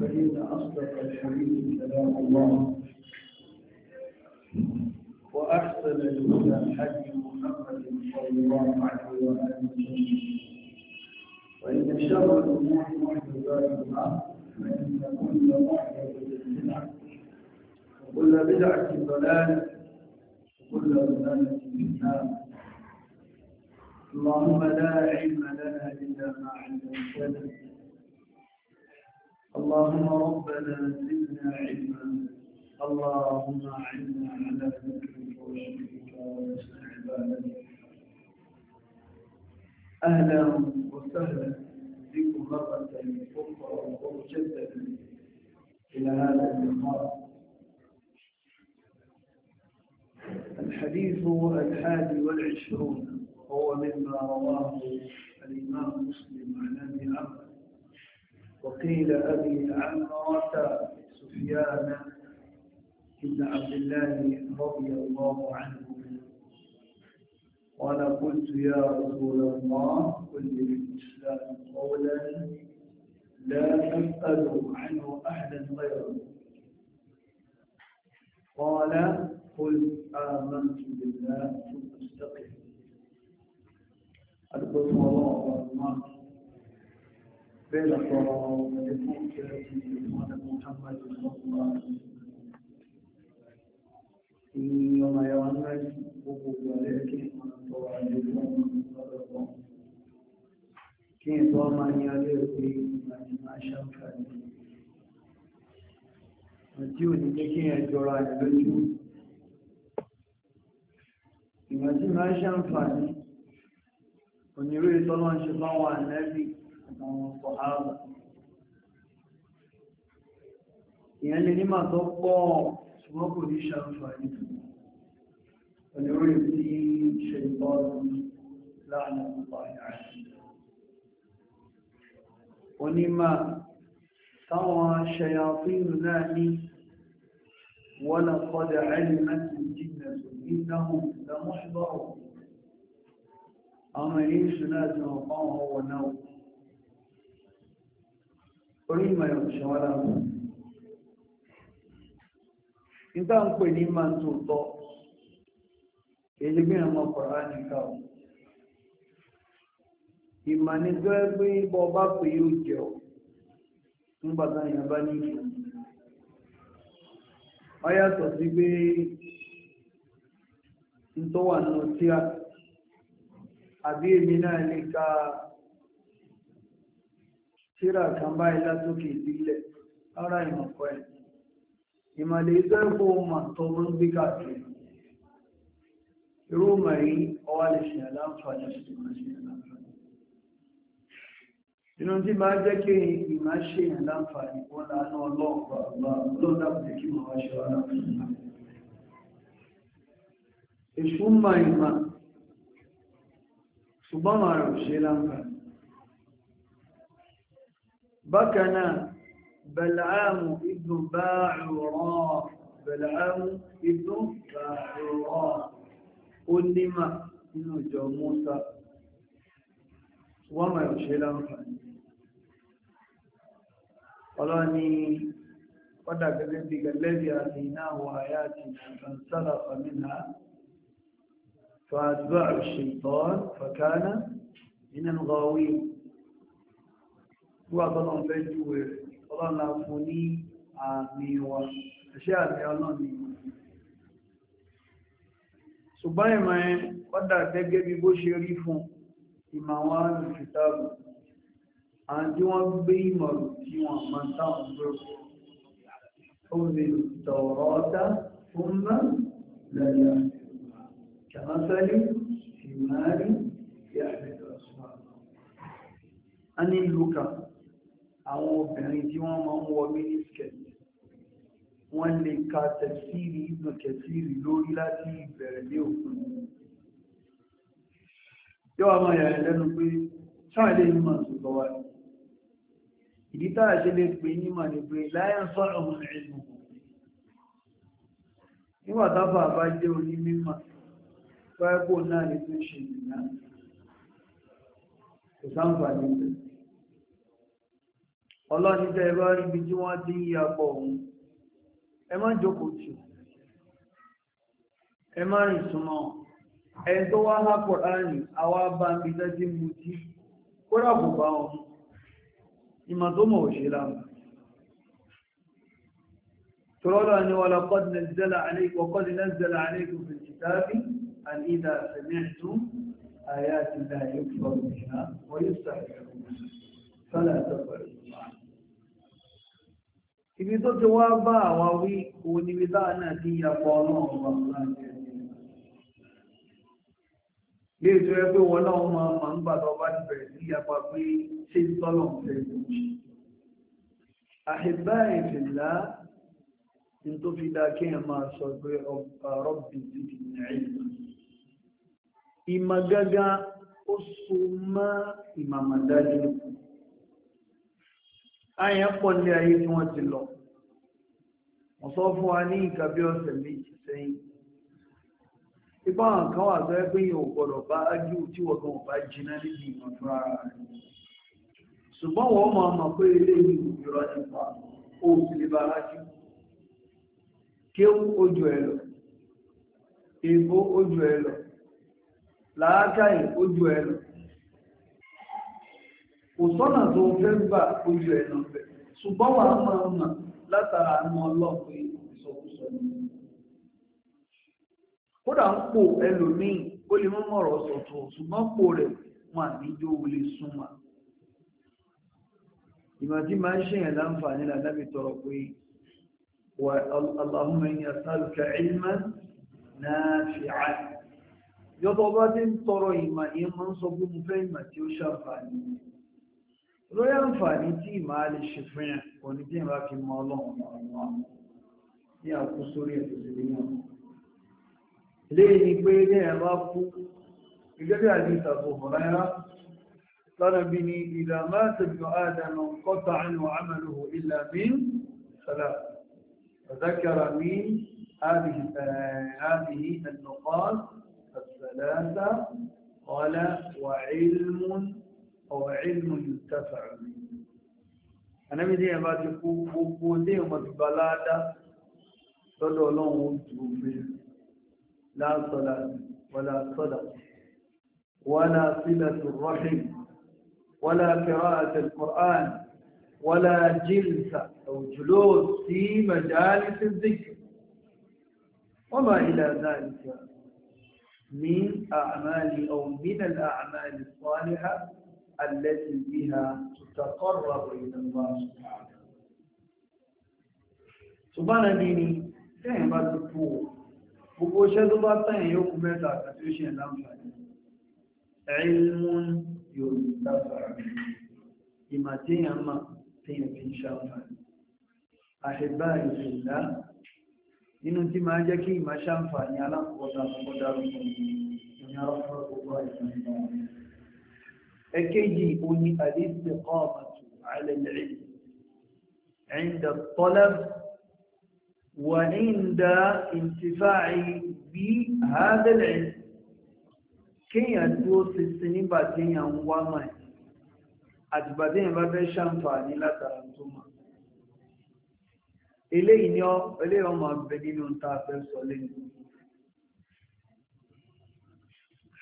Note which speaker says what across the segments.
Speaker 1: فإن أصدق الحديث كلام الله وأحسن الهدى حج محمد صلى الله عليه وآله وسلم وإن شر الأمور محدثاتها فإن كل محدثة بدعة وكل بدعة ضلالة وكل ضلالة في اللهم لا علم لنا إلا ما علمتنا اللهم ربنا زدنا علما اللهم اعنا على ذكرك وشكرك وحسن عبادتك اهلا وسهلا بكم مره اخرى ومجددا الى هذا اللقاء الحديث الحادي والعشرون هو مما رواه الامام مسلم عن ابي عمرو وقيل أبي عمرة سفيان بن عبد الله رضي الله عنه وأنا قلت يا رسول الله قل للإسلام قولا لا أسأل عنه أحدا غيره قال قل آمنت بالله ثم استقم القدوة الله بين محمد يوم يوانا gbogbo ìgbàlẹ̀ kí wọ́n tọ́ àjẹ́gbọ́n lọ́dọ̀ wọn kí n tọ́ máa ní alẹ́ òpé ìgbàlẹ̀ máa ṣàǹfààní àti òní jẹ́ kí ẹ jọra ẹ̀ lójú ìgbàlẹ̀ máa ṣàǹfààní onírúurú tọ́lọ́ ń ṣe fáwọn ànẹ́bì الصحابة ìyẹn lè ní máa tó pọ̀ ṣùgbọ́n kò ní ṣàǹfààní pẹ̀lú orí tí ṣe ìbọ́ọ̀lù láàrin ọ̀pọ̀ ìrìn onímọ̀ táwọn ṣayàfíìnù náà ní wọ́n lọ kọ́dẹ̀ àìlúmẹ́sì jìnnà ìdáhùn ìdámọ́ṣùgbọ́rùn àwọn èyí ṣùgbọ́n àti ọ̀pọ̀ àwọn ọwọ̀ náà onímọ̀ ìrìnṣẹ́ wọn náà nígbà ń pè ní máa ń tó tọ́ èyí gbé ọmọ kọ̀ọ̀rọ̀ nìka ebe ìmọ̀ ní tó ẹ pé bá pè yóò jẹ o nígbà táwọn èèyàn bá ní yàtọ̀ sí pé ń tó wà ka. tíra kan báyìí látòkè ìbílẹ̀ ara ìmọ̀kọ́ ẹ̀ ìmọ̀lẹ̀ ìtẹ́kọ̀ ọmọ tó ń gbé káàkiri irú mẹ́rí ọwá lè ṣe aláǹfààní inú tí máa jẹ́ kí ìmá ṣe yàn láǹfààní wọ́n láàánú ọlọ́ọ̀pàá lọ́dàpẹ̀ kí máa ṣe wọ́n láǹfààní ṣùgbọ́n màá rẹ̀ ṣe láǹfààní بكنا بلعام ابن باعورا بلعام ابن باعورا أنما ابن جاموسى وما يشهل قال اني قد أكذبك الذي أتيناه آياتنا فانسلخ منها فأتبع الشيطان فكان من الغاوين wíwá tọ́lọ́ ń fẹ́ júwe rẹ̀ ọlọ́run la fún ní àmì wa ẹ̀ṣẹ́ àmì ọlọ́run ṣùgbọ́n ìmọ̀ ẹ̀ padà gẹ́gẹ́ bí bó ṣe rí fún ìmọ̀ àwọn alùpùpù àwọn wọ́n gbé ìmọ̀rù tí wọ́n máa táwọn gbọ́rọ̀ omi tọ̀rọ̀ ọ́dá fún mọ́ lẹ́yà kàmásálí ìmọ̀ àrí yàrá àwọn obìnrin tí wọ́n máa ń wọ mínísíkẹ̀tì wọ́n lè ka tẹ̀síìrì ìbùn kẹ̀síìrì lórí láti ìbẹ̀rẹ̀ ní òkun yọ́wà máa yà lẹ́nu pé sáàlẹ̀ ìmọ̀ tó lọ wà ìdí táà ṣe lè pè ní mà ní pé láyán sọ́rọ̀ mọ̀ ẹ̀lú nígbà tábà bá jẹ́ oní mímọ̀ fáẹ́kò náà ní tó ṣe ìrìnà kò sáǹfà nígbẹ̀ ọlọ́ni tẹ́ ẹ bá rí ibi tí wọ́n ti ń ya pọ̀ òun ẹ má jókòó tì ẹ má rìn súnmọ́ ẹni tó wá há Kùránì àwa bá ń bi tí kódà kò bá wọn ìmọ̀ tó mọ̀ òṣè láwọn. ترون أن ولقد نزل عليك وقد نزل عليكم في الكتاب أن إذا سمعتم آيات الله يكفر بها ويستحيون فلا تفعلوا ibi tó ti wá bá àwa wí òun níbi táà náà ti yapọ̀ ọlọ́run wa láti ilé ìtura ẹ ní tó fi dá kí ẹ máa sọ pé ọ̀rọ̀bì ti fi nàí ìmọ̀ gágá ó so mọ́ ìmàmàdájú àyàn pọ̀ ní ayé tí wọ́n ti lọ wọ́n sọ fún wa ní nǹkan bí ọ̀sẹ̀ méjì sẹ́yìn ipá àwọn kan wà sọ pé yìí ò gbọ́dọ̀ bá ájú tí wọ́n kan bá jiná níbi ìmọ̀ fún ara rẹ̀ ṣùgbọ́n wọ́n mọ̀ ọmọ pé eléyìí ìrọ̀ nípa ó sì lè bá ájú kéwú ojú ẹ lọ èbó ojú ẹ lọ làákàyè ojú ẹ lọ kò sọ́nà tó fẹ́ gbà ojú ẹ̀ náà ṣùgbọ́n wà máa mà látara àwọn ọlọ́pẹ́ ìsọkúsọ kódà ń pò ẹlòmíì ó lè mọ́ mọ̀rọ̀ sọ̀tọ̀ ṣùgbọ́n pò rẹ̀ wọn àbí yóò wọlé súnmọ́ ìmọ̀ tí máa ń ṣèyàn láǹfààní làdábì tọrọ pé wà Allahumma inni as'aluka ilman nafi'an yọ́tọ̀ bá ti ń tọrọ ìmọ̀ ń sọ fẹ́ ìmọ̀ tí ó لو ينفعني تي مال الشفع ونتين راكي مالهم يا قصورية تسليني ليه يبقى يا رابطو يجب عديث أبو هريرة طلبني إذا مات ابن آدم انقطع عمله إلا من ثلاث فذكر من هذه هذه النقاط الثلاثة قال وعلم ọ̀rọ̀ ìlú yùtàfà rí anábí tí ẹ̀bá ti kú gbogbo ní ọmọ ti bá láádá lọ́dọ̀ ọlọ́run tó gbé láàtọ́lá wọlá tọ́lá wọlá sílẹ̀ tó rọ́ṣìn wọlá kẹrọ àti kọ̀án wọlá jílsa òjòló sí mẹjáàlì sí zikir wọ́n máa ذلك من أعمال أو من الأعمال الصالحة التي بها تتقرب إلى الله سبحانه سبحان ديني تهم بطبوه gbogbo iṣẹ́ tó bá tàn yóò kú mẹ́ta àti ó ṣe láǹfààní ilmun yóò dábàá ìmà tí èèyàn mà tí èèyàn fi ń ṣàǹfààní àṣẹbá ìṣẹ̀lá nínú tí máa jẹ́ kí ìmà ṣàǹfààní alákọ̀ọ́dà àkọ́dà rúkọ̀ ìyá ọ̀pọ̀ gbogbo àìsàn ìgbà ẹ̀kẹ́jì oní al-istiqamatu ala al-ilm عند الطلب وعند انتفاعي بهذا العلم kéèyàn tí ó ti sin nígbà téèyàn ń wá mọ̀ ẹ̀ àtìgbà téèyàn bá fẹ́ ṣàǹfààní látara tó mọ̀ eléyìí ni eléyìí ọmọ abẹ nínú tá fẹ́ sọ lẹ́nu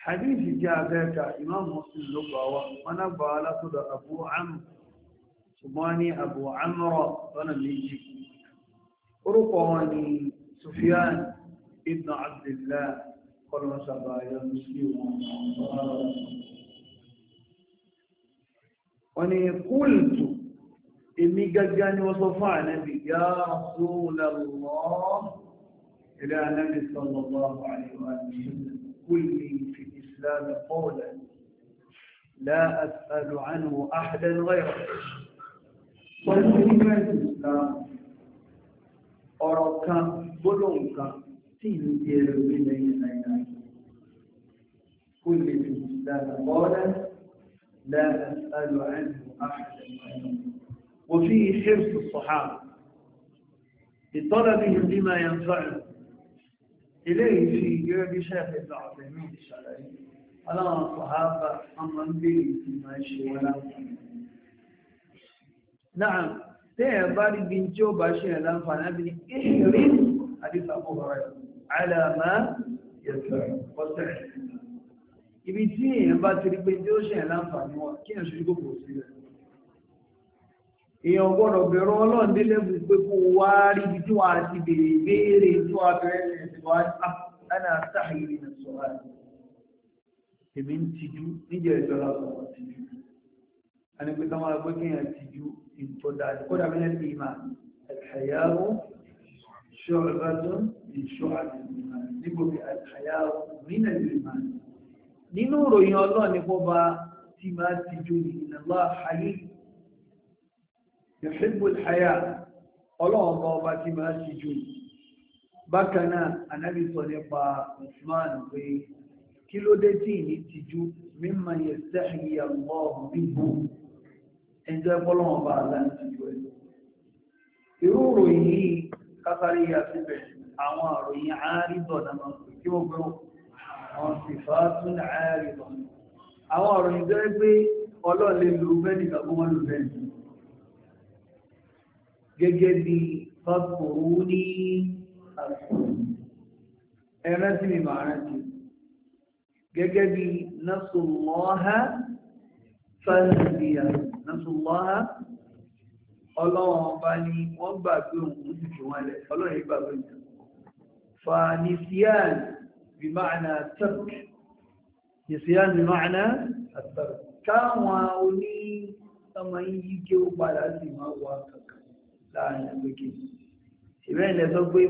Speaker 1: حديث جاء ذلك إمام مسلم لقاء وأنا بالا أبو عمر سباني أبو عمر أنا ميجي رقاني سفيان ابن عبد الله قال ما شاء الله يا مسلم وني قلت إني جاني وصفاء نبي يا رسول الله إلى نبي صلى الله عليه وسلم قل لي في الإسلام قولا لا أسأل عنه أحدا غيره وَالْكَلِمَةِ الْإِسْلَامِ ọ̀rọ̀ kan gbólóhùn kan tí ìlú di ẹrù ní lẹ́yìn nàìjíríà kó lè fi وفيه حرص الصحابة لطلبهم بما ينفعهم إليه في جواب شيخ ابن عثيمين الشرعي ọlọ́run sọ̀hábà ọmọ ń bèèrè tí ma ń ṣe wọ́n láǹfààní. náà tẹ́yẹ̀ bá rí bí tí ó bá ṣe ẹ̀ láǹfààní àbí ní ìṣẹ̀rí àdìsá ọ̀rọ̀ àlàmà yẹ̀sọ̀ ọ̀sẹ̀. ibi tí èèyàn bá ti rí pé tí ó ṣe ẹ̀ láǹfààní wọn kí èèyàn wá rí ibi tí wàá ti béèrè èmi ń tijú níjẹ̀ ẹ̀jọ́ lásán wọn tijú ẹni pé káwọn agbé kéèyàn tijú nǹkan dáadé kódà bí lẹ́nu ìmà àtàyàwó ṣọ́ọ̀bátún ìṣọ́ àti ìmà nígbòkè àtàyàwó nínà ìmà nínú ìròyìn ọlọ́ọ̀ ní pọ́ bá tí máa tijú ní ìnàlá àyè yòṣèbù àyà ọlọ́ọ̀ bá ọba kí ló dé tí ìní ti jú mímọ̀ yẹ sẹ́yìn ọmọ bíbú ẹjọ́ ẹgbọ́lọ́wọ́n bá láti jú ẹ irú ròyìn yìí kásárí yà síbẹ̀ àwọn àròyìn àárídọ̀ náà kí wọ́n gbọ́ ẹ̀rẹ́ sí mi màá rántí gẹ́gẹ́ bí nasullaha fanadiya nasullaha ọlọ́run ọba ni wọ́n gbà pé òun sì fi wọ́n lẹ̀ ọlọ́run yìí gbà pé òun fanisiyan bima'na tark nisiyan bima'na tark káwọn oní ọmọ yìí kí ó padà sí máa wà kankan láàrin àgbékè ìbẹ́ẹ̀ lẹ́sọ pé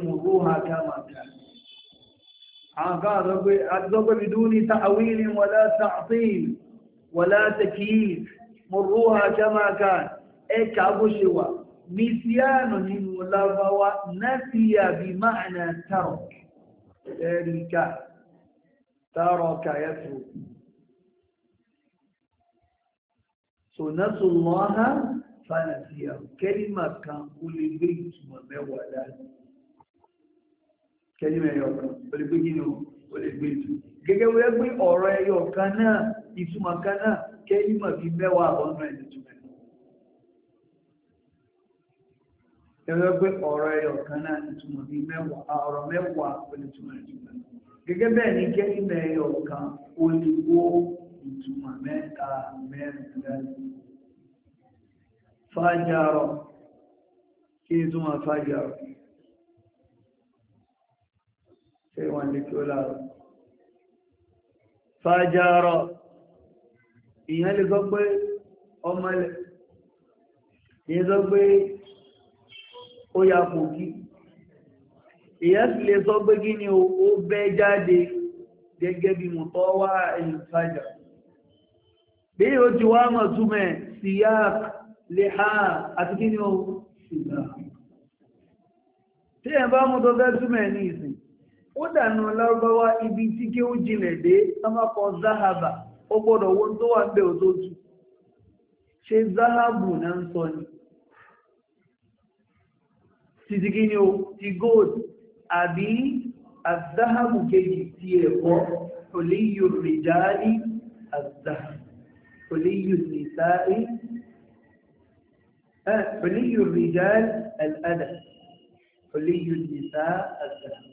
Speaker 1: أعقاد بدون تأويل ولا تعطيل ولا تكييف مروها كما كان اكابو شوا نسيان من لغوا نسي بمعنى ترك ترك ترك يترك سنة الله فنسيه كلمة كان قولي بيت ومولاه kẹ́lí mẹ́rin ọ̀kan ó lè gbé gínú ó lè gbé tù gẹ́gẹ́ wẹ́ pé ọ̀rọ̀ ẹyọ kan náà ìtumọ̀ kan náà kẹ́lí mọ̀ fi mẹ́wàá àbọ̀nà ẹ̀ nítumẹ̀ ẹ̀rọ pé ọ̀rọ̀ ẹyọ kan náà ìtumọ̀ fi mẹ́ta mẹ́rin lẹ́yìn fájárọ̀ kí ìtumọ̀ fájárọ̀ sai wanda ke láàrọ̀ fàjárọ̀ ìyẹn lè sọ pé ọmọlẹ̀ ìyẹn sọ pé ó ya kò kí ìyẹn sì lè sọ pé kí ni ó bẹ́ jáde gẹ́gẹ́ bí mọ̀tọ́ wá ẹ̀yìn fàjà bí ó ti wá mọ̀ túmẹ̀ síyák lè ha àti kí ni ó síyák tí ẹ̀ bá mú tó fẹ́ túmẹ̀ ní ìsìn ó dànù lárúbáwá ibi tí kí ó jinlẹ̀ dé sábàkọ záhàbà ó gbọ́dọ̀ owó tó wà bẹ́ẹ̀ tó tú ṣe záhàbù náà ń sọ ni títí kí ni o ti gold àbí azáhàbù kejì ti ẹ̀kọ́ olíyù rìjáàlì azáhàbù olíyù nìsáì olíyù rìjáàlì aládà olíyù nìsáì azáhàbù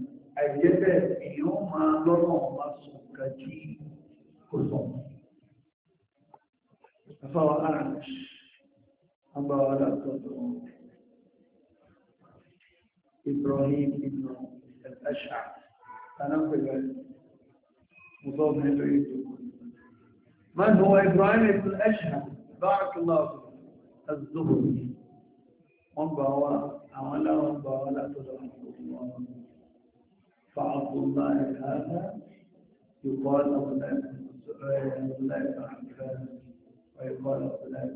Speaker 1: àìjẹ́ bẹ́ẹ̀ èyí ó máa lọ́nà ọba sùn ká kí kò sọ. Àfáwọ̀ Arch, àbáwọ̀ dàtọ̀tọ̀ Ibrahim ibn al-Ash'a, tànáfẹ̀lẹ̀ مصاب من بعيد من هو إبراهيم بن الأشهر بارك الله فيك الزهري من بوا أولا من بوا لا تدعوا فعبد الله هذا يقال له له ويقال أولاد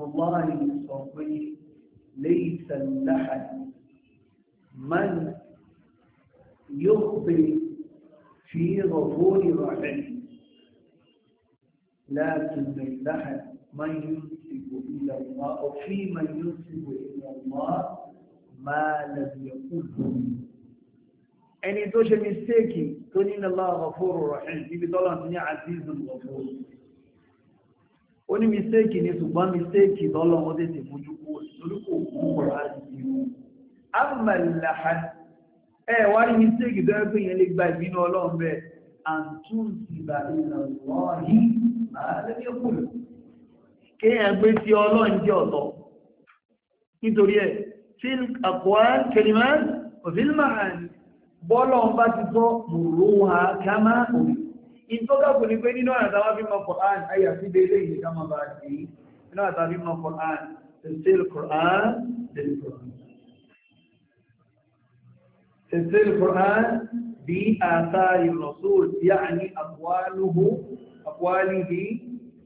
Speaker 1: الله ليس اللحن من يخطي في غفور رحمه لكن اللحن من ينسب إلى الله وفي من ينسب إلى الله ما لم يقله ẹni tó ṣe mistéèkì tó ní Allah Ghafurur Rahim níbi tọ́lọ̀ ní àzízùn Ghafur ó ní mistéèkì ní ṣùgbọ́n mistéèkì tọ́lọ̀ ó tètè fojú kó lórúkọ òkú rà sí i amàlàhà ẹ wá ní mistéèkì tó ẹgbẹ́ yẹn lè gba ìbínú Ọlọ́run bẹ́ẹ̀ àtúntì bàbá ìlànà ọ̀hìn àlẹ́ ní ọkùnrin kéèyàn pé tí ọlọ́run jẹ́ ọ̀tọ̀ nítorí ẹ̀ tí àpòá kẹrìmá òfìlmáàn bọ́lọ̀ ń bá ti tọ́ mòrò wà kámá òrì ìtọ́gàkù ni pé nínú àtàwà bí mọ́ Qur'an ayà sí délé ìlú ká máa bá sí nínú àtàwà bí mọ́ Qur'an tẹ̀síl Qur'an tẹ̀síl Qur'an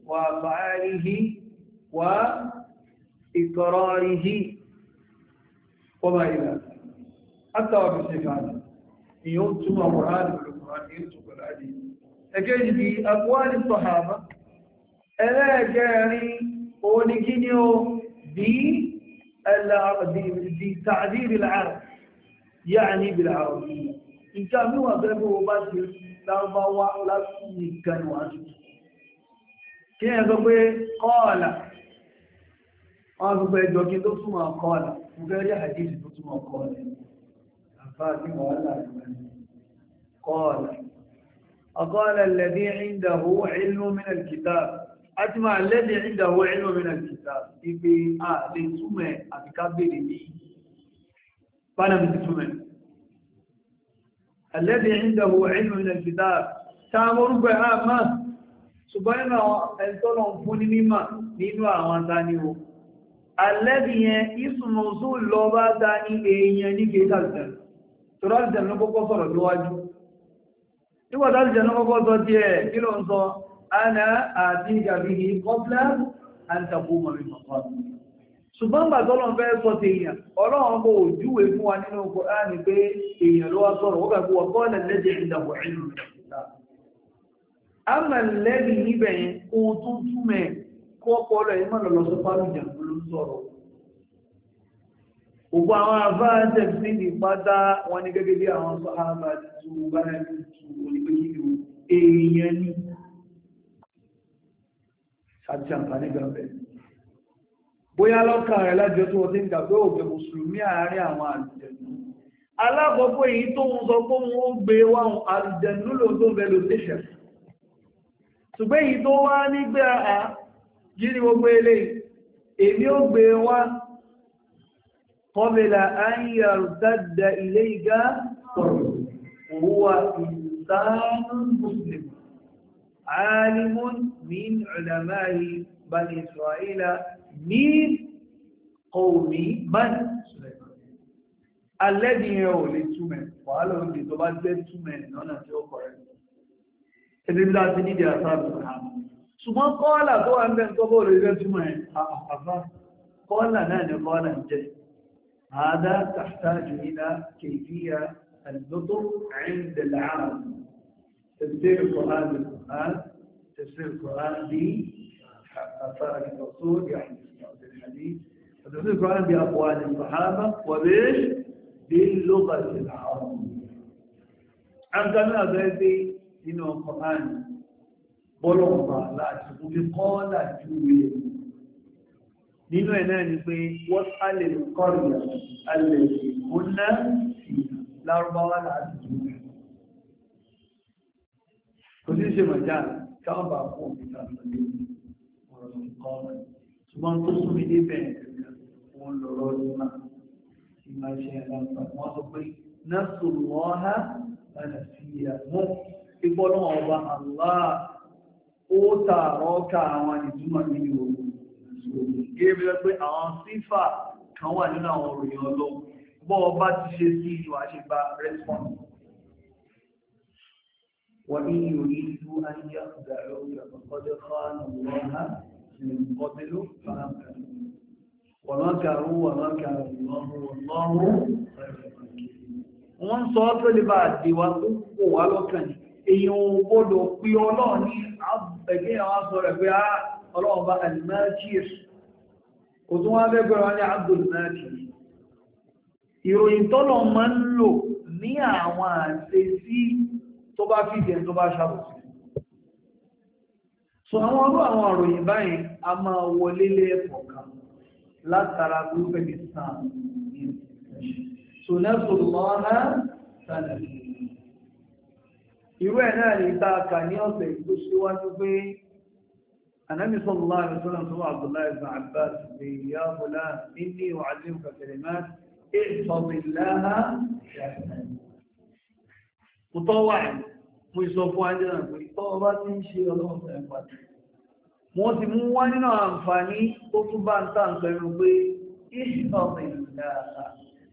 Speaker 1: وأفعاله وإقراره وما إلى ذلك حتى وبالصفات ينتم قرآن بالقرآن ينتم الحديث أكيد أقوال الصحابة ألا جاري أولكينيو بتعذيب العرب يعني بالعربية إن كان هو بابه بس لا ضوء لا يمكن واجبه kí ẹ sọ pé kọ́ọ̀là wọ́n sọ pé ẹjọ́ kí tó túnmọ̀ kọ́ọ̀là mo fẹ́ rí àdíjì tó túnmọ̀ kọ́ọ̀là àbá àti wàhálà kọ́ọ̀là ọkọ́ọ̀là lẹ́bí ìdàwó ìlú mìíràn kìtà àti máa lẹ́bí ìdàwó ìlú mìíràn kìtà ibi àti túnmẹ̀ àti kábèrè الذي عنده علم من الكتاب تامر بها ما ṣùgbọ́n nínú àwọn ẹ̀ntọ́nà fún ní mímọ̀ nínú àwọn dání o alẹ́bí yẹn ìsùnmọ̀sù lọ bá dá ní èèyàn ní kéta ìjẹ̀lú tọ́rọ ìjẹ̀lú ló kọ́kọ́ sọ̀rọ̀ lọ́wájú nígbàtà ìjẹ̀lú ló kọ́kọ́ sọ díẹ̀ kí ló ń sọ ana àti ìjàbí ní kọ́pílá àǹtàkù mọ̀mí mọ̀kọ́ ṣùgbọ́n gbà tọ́lọ̀ fẹ́ sọ amàlẹ́bì níbẹ̀ yẹn ohun tó túnmẹ̀ kó ọpọ̀ rẹ̀ mọ́ lọ́lọ́ tó bá lùjà ló ń sọ̀rọ̀ ògbó àwọn àbáṣẹ́ sí ní pátá wọn ní gẹ́gẹ́ bí àwọn sọ́hábà tó bá rẹ̀ tó onígbèjìdò èèyàn ní àti àǹfààní gbàgbẹ́ bóyá lọ́kàn rẹ̀ lájọ tó wọ́n ti ń gbà pé òkè mùsùlùmí àárín àwọn àlùjẹ̀nú alákọ̀ọ́kọ́ èyí tó ń sọ pé wọ́n gbé wáhùn àlùjẹ̀nú lòdó bẹ́ẹ̀ lòdó ṣùgbẹ́ yìí tó wá nígbẹ́ àá jírí gbogbo ilé èmi ó gbé e wá kọbílà ayyàrùdádà ilé igá òwúwa ìsáàrùn muslim alimun min ulamai bani isra'ila min qawmi bani sulaiman alẹ́dìyàn ò lè túmẹ̀ wàhálà òun tó bá jẹ́ túmẹ̀ lọ́nà tí ó kọ̀rẹ́
Speaker 2: ẹni ńlá ti nídìí àtàrà
Speaker 1: ṣùgbọ́n kọ́ọ̀là tó wà ń bẹ́ tọ́bọ̀ rẹ̀ rẹ̀ túnmọ̀ ẹ̀ àpapà kọ́ọ̀là náà ni kọ́ọ̀là ń jẹ́ àádá tàṣájú ìlà kèfíyà àdótó àìndẹ̀lẹ̀ àrùn tẹ̀sẹ̀ kọ́ọ̀lù kọ́ọ̀lù تفسير القرآن بأثار الرسول يعني الحديث وتفسير القرآن بأقوال الصحابة وبايش؟ باللغة العربية. عندنا بيتي nínú ọkọ̀ láàrin bọ́lọ̀ọ̀bà láti mú fi kọ́ láti wé nínú ẹ̀ náà ni pé wọ́n alẹ́ kọ́rìyà alẹ́ ìkúnná lárúbáwá láti wé kò sí ṣe mọ̀já káàbà fún òmìnira lọ́lẹ́ ọ̀rọ̀ ìkọ́ ṣùgbọ́n tó sún mi débẹ̀ wọn lọ́rọ̀ nípa ìmáṣẹ́ aláǹfà wọ́n sọ pé násùlùmọ́ ha lánàá sí ìyàmú ìbọ́lọ́ ọba Allah ó tààrọ́ ká àwọn ìtumọ̀ ní ìwòrò gẹ́gẹ́ pé àwọn sífà kan wà nínú àwọn òròyìn ọlọ́ bọ́ ọba ti ṣe sí ìlú àṣegbà response wọ́n ní ìròyìn ìlú ayé àgbàrá òyìnbọ̀kọ́dẹ́ fáánù lọ́nà ìrìnkọ́bílú fáánù wọ̀lọ́kàrú wọ̀lọ́kàrú wọ́n sọ ọ́ tó lè bá àdíwá tó kò wá lọ́kàn yìí èèyàn ò gbọ́dọ̀ pé ọlọ́run ní ah, ẹgbẹ́ àwọn aṣọ rẹ̀ pé ah, ọlọ́run bá alimájíìr kò tún wá fẹ́ gbọ́dọ̀ ní abdulmájíìr ìròyìn tọ́lọ̀ máa ń lò ní àwọn àṣẹ sí tó bá fìdẹ̀ tó bá ṣàbòsí so àwọn ọdún àwọn àròyìn báyìí a máa wọlé lẹ́ẹ̀kọ̀ọ̀kan látara gúrúfẹ́ mi ní ìṣẹ́ so lẹ́sùn lọ́nà sálẹ̀ irú ẹ̀ náà lè bá a kà ní ọ̀sẹ̀ tó ṣíwájú pé ànábì sallallahu alaihi wasallam tó Abdullahi ibn Abbas lè yá bọ́lá nínú ìwà àti ìfẹ̀sẹ̀lẹ̀ máa ń ìfọ̀bìláhà kùtọ́ wà fún ìsọfún ajé náà pé tọ́ ọba tí ń ṣe ọlọ́run ẹ̀ pàtó wọ́n ti mú wá nínú àǹfààní tó tún bá ń tà ń pẹ̀lú pé ìṣọ̀bìláhà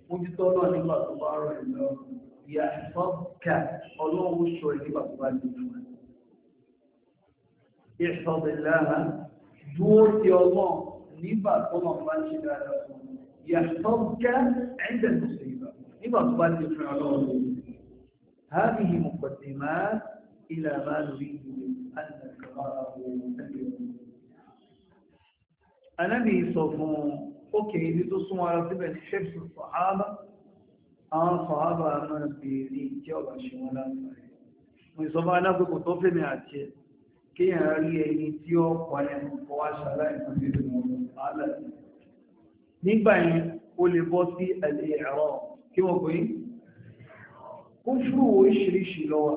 Speaker 1: mójútọ́ náà nígbà tó bá rọ̀ ẹ̀ lọ́rùn يحفظك الله احفظ الله دور يا الله نبا قوم الله يحفظك عند المصيبة نبا قوال الله هذه مقدمات إلى ما نريد أن نقرأه اليوم أنا بيصفون أوكي لتصوم على طبع حفظ الصحابة àwọn sọ̀hábà náà bèèrè tí ọba ṣe wọ́n láǹfààní mo ìsọba alákòókò tó fèmí àti ẹ̀ kéèyàn rí ẹni tí ó pààyàn kọ́ wá ṣàlàyé fún mi lòun ààlà nígbà yẹn ó lè bọ́ sí ẹ̀lẹ́ ẹ̀rọ kí wọ́n pè é kúfùrù oríṣiríṣi lọ́wọ́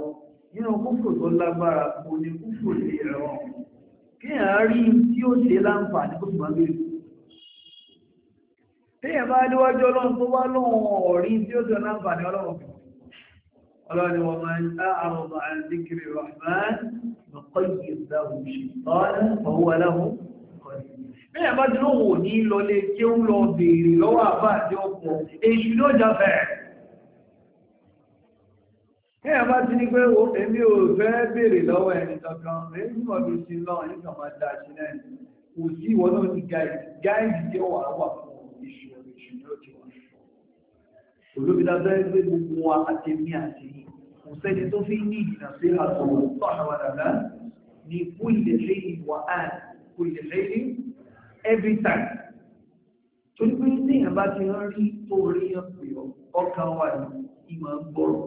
Speaker 1: nínú kúfùrù téèyàn bá níwájú ọlọ́run tó bá lóhun ọ̀rí tí ó dọ̀nà àǹfààní ọlọ́run ọlọ́run wọn máa ń dá àrùn bá ń díkiri rahman lọ́kọ́ yìí dáhùn ṣùgbọ́n ọwọ́ aláhùn bẹ́ẹ̀ bá dúró wò ní lọlé kí ó lọ béèrè lọ́wọ́ àbá àti ọkọ̀ èṣù ló jàfẹ́ bẹ́ẹ̀ bá ti ní pé èmi ò fẹ́ béèrè lọ́wọ́ ẹni kankan èyí mọ̀ bí ti lọ nígbà máa dá kò sí ìwọ náà ti gáìdì tí ó wà wà fún ìṣòro ìṣòro ti wà olóbìnrin abẹ́rẹ́ gbé gbogbo wa àti mí àti kò sẹ́ni tó fi ní ìdàsí àtọ̀wọ̀ tọ́hàwàdàdà ní kú ìdẹ̀lẹ́ ìwà àn kú ìdẹ̀lẹ́ ní every time tó ní pé tí èèyàn bá ti rán rí tó rí ọ̀pẹ̀ ọkàn wà ní ìmọ̀ ń gbọ́rọ̀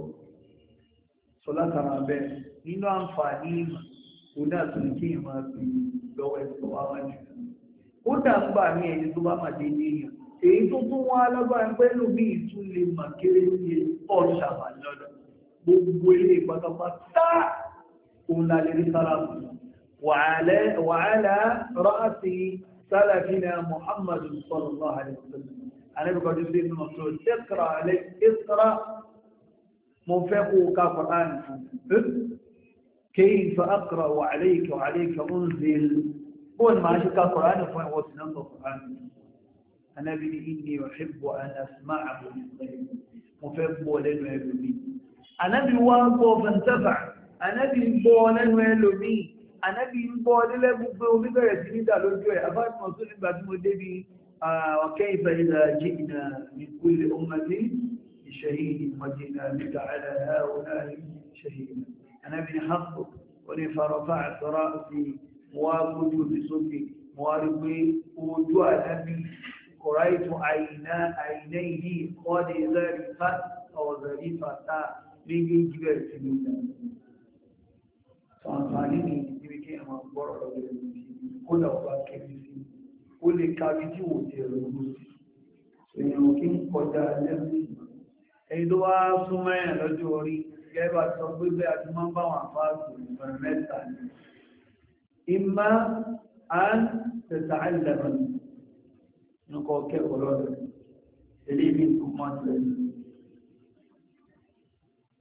Speaker 1: sọ látara abẹ́ nínú àǹfààní ìmọ̀ kò náà tó ní kí èèyàn máa fi lọ́wọ́ ẹ̀sọ́ wáwájú ó dà ń gbà ní ẹni tó bá máa dé ní èèyàn èyí tó tún wá alágbára pẹ́lú bí ìtún lè mà kéré sí ọ̀ṣà àjọ́dọ̀ gbogbo ilé pátápátá òun la lè rí sáláàmù wàhálà rọ́ọ̀sì sálàfínà muhammadu sallallahu alaihi alẹ́bùkọ́jú sí inú ọ̀ṣọ́ ṣẹ́kra alẹ́ ìsra mo fẹ́ kó ká fọ́nán fún كيف أقرأ عليك وعليك أنزل بون ما شكا قرآن فوين وسنان القرآن anábì ní ìní ọ̀ṣẹ́bù anásímá àbòmí mo fẹ́ gbọ́ lẹ́nu ẹlòmí anábì wá gbọ́ fẹ́ntẹ́fà anábì ń gbọ́ lẹ́nu ẹlòmí anábì ń gbọ́ lẹ́lẹ́gbù pé omi bẹ̀rẹ̀ sí nígbà lójú ẹ̀ abájúmọ̀ tó nígbà tí mo débi ọ̀kẹ́ ìfẹ̀yìnà jìnnà ní kúlẹ̀ ọmọdé ìṣẹ̀yìn ìmọ̀jìnà nígbà àdáhà ọ̀nà ìṣẹ̀yìn anábì ní hàpọ̀ orí farọ́fà àtọ́rọ́ sí wọ́n á gbójú òfin sókè wọ́n á rí pé ojú àdábì رأيت عينا عينيه قد ظرفت أو ظرفت من جبل سنين فأخاليني على ذلك قل أبا كبسي قل كابتي وطير المسي سيناوكين قد أعلمني إذا سمعنا لجوري جايبا تنبيب أجمان بوان فاسم فرمت عنه nǹkan kẹ́kọ̀ọ́ lọ́dọ̀ eléyìí tó mọ́ sílẹ̀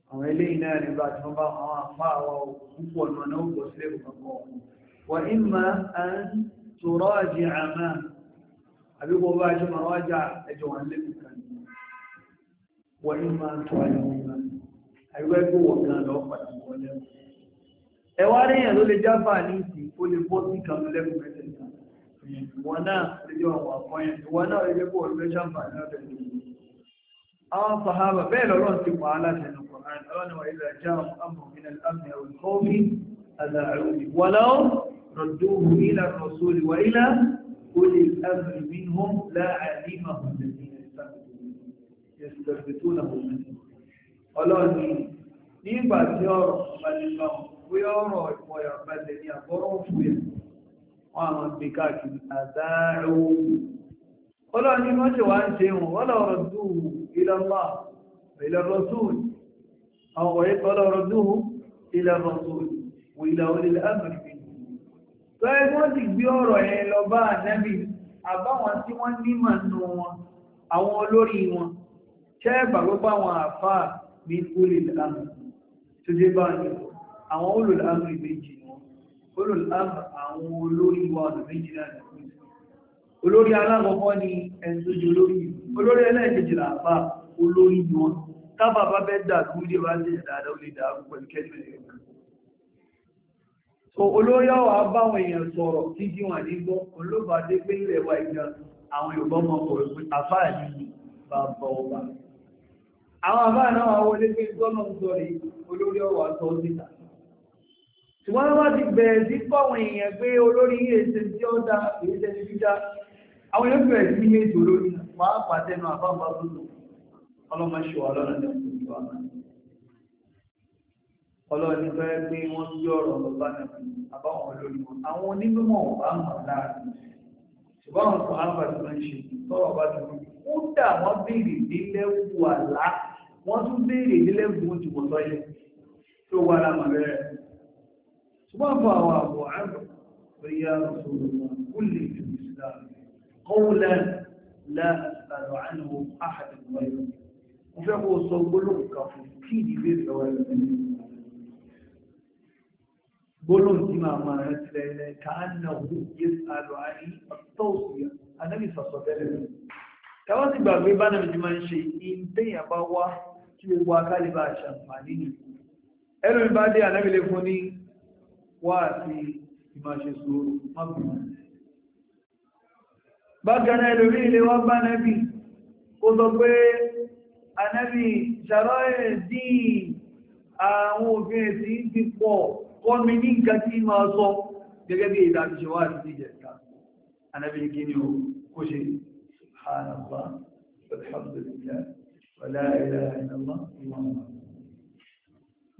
Speaker 1: àwọn eléyìí náà ní bá tí wọ́n bá àwọn àpá àwọn púpọ̀ náà náà gbọ́ sílẹ̀ kọ̀ọ̀kan wà ìmọ̀ à ń tòrọ́ àjẹ àmà àbí wọ́n bá jẹ́ màá wájà ẹjọ́ wọn ẹwà ríyàn ló lè jáfà ní ìsìn ó lè bọ́ sí kan lẹ́nu mẹ́tẹ̀ẹ̀ ìwọ náà lójú àwọn àpọ́yìn ìwọ náà lójú kó olùgbé ṣàǹfà náà tẹ̀lé àwọn sàhábà bẹ́ẹ̀ lọ́rọ̀ ti pa aláṣẹ ní kòrán ọlọ́ni wa ilẹ̀ jẹ́ àwọn amọ̀ min al-amni aw al-khawfi adha'uni wa law radduhu ila ar-rasul wa ila ulil amri minhum la'alimahu alladhina yastaghfitunahu minhum ọlọ́ni nígbà tí ọ̀rọ̀ bá ní bá wọn bóyá ọ̀rọ̀ ìfọyà bá lè ní àbọ̀rọ̀ fúyà wọ́n àwọn gbé káàkiri àdáàrò ọlọ́run ni wọ́n ṣe wá ń ṣe wọn ọlọ́rọ̀ dùn ìlọ́lá ìlọ́rọ̀ dùn àwọn ọ̀rẹ́ ọlọ́rọ̀ dùn ìlọ́rọ̀ dùn ìlà olè ámìrì lọ́yẹ́ wọ́n ti gbé ọ̀rọ̀ yẹn lọ bá ànábì àbáwọn tí wọ́n nímọ̀ nù wọn àwọn olórí wọn ṣẹ́ẹ̀bà ló bá wọn olórí àwọn olórí wa ọ̀nà méjì náà olórí alákọ̀ọ́kọ́ ni ẹ̀sùn olórí olórí ẹlẹ́ẹ̀kejìlá àbá olórí wọn tábà bá bẹ́ dà tó lè wá lè dáadáa lè dáa pẹ̀lú kẹ́lẹ̀ so olórí ọwọ́ abáwọn èèyàn sọ̀rọ̀ tí kí wọ́n ní gbọ́ olóòbá dé pé ilẹ̀ wa ìgbà àwọn Yorùbá ọmọ ọkùnrin pé àfáà ní bàbá ọba ṣùgbọ́n wọ́n ti bẹ̀rẹ̀ sí kọ́wọ̀n èèyàn pé olórí èsè tí ó dá èsè tí ó dá àwọn yóò bẹ̀rẹ̀ sí ní ètò olórí wàá pàtẹnu àbábá lónà ọlọ́mọ ṣe wà lọ́nà ní ọdún ìlú àná ọlọ́ọ̀ni bẹ́ẹ̀ pé wọ́n ń yọ ọ̀rọ̀ lọ́ba náà àbáwọn olórí wọn àwọn onímọ̀ ọ̀bá mọ̀ láàrin ṣùgbọ́n àwọn kan wọ́n béèrè tó wà lámàbẹ́rẹ́ وفوا ابو عمرو يا رسول الله كل في الاسلام قولا لا اسال عنه احد غيرك وفي ابو صلى الله عليه وسلم قولوا انت ما ما هتلاقي كانه يسال علي التوصيه انا لسه صدرت كواسي بابي بانا بجمان شيء انتي ابوا كيف واكالي باشا مالين ارمي بادي انا بلفوني wá àti ìmáṣe sòrò mọ́bìnrin bákan ẹlòmí ilé wá bá nẹ́bì kó sọ pé anẹ́bì ṣàrọ́ ẹ̀ dí àwọn òfin ẹ̀sìn ti pọ̀ kọ́ mi ní nǹkan tí máa sọ gẹ́gẹ́ bí ìdájíṣẹ́ wá àti ìjẹta anẹ́bì kí ni ó kó ṣe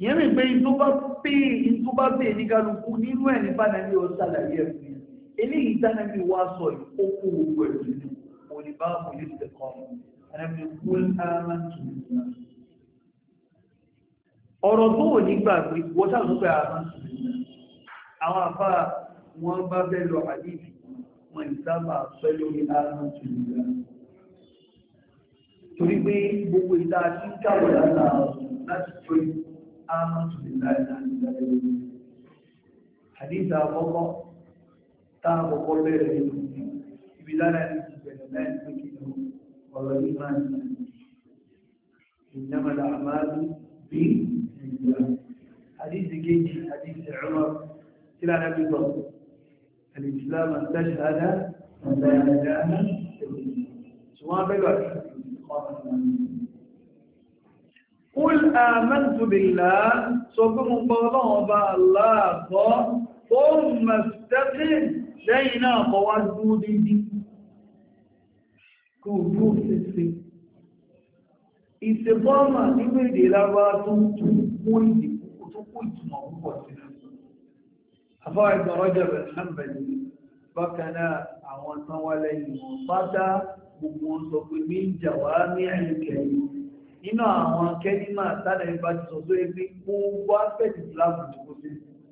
Speaker 1: ìyẹn rìn pé ìtò bá pè ìtò bá pè ní kálukú nínú ẹ̀ nípa nàbí ọ̀ sàlàyé ẹ̀ fún yẹn eléyìí tánàbí wá sọ ìkókó gbogbo ẹ̀ nínú òní bá mo lè tẹ̀ kọ́ ẹ̀rẹ́mi kúl ámà tù ọ̀rọ̀ tó wò ní gbàgbé wọ́n sàlọ́ pé ámà tù àwọn àbá wọn bá bẹ́ẹ̀ lọ àdìsí wọn ìsábà pẹ́ lórí ámà tù torí pé gbogbo ìta tí ń láti tó آمنت بالله العلي العظيم حديث أبوه تعب قلبه بدلالة الجنات مكنه والإيمان إنما الأعمال بالنيات حديث جيد حديث عمر كلا نبي الله الإسلام أن تشهد أن لا إله إلا الله سواء بلغة Kúl àmẹ́ntù bìlá sọ pé mo gbọ́ ọlọ́run bá aláàbọ́ ó mẹ́sẹ̀tẹ́sì lẹ́yìn náà kọ wá dúró dídí. Kò dúró fèsì. Ìsèbọ́mà nínú èdè lábá tó ń tún kó ìdí kó tó kó ìtumọ̀ púpọ̀ sí náà. Afọ́ ẹgbẹ̀ nínú àwọn kẹ́límà tàbí ẹgbà ti sọ tó ẹgbẹ́ kó wá fẹ́ẹ̀tì láàbù tó kó sí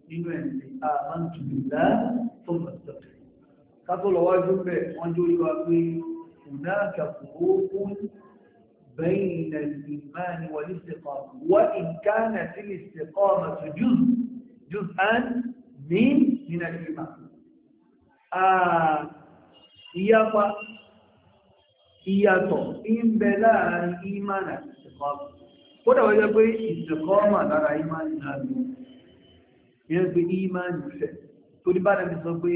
Speaker 1: nínú ẹ̀sìn àmàntùmílá tó pàtàkì kátó lọ́wọ́jú bẹ̀ wọ́n jó yíwa pé kùnà kàkùrú kún بين الإيمان ìyapa ìyàtọ̀ ìbẹ̀lá ìmánà kódà wọ́n jẹ́ pé ìsìnkọ́mà lára ìmáàlì náà ló yẹ́ pé ìmáàlì fẹ́ tó ní bá dẹ̀ sọ pé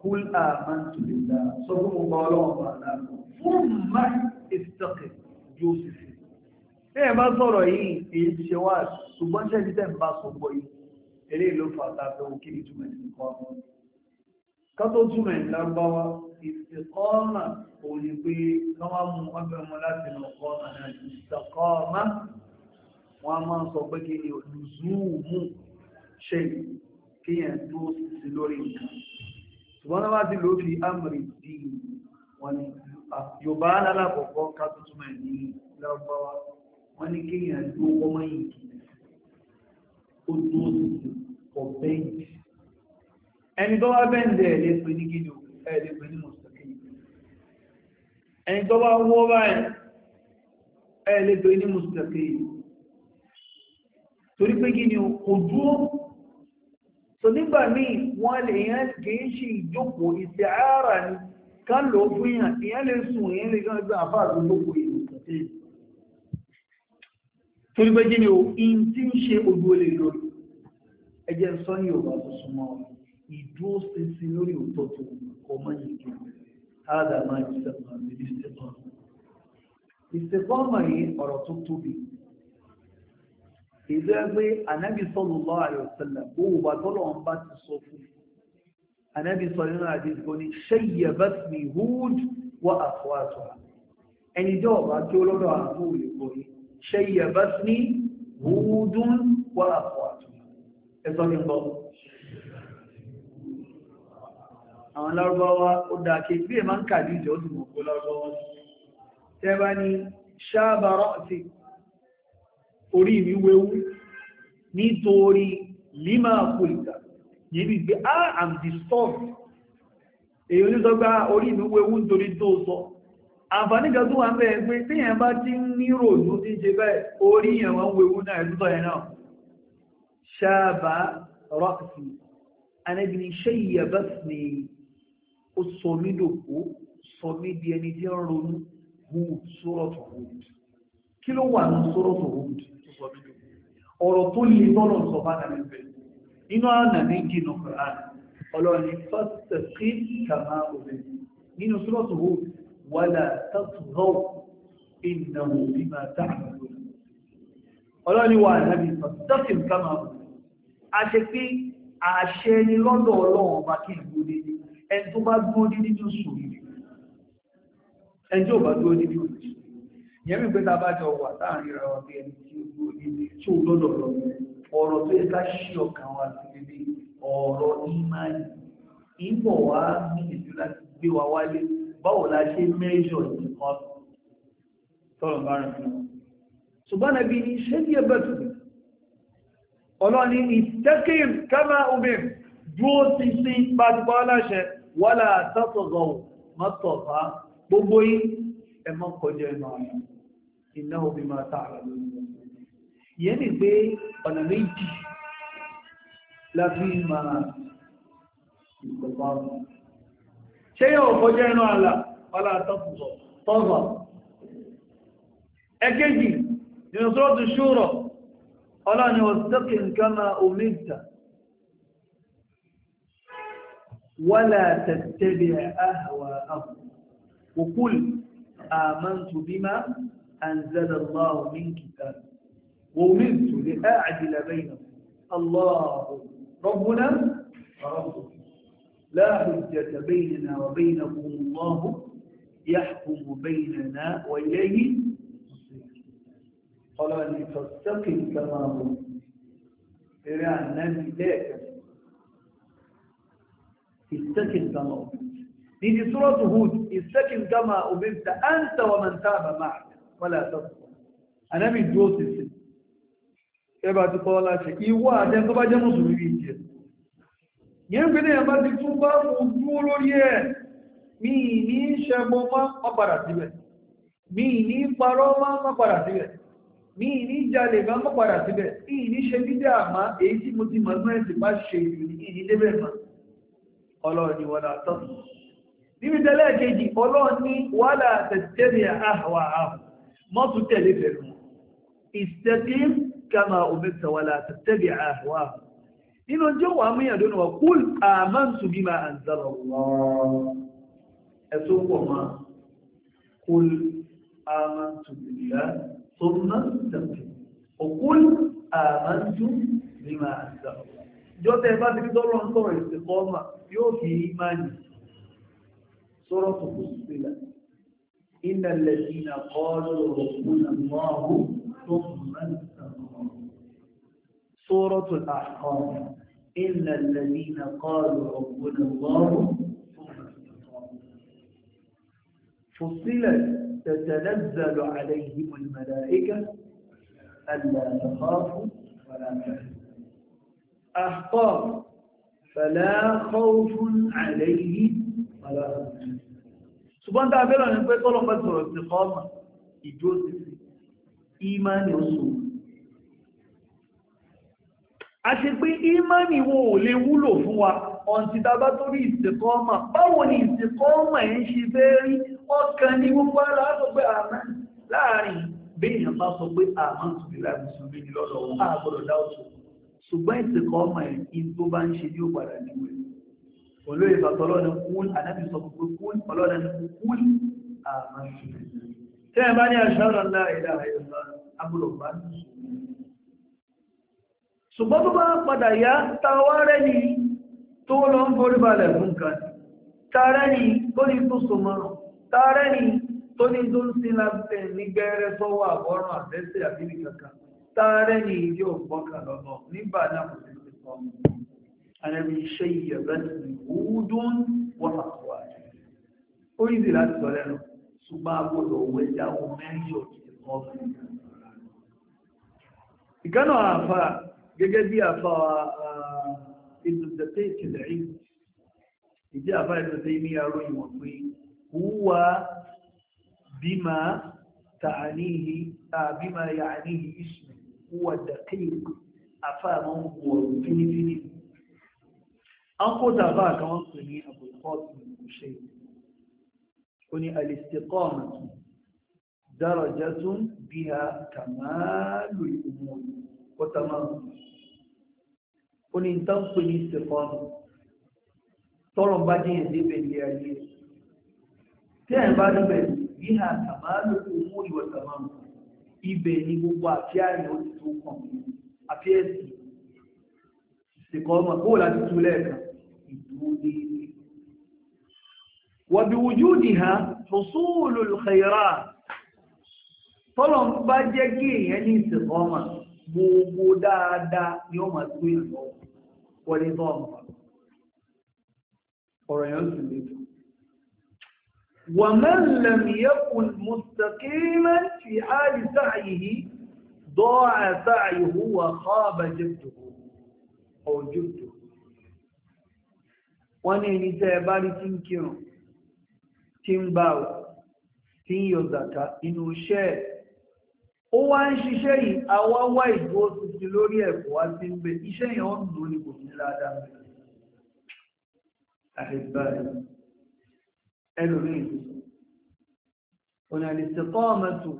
Speaker 1: kúl àmántù lè dá sọ fún mo bá ọlọ́wọ́ bá láàbò fún má ìsìnkẹ́ yóò sì fi ṣé ẹ bá sọ̀rọ̀ yìí èyí ti òní pé lọ́wọ́ mú ọgbẹ́ ọmọ láti lọ kọ́ ọ̀nà ìsọ̀kọ́ ọmọ wọn a máa ń sọ pé kí ni lùzúùmù ṣe kíyàn tó sí lórí nǹkan ṣùgbọ́n náà wá sí ló fi amri dì wọ́n ni yorùbá alákọ̀ọ́kọ́ ká tuntun mẹ́ ní lárúbáwá wọ́n ní kíyàn tó ọmọ yìí ó tó sí ọ̀bẹ́yìn ẹni tó wá bẹ́ẹ̀ ń dẹ̀ ẹ̀ lè pè ní kí ni ẹ̀ lè pè ní mọ̀ ẹni tó bá wọ́ báyìí ẹ̀lẹ́gbẹ̀ ní mùsùlùmí torí pé kí ni kò dúró so nígbà míì wọ́n lè yẹn kìí ṣe ìjókòó ìsẹ̀ ara ni ká lọ fún yàn ìyẹn lè sùn ìyẹn lè gán gbé àfáà tó lókò ìlú torí pé kí ni o tí ń ṣe ojú olè هذا ما يسمى بالاستقامه الاستقامه هي قراءه التوبه اذا النبي صلى الله عليه وسلم هو بطل عن بات الصفوف النبي صلى الله عليه وسلم يقول شيبتني هود واخواتها يعني دوما تقول له هو يقول شيبتني هود واخواتها اذا ينبغي àwọn lárúbáwá ó dá kí bí è máa ń kàdí ìjọ ó sì mọ̀ kó lárúbáwá sí tẹ́ bá ní ṣáàbàrọ̀ ti orí mi wéwú nítorí lima kùlìkà níbi gbé ah, i am disturbed èyí onísọgbà ah, orí mi wéwú nítorí tó sọ àǹfààní kan tó wà ń bẹ̀rẹ̀ pé téèyàn bá ti ń nírò ló ti ṣe bẹ́ẹ̀ orí yẹn wọ́n náà ẹ̀dúgbà yẹn náà ṣáàbàrọ̀ ti anẹ́bìnrin ṣe ìyàbá sí ó sọ mí dòkó sọ mí di ẹni tí ń ronú Hud sórọ̀tọ̀ Hud kí ló wà ní sórọ̀tọ̀ Hud tó sọ mí dòkó ọ̀rọ̀ tó lè tọ́lọ̀ sọ bá dàbí bẹ́ẹ̀ nínú àná méjì nà Quran ọlọ́ni fásitì kàmá òbí nínú sórọ̀tọ̀ Hud wàlà tàtúrọ̀ ìnáwó bí máa dáhùn ọlọ́ni wà nàbí fásitì kàmá òbí a ṣe pé àṣẹ ni lọ́dọ̀ ọlọ́run ọba kí ìgbóni ẹni tó bá dúró dídí ní oṣù rẹ̀ ẹni tí ò bá dúró dídí oṣù rẹ̀ ìyẹn mi pé tá a bá jọ wà láàrin ra wa bí ẹni tí ó dúró dídí tí ó lọ́dọ̀ lọ ọ̀rọ̀ tó yẹ ká ọkàn wa sí ibi ọ̀rọ̀ ìmáyì ìbọ̀ wá ní ìlú láti gbé wa wálé báwo la ṣe mẹ́jọ nìkan tọ́lọ̀ bá rẹ̀ fún ṣùgbọ́n nàbí ní ṣé ní ẹgbẹ́ tó ọlọ́ni ìtẹ́kìm kámá omi dúró ti sí pàtùpọ̀ aláṣẹ wọ́lá tọ́tọ̀gọ̀ mọ́tọ̀fà gbogbo yìí ẹ má kọjá ẹnu àyà iná omi máa ta àrà lórí ìyẹn ni pé ọ̀nà méjì la fi máa ìgbọ̀gbọ̀ àwọn ṣé yóò kọjá ẹnu àlà wọ́lá tọ́tọ̀gọ̀ tọ́tọ̀ ẹ̀kejì nínú ṣúrọ̀ ọlọ́ni ọ̀sẹ́kìn kama omíta ولا تتبع أهواءهم وقل آمنت بما أنزل الله من كتاب وأمرت لأعدل بينكم الله ربنا وربكم لا حجة بيننا وبينكم الله يحكم بيننا وإليه قال لي فاستقم كما هو إلى النبي ذاك استكن كما أمرت نيجي سورة هود استكن كما أمرت أنت ومن تاب معك ولا تظلم أنا من جوسف ẹbà ti kọ́ láti ìwọ́ àjẹ́ tó bá jẹ́ mùsùlùmí bí ìjẹ́ yẹn pé ní ẹ̀bá ti tún bá fún dúó lórí ẹ̀ mi ní ṣẹgbọ́n má mọ́pàdà síbẹ̀ mi ní parọ́ má mọ́pàdà síbẹ̀ mi ní jalè má mọ́pàdà síbẹ̀ mi ní ṣe dídá àmá èyí tí mo ti mọ̀ ẹ̀sìn bá ṣe ìrìn ìdílébẹ̀ máa ọlọ́ọ̀ni wọ́lá tọ́sí níbi tẹ́lẹ̀ kejì ọlọ́ọ̀ni wọ́lá tẹ̀tẹ̀rẹ̀ àhàwà àhù mọ́tún tẹ̀lé pẹ̀lú. ìstẹ́kìm kama umirta wọ́lá tẹ̀tẹ̀rẹ̀ àhàwà àhù nínú jẹ́ wà mú yàdó náà kúl àmántù bima anzala ẹ̀sọ́ pọ̀ mọ́ kúl àmántù billah thumma tẹ̀tẹ̀rẹ̀ òkúl àmántù bima anzala jọ́tẹ̀ bá ti rí tọ́lọ́ ń sọ̀rọ̀ ìsìnkọ́ ọmọ yóò fi ìmáàni sọ̀rọ̀ tó kù sílẹ̀ iná lẹ́sí na kọ́ọ̀lù òkun àmọ́hù tó mọ́n sọ̀rọ̀ tó àkọ́ iná lẹ́sí na kọ́ọ̀lù òkun àmọ́hù فصلت تتنزل عليهم الملائكة ألا تخافوا ولا تحزنوا أحقام فلا خوف عليه ولا سبحان الله بيرا ni pé tọ́lọ̀ bá sọ̀rọ̀ sí kọ́ọ̀mà ìjó sí sí ìmáni oṣù a ṣe pé ìmáni wo ò lè wúlò fún wa ọ̀ntí dábá tó rí ìsìnkọ́ọ̀mà báwo ni ìsìnkọ́ọ̀mà ẹ̀ ń ṣe bẹ́ rí ọkàn ní gbogbo ara sọ pé àmà láàrin bí èèyàn bá sọ pé àmà tó bí láì mùsùlùmí ṣùgbọ́n ìsìnkọ́ ọmọ ẹ̀ kí tó bá ń ṣe ní ó padà ní ìwé pẹ̀lú ìbàtọ̀ ọlọ́ni kún àdábì sọ pé kún ọlọ́ni kún àmà ṣùgbọ́n tẹ́ ẹ bá ní aṣọ́rọ̀ ńlá ìlà ìlà abúlọ̀ bá ní ṣùgbọ́n tó bá padà yá tàwa ní tó ń sin lábẹ́ ní gẹ́rẹ́ sọ́wọ́ àbọ̀rùn àtẹ́sẹ̀ àbíbí kankan tààrẹ́ ní ìdí ògbọ́kà lọ́gbọ́ nígbà náà kò sí lórí sọ mú alẹ́bí iṣẹ́ ìyẹ̀bẹ́ sí wúdún wọ́n àkọwà ó yìí láti sọ lẹ́nu ṣùgbọ́n agbọ́dọ̀ òwe jáwọ́ mẹ́rin òkè kan fún ìkánà àfà gẹ́gẹ́ huwa daqiq àfáàmọ́ wọ̀rọ̀ fínífíní an kó dàbà kan wọ́n pè ní Abul Qasim Al-Kushairi ó ní al-istiqamah darajatun biha kamalul umur wa tamam ó ní tán pè ní istiqamah tọrọ bá dín débẹ̀ ilé ayé tí ẹ̀ bá débẹ̀ biha kamalul umur wa tamam ibẹ̀ ni gbogbo àfíàrí ó ti tó kàn àfíẹ́sì ìsìnkọ́ ọmọ kó láti tú lẹ́ẹ̀kan ìdúró déédéé wọ̀bí wùjúdì ha fòsúùlù lùkẹ̀yìrà tọ́lọ̀ ń bá jẹ́ kí èèyàn ní ìsìnkọ́ ọmọ gbogbo dáadáa ni ó máa tó ìlú wọlé tọ́ ọmọ ọ̀rọ̀ yẹn sì lè tún ومن لم يكن مستقيما في حال سعيه ضاع سعيه وخاب جبته أو جبته wọ́n ní ẹni tẹ́ ẹ bá rí tí ń kírun tí ń bá ò tí ń yọ zàkà inú iṣẹ́ ẹ̀ ó wá ń ṣiṣẹ́ yìí àwa wá ìdúró tuntun lórí ẹ̀kọ́ wá sí ń bẹ iṣẹ́ yẹn ó ń dùn ní kò ní ládàá ẹlòmíì ọ̀nà ìsìnkọ́ ọmọ tù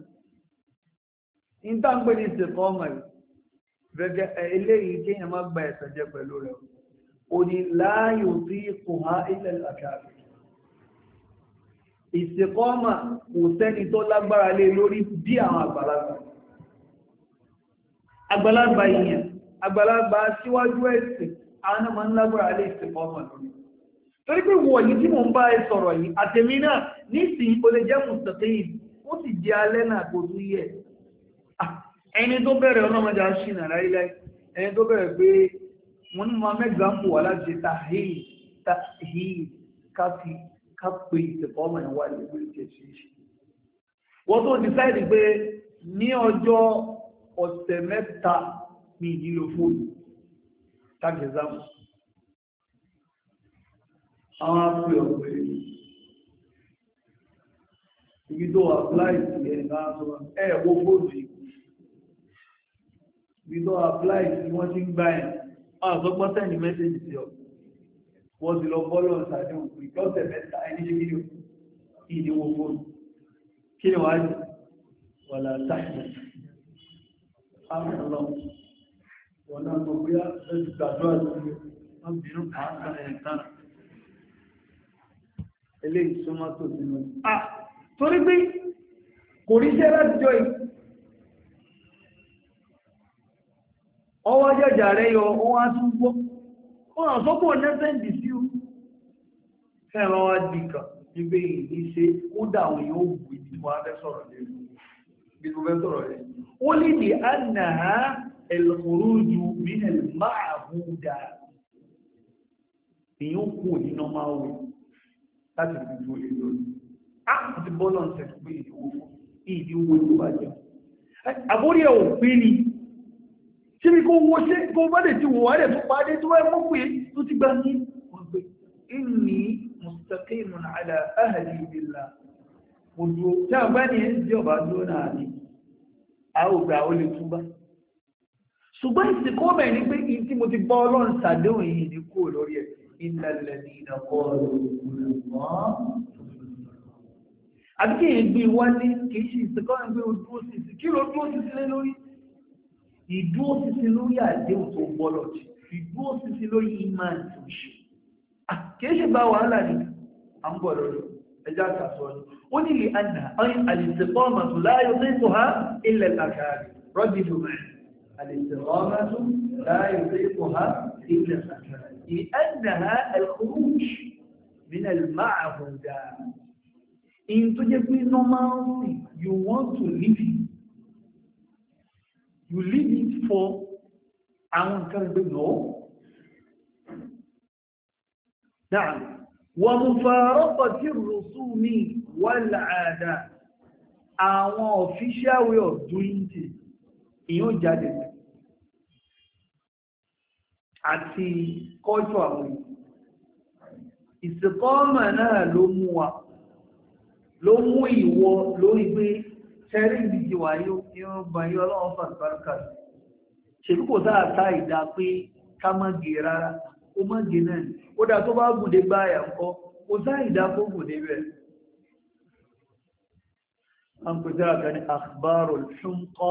Speaker 1: ìtàǹgbé ní ìsìnkọ́ ọmọ yìí gẹ́gẹ́ eléyìí kí ẹ má gba ẹ̀sẹ̀ jẹ pẹ̀lú rẹ̀ o ní láàyò tí kò há ilẹ̀ àkàrí ìsìnkọ́ ọmọ kò sẹ́ni tó lágbára lé lórí bí àwọn àgbàlagbà àgbàlagbà ìyẹn àgbàlagbà síwájú ẹ̀sìn àwọn ọmọ ńlágbára lé ìsìnkọ́ ọmọ lórí torí pé wọ̀nyí tí mo ń bá ẹ sọ̀rọ̀ yìí àtẹ̀mí náà nísìnyí o lè jẹ́ mùsùlùmí ó sì jẹ́ alẹ́ náà kò tún yẹ ah, ẹni tó bẹ̀rẹ̀ ọlọ́mọdé aṣínà láíláí ẹni tó bẹ̀rẹ̀ pé wọ́n ní ma mẹ́gbàmpù wà láti tàhíì tàhíì káfí kápẹ́ ìtẹ̀kọ́ ọmọ ìwà ìlú ìtẹ̀síṣẹ́ wọ́n tó dìsáìdì pé ní ọjọ́ ọ̀sẹ̀ mẹ́ta ní ìdílò fóònù tàbí ẹ̀zámù àwọn afi ọ̀pẹ̀ ibi tó apply sí ẹ̀ bá sọ ẹ̀ wó ikú ibi tó apply sí wọ́n ti ń gbá ẹ̀ àgbọ́gbọ́n sẹ́ni mẹ́sẹ̀jì sí ọ wọ́n ti lọ bọ́lọ̀ ṣàdé òkú ìjọ́sẹ̀ mẹ́ta ẹni ṣe kíni ìdí wo fóònù kí ni wàá jù wàlà táìmù àwọn ọlọ́run wọn náà mọ̀ bóyá ẹni gbàdúrà lórí wọn bínú kàá ẹ̀ tán eléyìí súnmọ́ tó ti lọ. À torí pé kò rí iṣẹ́ láti jọ yìí. Ọwọ́ jẹ́jà rẹ̀ yọ ọwọ́ àtúgbọ́. Ó hàn sọ́pọ̀ nẹ́sẹ̀ǹdì sí o. Fẹ́ràn wá di kan níbi ìní ṣe ó dà àwọn èèyàn òògùn ìdí wa fẹ́ sọ̀rọ̀ lẹ́nu. Bí mo fẹ́ sọ̀rọ̀ rẹ̀. Ó lè dè á nà á ẹ̀lọ́kùnrú ju bí ẹ̀lmáàbù dà. Èèyàn kù ní normal way láti fi dúró lé lórí áàpù ti bọ́ọ̀lù ọ̀sẹ̀ tó gbé ìdíwó fún ìdí owó tó bá jẹun àbórí ẹ̀ ò pé ni ṣé bí kò wọ ṣé kò bá lè ti wọ̀ wá lẹ̀ tó padé tó wáyé mọ́ pé tó ti gbà ní wọ́n pé inni mustaqimun ala ahli billah òdò tí a bá ní ẹ̀sì ọba dúró náà ní àwògbà ó lè túbá ṣùgbọ́n ìsìnkú ọmọ pé ìdí mo ti bọ́ ọlọ́run sàdéhùn yìí ní kúrò lórí ẹ̀ إلا الذين قالوا ربنا الله àti kí èyí gbé wálé kìí ṣe ìsìnkọ́ ẹgbẹ́ ojú òsìsì kí ló dúró sísí lé lórí ìdú òsìsì lórí àdéhùn tó gbọ́lọ̀ jù ìdú òsìsì lórí iman tó ṣe الاستغامة لا يطيقها إلا سكران لأنها الخروج من المعهودة إن تجد me you want to live it you live it for àwọn nǹkan gbé lọ نعم ومفارقة الرسوم والعادات àwọn official way of doing things ìyóò jáde àti kọ́jọ́ àwọn ìsìnkọ́ọ̀mà náà ló mú wa ló mú ìwọ lórí pé tẹ́rí ìdíje wà yóò irun bàyí ọlọ́run fàtàkà ṣèlú kò sáà tá ìdá pé ká má gé e rárá ó má gé e náà ni ó dá tó bá gùnde bá àyà ńkọ́ kò sáà ìdá kó gùnde bẹ́ẹ̀. a ń pè sára kan ní akhbarul shumqa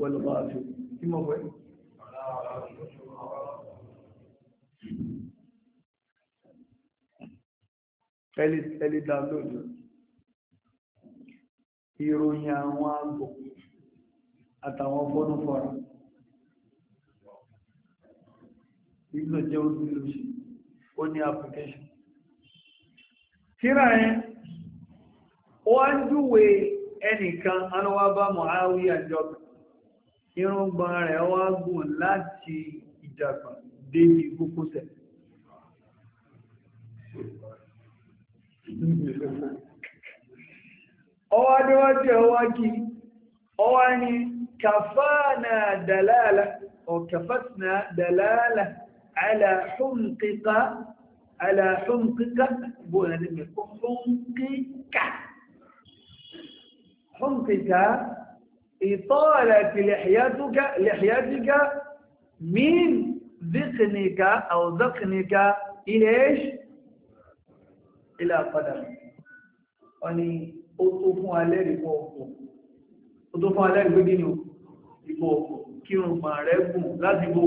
Speaker 1: wal ghafi kí mo fẹ́. ẹlí dáńlódù ìròyìn àwọn àgbò àtàwọn fọ́nù fọ́ra ìlú jẹ́ olùlọ́ṣì ó ní application tíra ẹ wọ́n júwe ẹnìkan alọ́wábá mọ̀háwí àjọba irùngbọ̀n rẹ̀ wá gùn láti ìjàgbà débi ọwọ́ adéwájú ọwọ́ kí ọwọ́ ni kàfánà dàlálà ọ̀kàfàtìnà dàlálà aláhùnkíkà aláhùnkíkà bóyá ní mẹ́kọ́ hùnkíkà hùnkíkà إطالة لحيتك لحيتك من ذقنك أو ذقنك إلى إيش؟ ilé àpadà wọn ni ó tó fún alẹ́ ìbò ọ̀pọ̀ ó tó fún alẹ́ ìbò nínú ìbò ọ̀pọ̀ kí n mà rẹ̀ gùn láti bò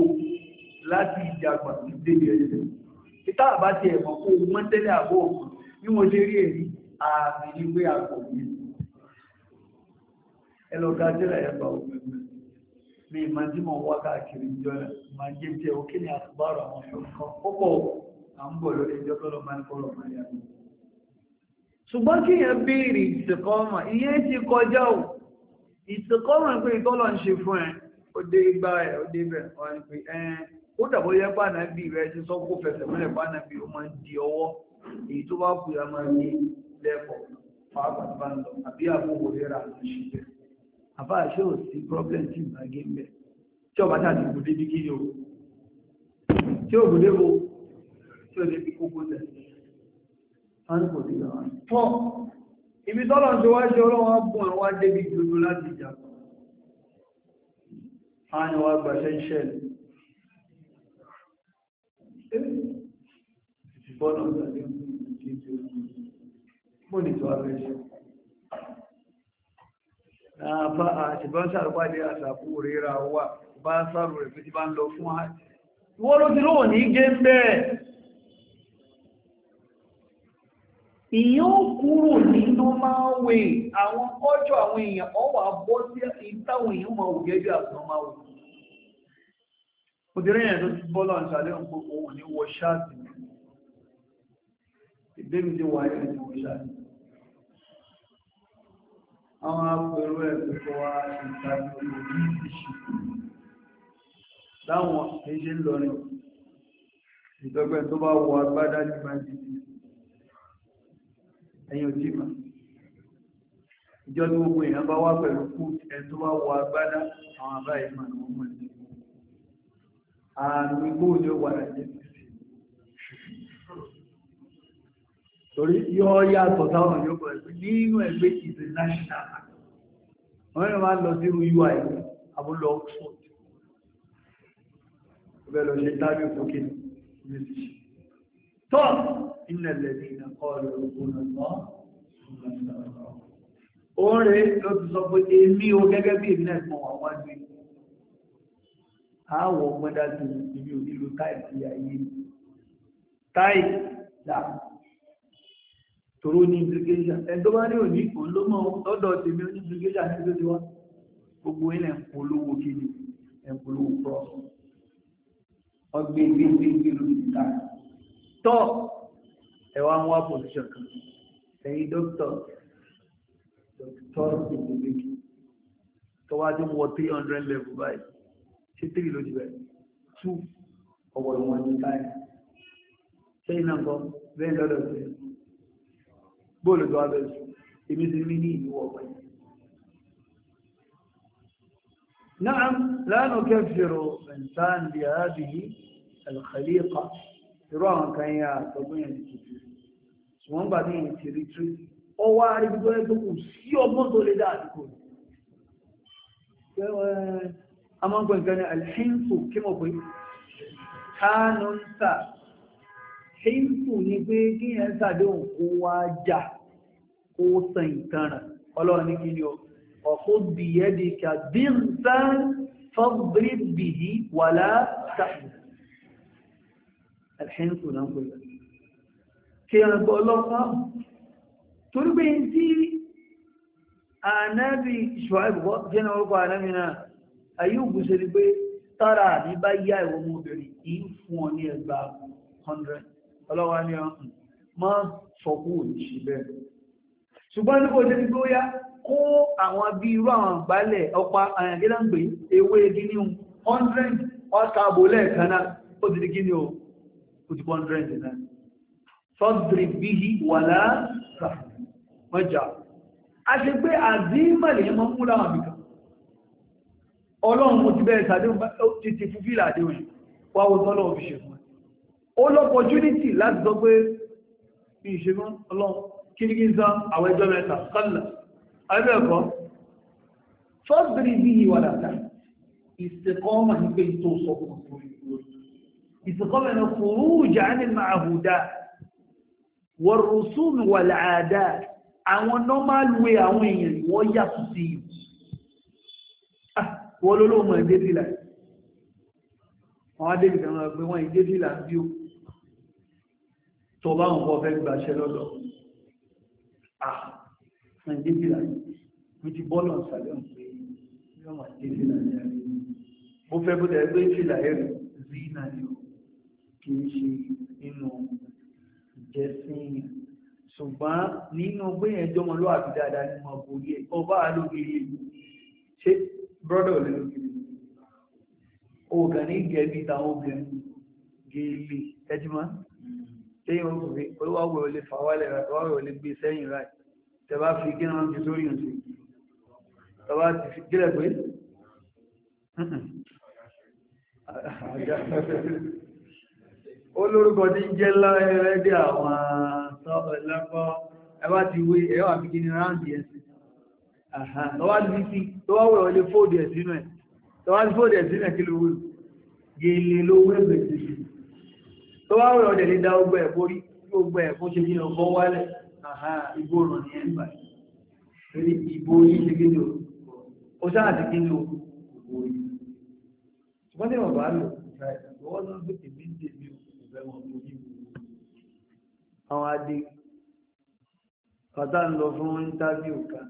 Speaker 1: láti ìjàgbà débi ẹ̀jẹ̀ ìta àbá ti ẹ̀mọ́ kó o mọ́ tẹ́lẹ̀ àbò ọ̀pọ̀ bí mo ṣe rí èrí àmì ní wé àpọ̀ ẹ lọ ga sílẹ̀ ẹ̀ bá òun mi ma tí mọ̀ wá káàkiri jọ ma jẹ́ jẹ́ òkè ní àtúbárò àwọn ṣọ́kọ́ púpọ̀ à ń bọ̀ lórí ìjọ́ tọ́lọ́ máa ń kọ́ lọ́mọ yàtọ̀ ṣùgbọ́n kí èèyàn béèrè ìsìnkọ́mọ̀ ìyẹn ti kọjá o ìsìnkọ́mọ̀ pé ìtọ́lọ̀ ń ṣe fún ẹ ó dé igbá ẹ ó dé bẹ̀ wọ́n ni pé ẹn ó dàbọ̀ yẹ pàànà bí rẹ ti sọ kó fẹsẹ̀ mọ́lẹ̀ pàànà bí ó máa ń di ọwọ́ èyí tó bá kú ya máa ń di lẹ́kọ̀ọ́ pàápàá bá ń lọ àbí àbúrò rẹ rà lọ bẹ́ẹ̀ àbá àṣẹ ò sí problem tí ìgbà gé ń bẹ̀ tí ọba tá a ti kú débi kí tọ́ ibi bọ́nà ọ̀dàdé mọ́ ní tó abẹ́ ṣe àṣìbọ́n sàrùpàdé àṣàkú rírà wà bá sàrù rẹ̀ fi ti bá ń lọ fún àti wọ́n ló ti lóò ní gé bẹ́ẹ̀ ìyẹn ó kúrò ní normal way àwọn ọjọ́ àwọn èèyàn ọwà bọ́ sí ìtàwọn èèyàn máa wù gẹ́gẹ́ àti normal way obìnrin yẹn tó ti bọ́lá ìṣàlẹ̀ ń pọ̀ òun ní wọ ṣáàtì ìdébì tí wà ní wọ ṣáàtì àwọn apẹ̀rọ ẹ̀kọ́ wa ìtàkì òní ìṣù láwọn èṣe lọrin ìdọ́gbẹ́ tó bá wọ agbádá ní máa ẹ̀yìn òjì mà ìjọ tí gbogbo èèyàn bá wá pẹ̀lú kú ẹ̀ tó wá wọ agbádá àwọn àbá yìí mà ní wọ́n mọ̀ ní àmì gbóòlù wà láyé torí yọ yàtọ̀ táwọn yóò pẹ̀lú nínú ẹgbẹ́ international wọ́n yóò máa lọ sírú ui abúlọ oxford ọbẹ̀ lọ ṣe tábí òkè ní ṣíṣe tọ́ iná lẹ́dí iná kọ́ọ̀lù ogun ọ̀nà oore ló ti sọ pé èmi o gẹ́gẹ́ bí èmi náà mọ̀ wà wá gbé àwọ̀ ọgbọ́dá tó ibi ò nílò táì sí ayé táì dà tòró ní ìdírígéṣà ẹ̀dọ́ bá ní òní òun ló tèmi ní ìdírígéṣà ní ìdírígéṣà wá gbogbo ilẹ̀ ń polówó kejì ẹ̀ ọgbẹ́ ìgbé ìgbé ìgbé lórí tọ́ ẹ wá ń wá pòsíṣàn kan ẹ̀yin dókítà dókítà ìlú méjì tó wá dé wọ three hundred level báyìí ṣé three ló ti bẹ̀rẹ̀ two ọ̀wọ̀ ìwọ̀n ní báyìí ṣé iná kọ́ bọ̀ bẹ́ẹ̀ lọ́dọ̀ sí bóòlù tó wá bẹ̀rẹ̀ sùn èmi ti rí ní ìlú ọ̀pẹ. نعم لا نكفر إنسان بهذه الخليقة irú àwọn kan yẹn àtọ́gbọ́n yẹn ti tù ṣùgbọ́n gbà ní ìyẹn ti rí tú ọ wá rí gbogbo ẹgbẹ́ kò sí ọgbọ́n tó lè dá àdúgbò a máa ń gbọ́ nǹkan ní alhinsu kí mo pé kánú ń sà hinsu ni pé kí yẹn sàdéhùn kó wá jà kó san ìtanràn ọlọ́run ní kí ni o ọ̀kú bìyẹ́ di kàdínsán fọ́bírí bìyí wàlá tàbí alhẹ́ńsù náà pè kí a bọ́ lọ́pàá torí pé tí ànábì ṣùgbọ́ jẹ́nà orúkọ ànábì náà ayé ògùnṣẹ́ ni pé tára àbí bá ní ẹgbà 100 ọlọ́wà ní ọkùn hmm, má sọkú òjì bẹ́ẹ̀ ṣùgbọ́n nípa òjò ti gbé ó yá kó àwọn bí irú àwọn àgbálẹ̀ 100 ọta àbò lẹ́ẹ̀kan náà ó ti di gíní o ti pọ́n dẹ́rẹ́ nìkan sọ́dìrì bí i wà láàrín mọ́jà a ṣe pé àzímà lè mọ́ mú láwọn àbíkà ọlọ́run mo ti bẹ́ẹ̀ sàdé ti ti fún fílà àdéhùn wáwo tọ́lọ́run fi ṣe fún ẹ ó lọ́pọ̀júnítì láti sọ pé bí ìṣe mọ́ ọlọ́run i wà láàrín ìsẹ̀kọ́ mà ní pé tó lórí استقامة الخروج عن المعهودات والرسوم والعادات àwọn normal way àwọn èèyàn wọ́n yàtọ̀ sí i ah, wọ́n ló ló mọ̀ ẹ̀dẹ́ fìlà àwọn adébì kan rẹ̀ pé wọ́n ìdé fìlà bí ó tó bá wọn kọ́ fẹ́ gbàṣẹ lọ́dọ̀ àwọn ah, ìdé fìlà mi ti bọ́ọ̀lù ọ̀sàlẹ̀ pé yọ́mọ̀ ìdé fìlà ní àárín mo fẹ́ bó tẹ̀ pé fìlà ẹ̀rù zina ni ó kì í ṣe nínú ìjẹsìn ṣùgbọ́n nínú gbéyàn jọmọ ló àbí dáadáa ní ọmọ orí ẹ̀ ọba alógiri ṣe brọ́dọ̀ lórí ọgá ní gẹ̀ẹ́bí táwọn obìnrin gẹ̀ẹ́lì ẹjìmá tẹ́yìn ọkùnrin olúwàwọ̀ olè fàwálẹ̀ ràtọ̀wàwọ̀ olè gbé sẹ́yìn olórúkọ tí ń jẹ́ lọ́rẹ́dẹ́ àwọn lọ́pọ̀ ẹwà ti wé ẹwà fi kí ni ráǹdì ẹ̀sìn lọ́wọ́ ti fi sí tó wá wẹ̀ ọlé fóòdù ẹ̀sìn ẹ̀ tó wá ti fóòdù ẹ̀sìn ẹ̀ kí ló wé gèlè ló wé bèsì tó wá wẹ̀ ọdẹ lè da gbogbo ẹ̀ borí gbogbo ẹ̀ fún ṣe kí ni ọkọ̀ wálẹ̀ ìgbòràn ní ẹ̀ ń bà torí ìbò yìí ṣe kí ni o ṣáà ti kí ni o ìbò yìí ṣùgbọ́n tí wọ́n bá lò ìgbà ìgbà àwọn adé fàtà ń lọ fún interview kan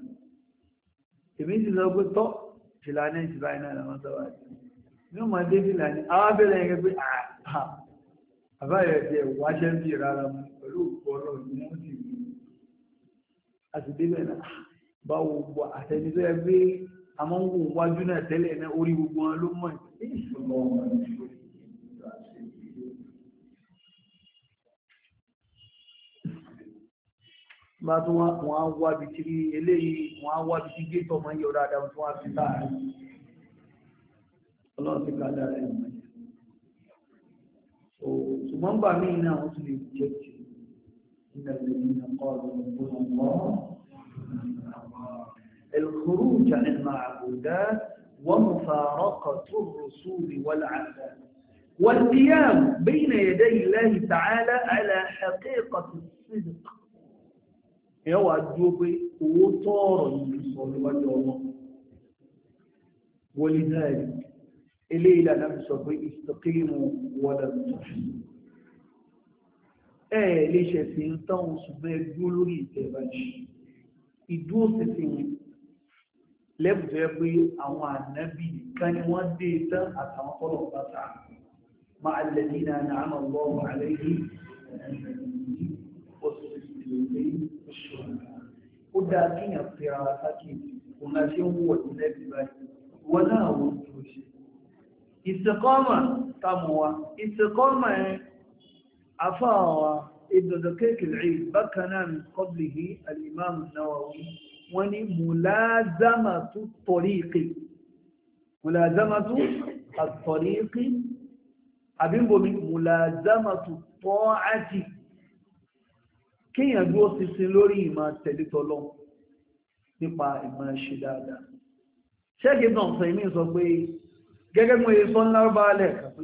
Speaker 1: èmi ti sọ pé tọ́ ìlànà ìjìbá iná àwọn sọ́wọ́ àti ní ọmọ adé ìlànà àwọn abẹ́rẹ́ yẹn pé ah, àbáyọ̀ ti ẹ̀wọ̀ wáṣẹ́ ń bí rárá mu pẹ̀lú òkú ọlọ́run ní wọ́n sì rí àti débẹ̀ náà báwo gbọ́ àtẹnudọ́ ẹgbẹ́ amóhùn wájú náà tẹ́lẹ̀ náà orí gbogbo wọn ló mọ̀ ìṣòro ọmọ rẹ̀. bá tún wọ́n á wábi tí eléyìí wọ́n á wábi tí gé tọmọ yíò dáadáa tí wọ́n á fi láàrin ọlọ́run ti kàdá rẹ̀ mọ́ ṣùgbọ́n bà mí iná wọ́n tún lè jẹ́ jù nígbà tí wọ́n ń kọ́ ọ̀rọ̀ ìgbóhùn mọ́ الخروج عن المعبودات ومفارقة الرسول والعذاب والقيام بين يدي الله تعالى على حقيقة الصدق ẹ wà dúró pé owó tọ́ ọ̀rọ̀ yìí sọ níwájú ọmọ wọlé náà rí eléyìí lànà fi sọ pé ìsọkílìmù wọlé ẹ lè ṣẹ̀sìn ń tán oṣù bẹ́ẹ̀ dúró lórí ìtẹ̀bàjì ìdúró sísìn lẹ́bùtẹ́ pé àwọn ànábì kan ni wọ́n dé tán àtàwọn fọ́lọ̀ bàtà máa lẹ́yìn náà ní àmọ́ lọ́wọ́ àlẹ́ yìí ilé ìṣòro ó dáa kí èèyàn fi ara sákì òun la ṣe ń wọ̀ ní lẹ́bi báyìí wọ́n náà wò ó tó ṣe ìsìnkọ́mà táwọn wa ìsìnkọ́mà ẹ̀ ìdọ̀dọ̀ kéèkèrè bákan ní kọ́bìlì alìmáàmù Nawawi wọ́n ní mùláàzámà tó tọ̀rí ìkè kéèyàn dúró ṣinṣin lórí ìmọ̀ tẹ̀lé tọ́lọ́ nípa ìmọ̀ ṣe dáadáa ṣẹ́gi náà sọ ìmí sọ pé gẹ́gẹ́ mú èyí sọ ńlá bá lẹ̀ kàpé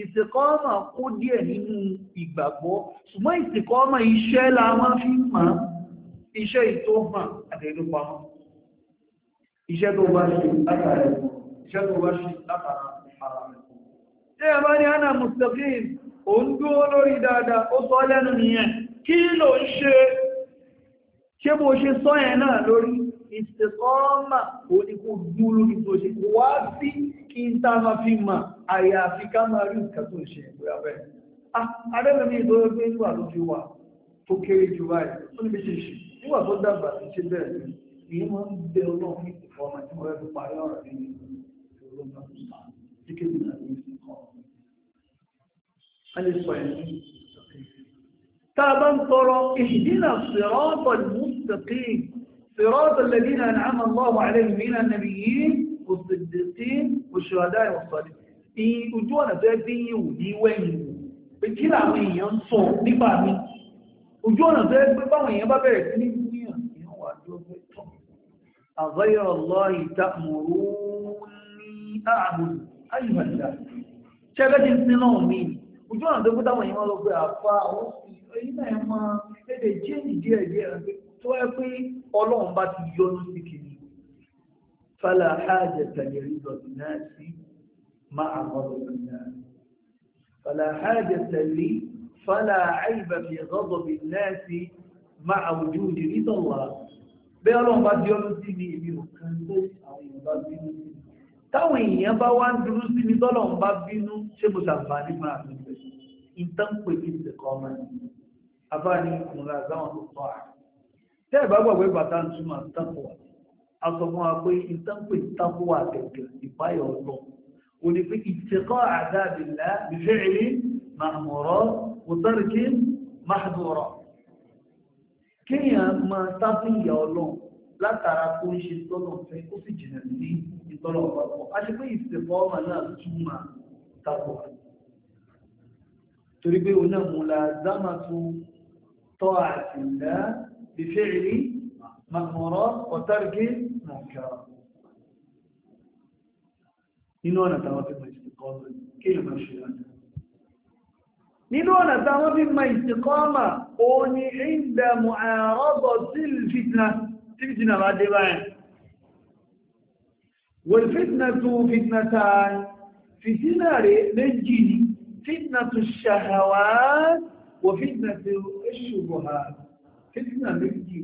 Speaker 1: ìsìnkọ́ọ̀mà kó díẹ̀ nínú ìgbàgbọ́ ṣùgbọ́n ìsìnkọ́ọ̀mà iṣẹ́ la máa fi mọ̀ iṣẹ́ ìtó hàn àtẹ̀lúpamọ́ iṣẹ́ tó bá ṣe látara iṣẹ́ tó bá ṣe látara ara rẹ̀ ṣé ẹ bá ní ana mustaqim òun dúró lórí dáadáa ó sọ lẹ́nu nìyẹn kí ló ń ṣe ṣé bó ṣe sọ yẹn náà lórí ìsìnkọ́ọ́mà oníkó dúró ní tó ṣe kò wá sí kí n tá máa fi mà àyàfi ká máa rí nǹkan tó ṣe ìgbéra bẹ́ẹ̀. Ah, adẹ́gbẹ̀ẹ́ mi ìdọ́rọ́ pé nígbà ló fi wà tó kéré jù báyìí tó níbi ṣe ṣe tàbá ń tọrọ ìṣìdínà sírọ́tọ̀ mustaqim sírọ́tọ̀ lẹ́dínà àmà lọ́wọ́ àlẹ́mìnà nàbìyìn òsìdìsí òṣìwádà ìwọ̀sọ̀dì ojú ọ̀nà tó ẹbí yìí wù ní wẹ́yìn wù pé kí làwọn èèyàn ń sọ nípa mi ojú ọ̀nà tó ẹgbẹ́ pé báwọn èèyàn bá bẹ̀rẹ̀ sí ní gbìyàn èèyàn wà tó ẹgbẹ́ tọ́ àgbáyọ̀ ọlọ́ọ̀yì tàmùrú ní ààbò ayùmọ̀lá ṣẹ́gbẹ́ ti ń sin náà mi ojú ọ̀nà tó ẹgbẹ́ táwọn èèyàn lọ pé àfa àwọn èyí náà máa lédè jíǹdì díẹ̀ díẹ̀ tó wáyé pé ọlọ́run bá ti yọnu sí kìíní fàlà àjẹ tàyè rírọ̀ náà sí máa rọrùn náà fàlà àjẹ tàyè fàlà àìbà fi rọrùn bí náà sí máa ojú di rírọ̀ wá bẹ́ẹ̀ ọlọ́run bá ti yọnu sí ní èmi ò kan tó àwọn èèyàn bá bínú abáni mùlàzáwọn tó kọ́ à tẹ́ ẹ̀ bá gbàgbé bàtà ń túmọ̀ tàkùwà a sọ fún wa pé ìtàkùn ìtàkùwà gẹ̀gẹ̀ ìbáyọ̀ ọ̀tọ̀ ò ní pé ìtẹ̀kọ́ àdáàbìlá bìfẹ́ẹ̀lì màmúrọ̀ mùtárìkì máàdùrọ̀ kéèyàn máa sábì ìyà ọlọ́run látara tó ń ṣe tọ́lọ̀ fẹ́ ó sì jìnà sí ìtọ́lọ̀ ọ̀pọ̀ a ṣe pé ìtẹ̀kọ́ ọmọ náà túmọ̀ tàkùwà torí pé òun náà mùlàzámà tún طاعة الله بفعل مأمورات وترك مهكرات نينونا تواتب ما استقام كيلو مرشي لانا نينونا تواتب ما استقام اوني عند معارضة الفتنة الفتنة بعد بعد والفتنة فتنتان فتنة نجيني فتنة الشهوات fitna ti shubuhat fitna méjì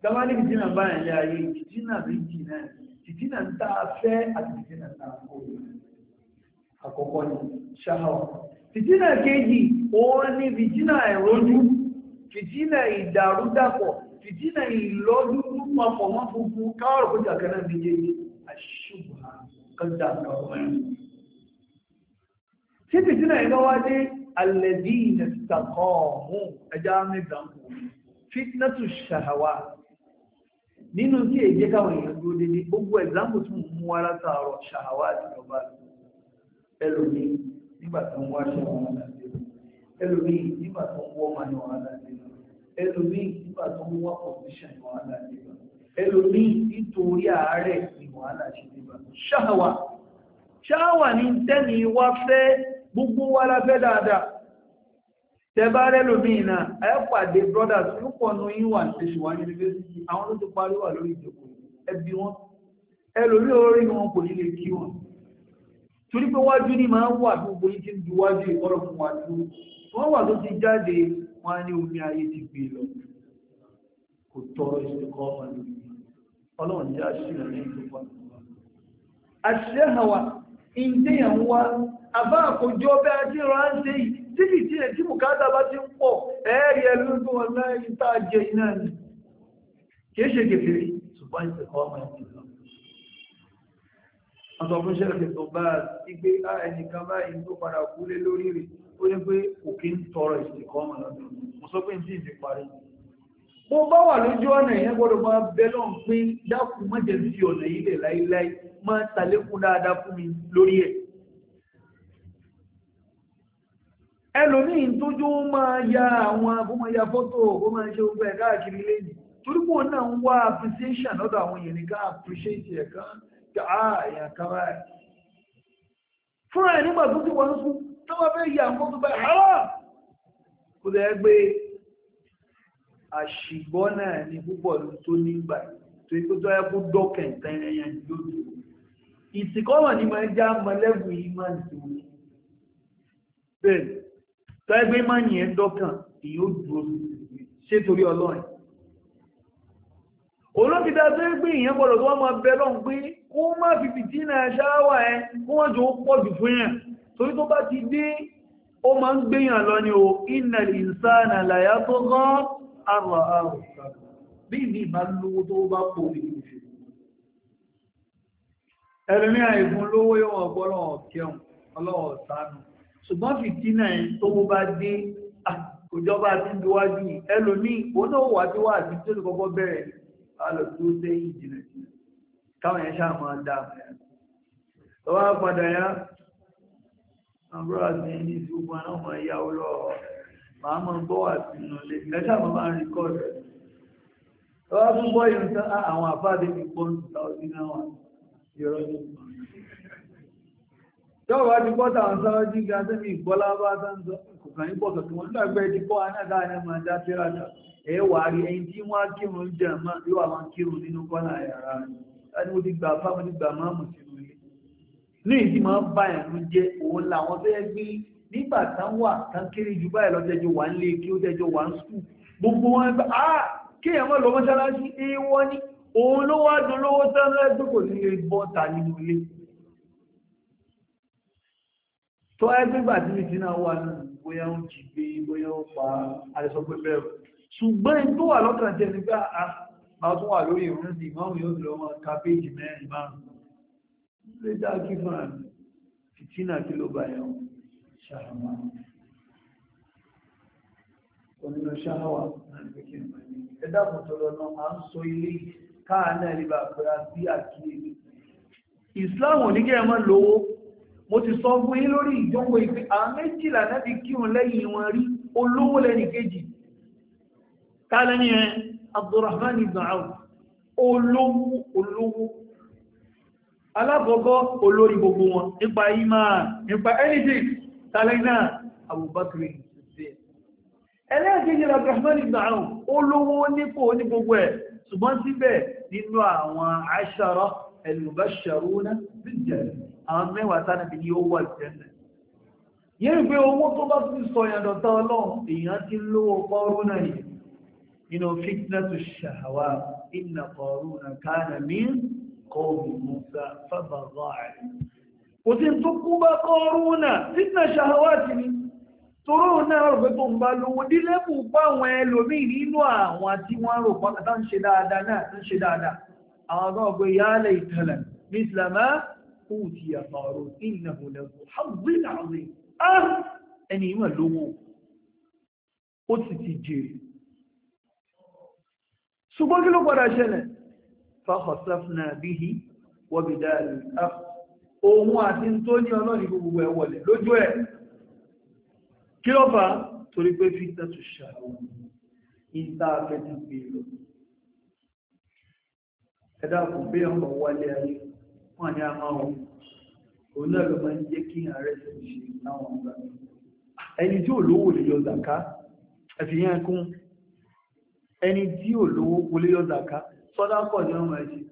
Speaker 1: gbáwálé fitna bá ń yá ayé fitna méjì náà fitna ń tá a fẹ́ àti fitna ń tá a kó àkọ́kọ́ ni ṣáhàwà fitna kejì òun ni fitna ìrójú fitna ìdàrúdàpọ̀ fitna ìlọ́dúnrún papọ̀ mọ́ funfun káwọ̀rọ̀ kó jà kanáà méjèèjì àṣùbà kan dà kàwọ́ ẹ̀. tí fitna ìbá alẹ́dínà tàkọ̀ọ̀mù ẹjá mẹ́gbàmù fitnatu ṣahawa nínú tí èyí jẹ́ káwọn èèyàn dúró dédé gbogbo ẹ̀gbàmù tún mú wá látàárọ̀ ṣahawa àti ọba ẹlòmí nígbà tó ń wá ṣahawa láti ẹlòmí nígbà tó ń wọ́ máa ní wàhálà nínú ẹlòmí nígbà tó ń wá pọ̀síṣàn ní wàhálà nínú ẹlòmí nítorí àárẹ̀ ní wàhálà ṣe nígbà ṣahawa ṣahawa ní tẹ́ni wá fẹ́ gbogbo wa la fẹ́ dáadáa na rẹ́lòmíìnà brothers púpọ̀ nù yín wà ṣèṣì yunifásitì àwọn tó ti parí wà lórí ìjókòó ẹbí wọn ẹlòmí orí wọn kò ní lè kí wọn torí pé wájú ní máa ń wà gbogbo ti ń ju wa dúró ti jáde wọn ní omi ayé ti gbé lọ kò tọrọ ìṣèkọ ọmọ lórí Ọlọ́run àṣìṣe ní ìjọba àṣìṣe hàn wá àbá àkójọ ọbẹ̀ àti ránṣẹ́ yìí títí tí ẹ̀ tí bùkátà bá ti ń pọ̀ ẹ̀ẹ́rì ẹlúgbọ́ ọláyìn tá a jẹ iná ni kìí ṣe kèfèrè ṣùgbọ́n ìṣẹ̀kọ́ ọmọ ẹ̀sìn lọ ọ̀sọ̀ fún ṣẹ́lẹ̀ tó bá igbe ẹnìkan báyìí tó padà kúlé lórí rẹ̀ ó ní pé òkè ń tọrọ ìṣẹ̀kọ́ ọmọ lọ́dún mi lórí ẹ̀ ẹlòmíín tójú ó máa ya àwọn kó máa ya fọ́tò kó máa ṣe gbogbo ẹ̀ káàkiri lẹ́yìn torí náà ń wá appreciation lọ́dọ̀ àwọn èèyàn nìkan appreciate ẹ̀ kan ká ah, èèyàn kan báyìí fúnra ẹ̀ nígbà tó ti wọ́n ń sùn tó bá fẹ́ ya àwọn fọ́tò báyìí hàrá kò lẹ́ gbé àṣìgbọ́ náà ni púpọ̀ tó nígbà tó ikú tó yẹ kó dọ́kẹ̀ tán ẹ̀yàn lójú ni máa já mọ́lẹ́gùn yìí máa tọ́ẹgbé má ní ẹ dọ́kàn èyí ó dúró ṣe torí ọlọ́rin olókìtà tó ń pè èyàn gbọ́dọ̀ tó wọ́n máa bẹ lọ́n pé kó má fi fìtínà ṣáwà ẹ kó wọ́n jò ó pọ̀ jù fún yàn torí tó bá ti dé ó máa ń gbéyàn lọ ni o iná ìsáànà làyá tó gán àrọ̀ àrọ̀ bí ìní ìbá lówó tó bá pọ̀ ẹ̀rìn àìfún lówó yóò wọ́n gbọ́ lọ́wọ́ ṣùgbọ́n fìtínà ẹ̀ tó mú bá dé àkójọba tí ń diwájú ẹlòmíì òun náà wà tí wà àti tó lè kọ́kọ́ bẹ̀rẹ̀ alọ̀ tó sẹ́yìn ìjìnlẹ̀ káwọn yẹn ṣáà máa dá lọ́wọ́ padà yá àbúrò àti ẹni tí gbogbo àwọn ọmọ ìyàwó lọ màá mọ̀ bọ́ àti ìnàlẹ̀ ẹ̀ṣà mọ̀ máa ń rí kọ́ọ̀dù
Speaker 2: lọ́wọ́ tún bọ́ ìrùntán ah,
Speaker 1: àwọn àfáàdé ti pọ́ńtù táwọn ti tọ́wọ́ ti bọ́ta àwọn sọ́rọ́ jí ga tẹ́mi ìgbọ́lá bá tánzọ́ kò kàn ní pọ̀tọ̀ tí wọ́n gbàgbẹ́ ti kọ́ anáàdá ní ọmọ ajá tíráta ẹ wà rí ẹni tí wọ́n kírun jẹ́ mọ́ yóò àwọn kírun nínú kọ́lá yàrá rẹ̀ láti mo ti gbà bá mo ti gbà máa mú sínú ilé ní ìdí máa ń bá ẹ̀rù jẹ òun làwọn tó yẹ gbé nígbà tán wà tán kéré jù báyìí lọ tẹjọ wà ń lé kí ó tẹjọ wà ń sùn gbogbo wọn gbà á kéèyàn mọ́ lọ mọ́ṣáláṣí ewọ́ ni òun ló wá dun lówó tán lẹ́gbẹ́ kò sí lè bọ́ta nínú ilé tó ẹgbẹ́gbà tí mi ti náà wà ní bóyá ó jí gbé bóyá ó pa àrẹsọ pé bẹ́ẹ̀rù ṣùgbọ́n tó wà lọ́kàn jẹ́ nígbà àwọn tó wà lórí ìrún sí ìmọ́mù yóò lọ wọn ká péjì mẹ́rin márùn-ún lè dá kí fún àmì fìtínà kí ló bá yẹn ṣàrànwá onínú ṣáwà ẹ̀dá kò tó lọ náà máa ń sọ ilé káà náà lè bàbá sí àkíyèsí ìsìláàmù oníkẹ́ ẹ̀mọ́ lówó mo ti sọ fún yín lórí ìjókòó ìpé àwọn méjìlá láti kírun lẹ́yìn wọn rí olówó lẹ́nì kejì tálẹ́ni ẹ Abdurrahman ibn Awf olówó olówó alákọ̀ọ́kọ́ olórí gbogbo wọn nípa ìmá nípa ẹnìjì tálẹ́nà Abubakar ẹlẹ́ẹ̀kejì Abdurrahman ibn Awf olówó nípò ní gbogbo ẹ̀ ṣùgbọ́n síbẹ̀ nínú àwọn ashara al-mubashsharuna bil àwọn mẹ́wàá tánàbí ni ó wà jẹ́lẹ̀ yẹ́rì pé owó tó bá tún sọ ìyàdọ̀ta ọlọ́run èèyàn ti lówó kọrúnà yìí nínú fitnatu ṣàhàwà inna kọrúnà kánà mí kọ́ọ̀mù musa fábàrọ̀ àrẹ kò sí fitna tó ń bá lówó dílẹ́bù bá àwọn ẹlòmíì nínú àwọn tí wọ́n àwọn ọgbọ́n ọgbẹ́ yálẹ̀ ìtẹ̀lẹ̀ ní ìsìlámà أوتي قارون إنه له حظ عظيم آه ẹni ìwọ̀n lówó ó sì ti jèrè ṣùgbọ́n kí ló padà ṣẹlẹ̀ fàkọ̀sáfnà bihi wọ́bìdá ohun àti tó ní ọlọ́rin gbogbo ẹ̀ wọlé lójú ẹ̀ kí ló fà torí pé fíta tó kò bí ọmọ wálé ayé wọn ni a máa wọ òun náà ló máa ń jẹ́ kí ààrẹ tó ṣe láwọn ọgbà ẹni tí ò lówó lè yọ zàká ẹ̀fì yẹn kún ẹni tí ò lówó kò lè yọ zàká sọ́dá pọ̀ ní ọmọ ẹ̀ṣẹ̀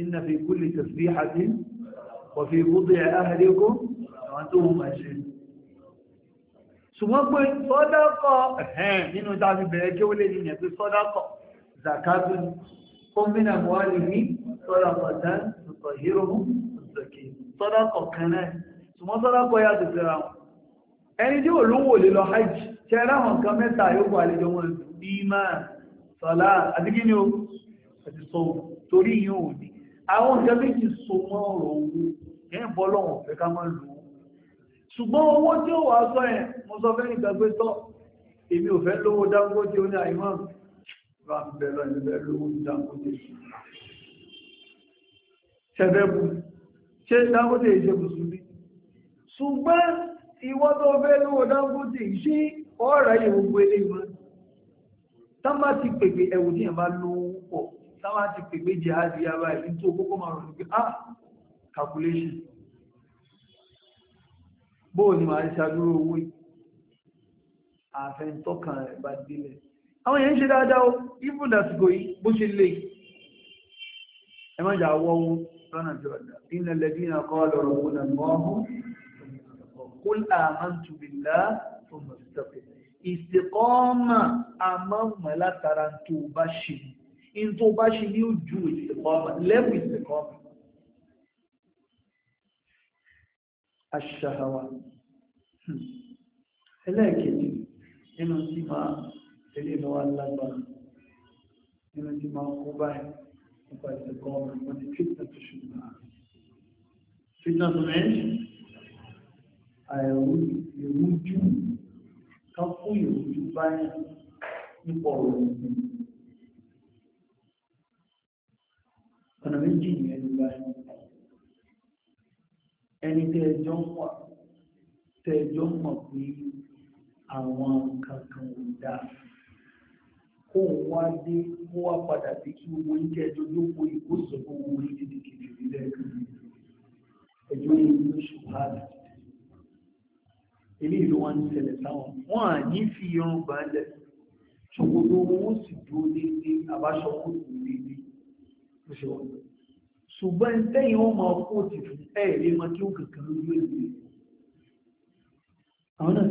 Speaker 1: inna fi kulli tasbihatin wa fi wudi'i ahadikum àwọn tó wọ́n máa ṣe ṣùgbọ́n pé sọ́dákọ̀ ẹ̀hẹ́n nínú dábí bẹ̀rẹ̀ kí ó lè ní ẹ̀ pé sọ́dákọ̀ zàkátù kọ́mínà mọ́wàlì ní sọ́dákọ̀ dáńtì ọ̀híròhún ìsọ̀kì sọ́dọ̀kọ̀ kan náà ṣùgbọ́n sọ́dọ̀kọ̀ yà ti fẹ́ra wọn ẹni tí ò lówó lè lọ hajj ṣe ráwọn nǹkan mẹ́ta yóò àlejò wọn bímá sọ́lá àti kí ni ó àti sọ torí yìí ò ní àwọn nǹkan méjì so mọ́ ọ̀rọ̀ owó tí ó wà sọ ẹ̀ mo sọ fẹ́ nìkan tọ́ èmi ò fẹ́ lówó Dangote ó ní àìmọ́ bá ń bẹ lọ ìbẹ̀ lówó Dangote ṣẹ̀bẹ̀bù ṣe Dangote ṣe mùsùlùmí ṣùgbọ́n ìwọ́ tó fẹ́ lówó Dangote ṣe ọ̀rọ̀ yìí gbogbo ilé wọn tábà ti pèpè ẹ̀wù ní ẹ̀bá lówó pọ̀ tábà ti pèpè jẹ́ àdìyà báyìí tó kókó máa rọ̀ nígbà ah calculation bóò ni màá ṣàdúró owó àfẹ́ntọ́kàn rẹ̀ bá délẹ̀ àwọn èèyàn ṣe dáadáa ó ibùdó àsìkò yìí bó ṣe lè ẹ má jà wọ́wọ́ lọ́nà tí ọ̀dá iná lẹ́bí náà kọ́ lọ́rọ̀ wọn mọ́hún kúl àmàntù bìlá ọmọ ìsìtọ́pẹ̀ ìsìkọ́ọ́mà àmọ́mọ̀ látara tó bá ṣe in tó bá ṣe ní ojú ìsìkọ́ọ́mà aṣàhàwà ẹlẹ́ẹ̀kejì nínú tí máa tẹ̀lé lọ́wọ́ lágbára nínú tí máa kó báyìí about the government when the treatment should have. Fitness men, I would you helpful you to find people ọ̀nà méjì ní ẹni báyìí ẹni tẹ́ ẹjọ́ ń wà tẹ́ ẹjọ́ ń mọ̀ pé àwọn kankan kóun wá dé kó wá padà sí kí owó yín kẹ́ ẹjọ́ jókòó yìí kó sọ fún owó yín dídí kìkìkì lẹ́ẹ̀kan ẹjọ́ yìí ló ṣùgbọ́n ilé ìlú wọn ń ṣẹlẹ̀ sáwọn wọn à ní fi irun gbà ń lẹ̀ ṣòkòtò owó sì dúró déédéé àbáṣọ kò sí déédéé ṣùgbọ́n tẹ́yìn wọn máa kó òtì fún kí ó kankan lójú èdè àwọn náà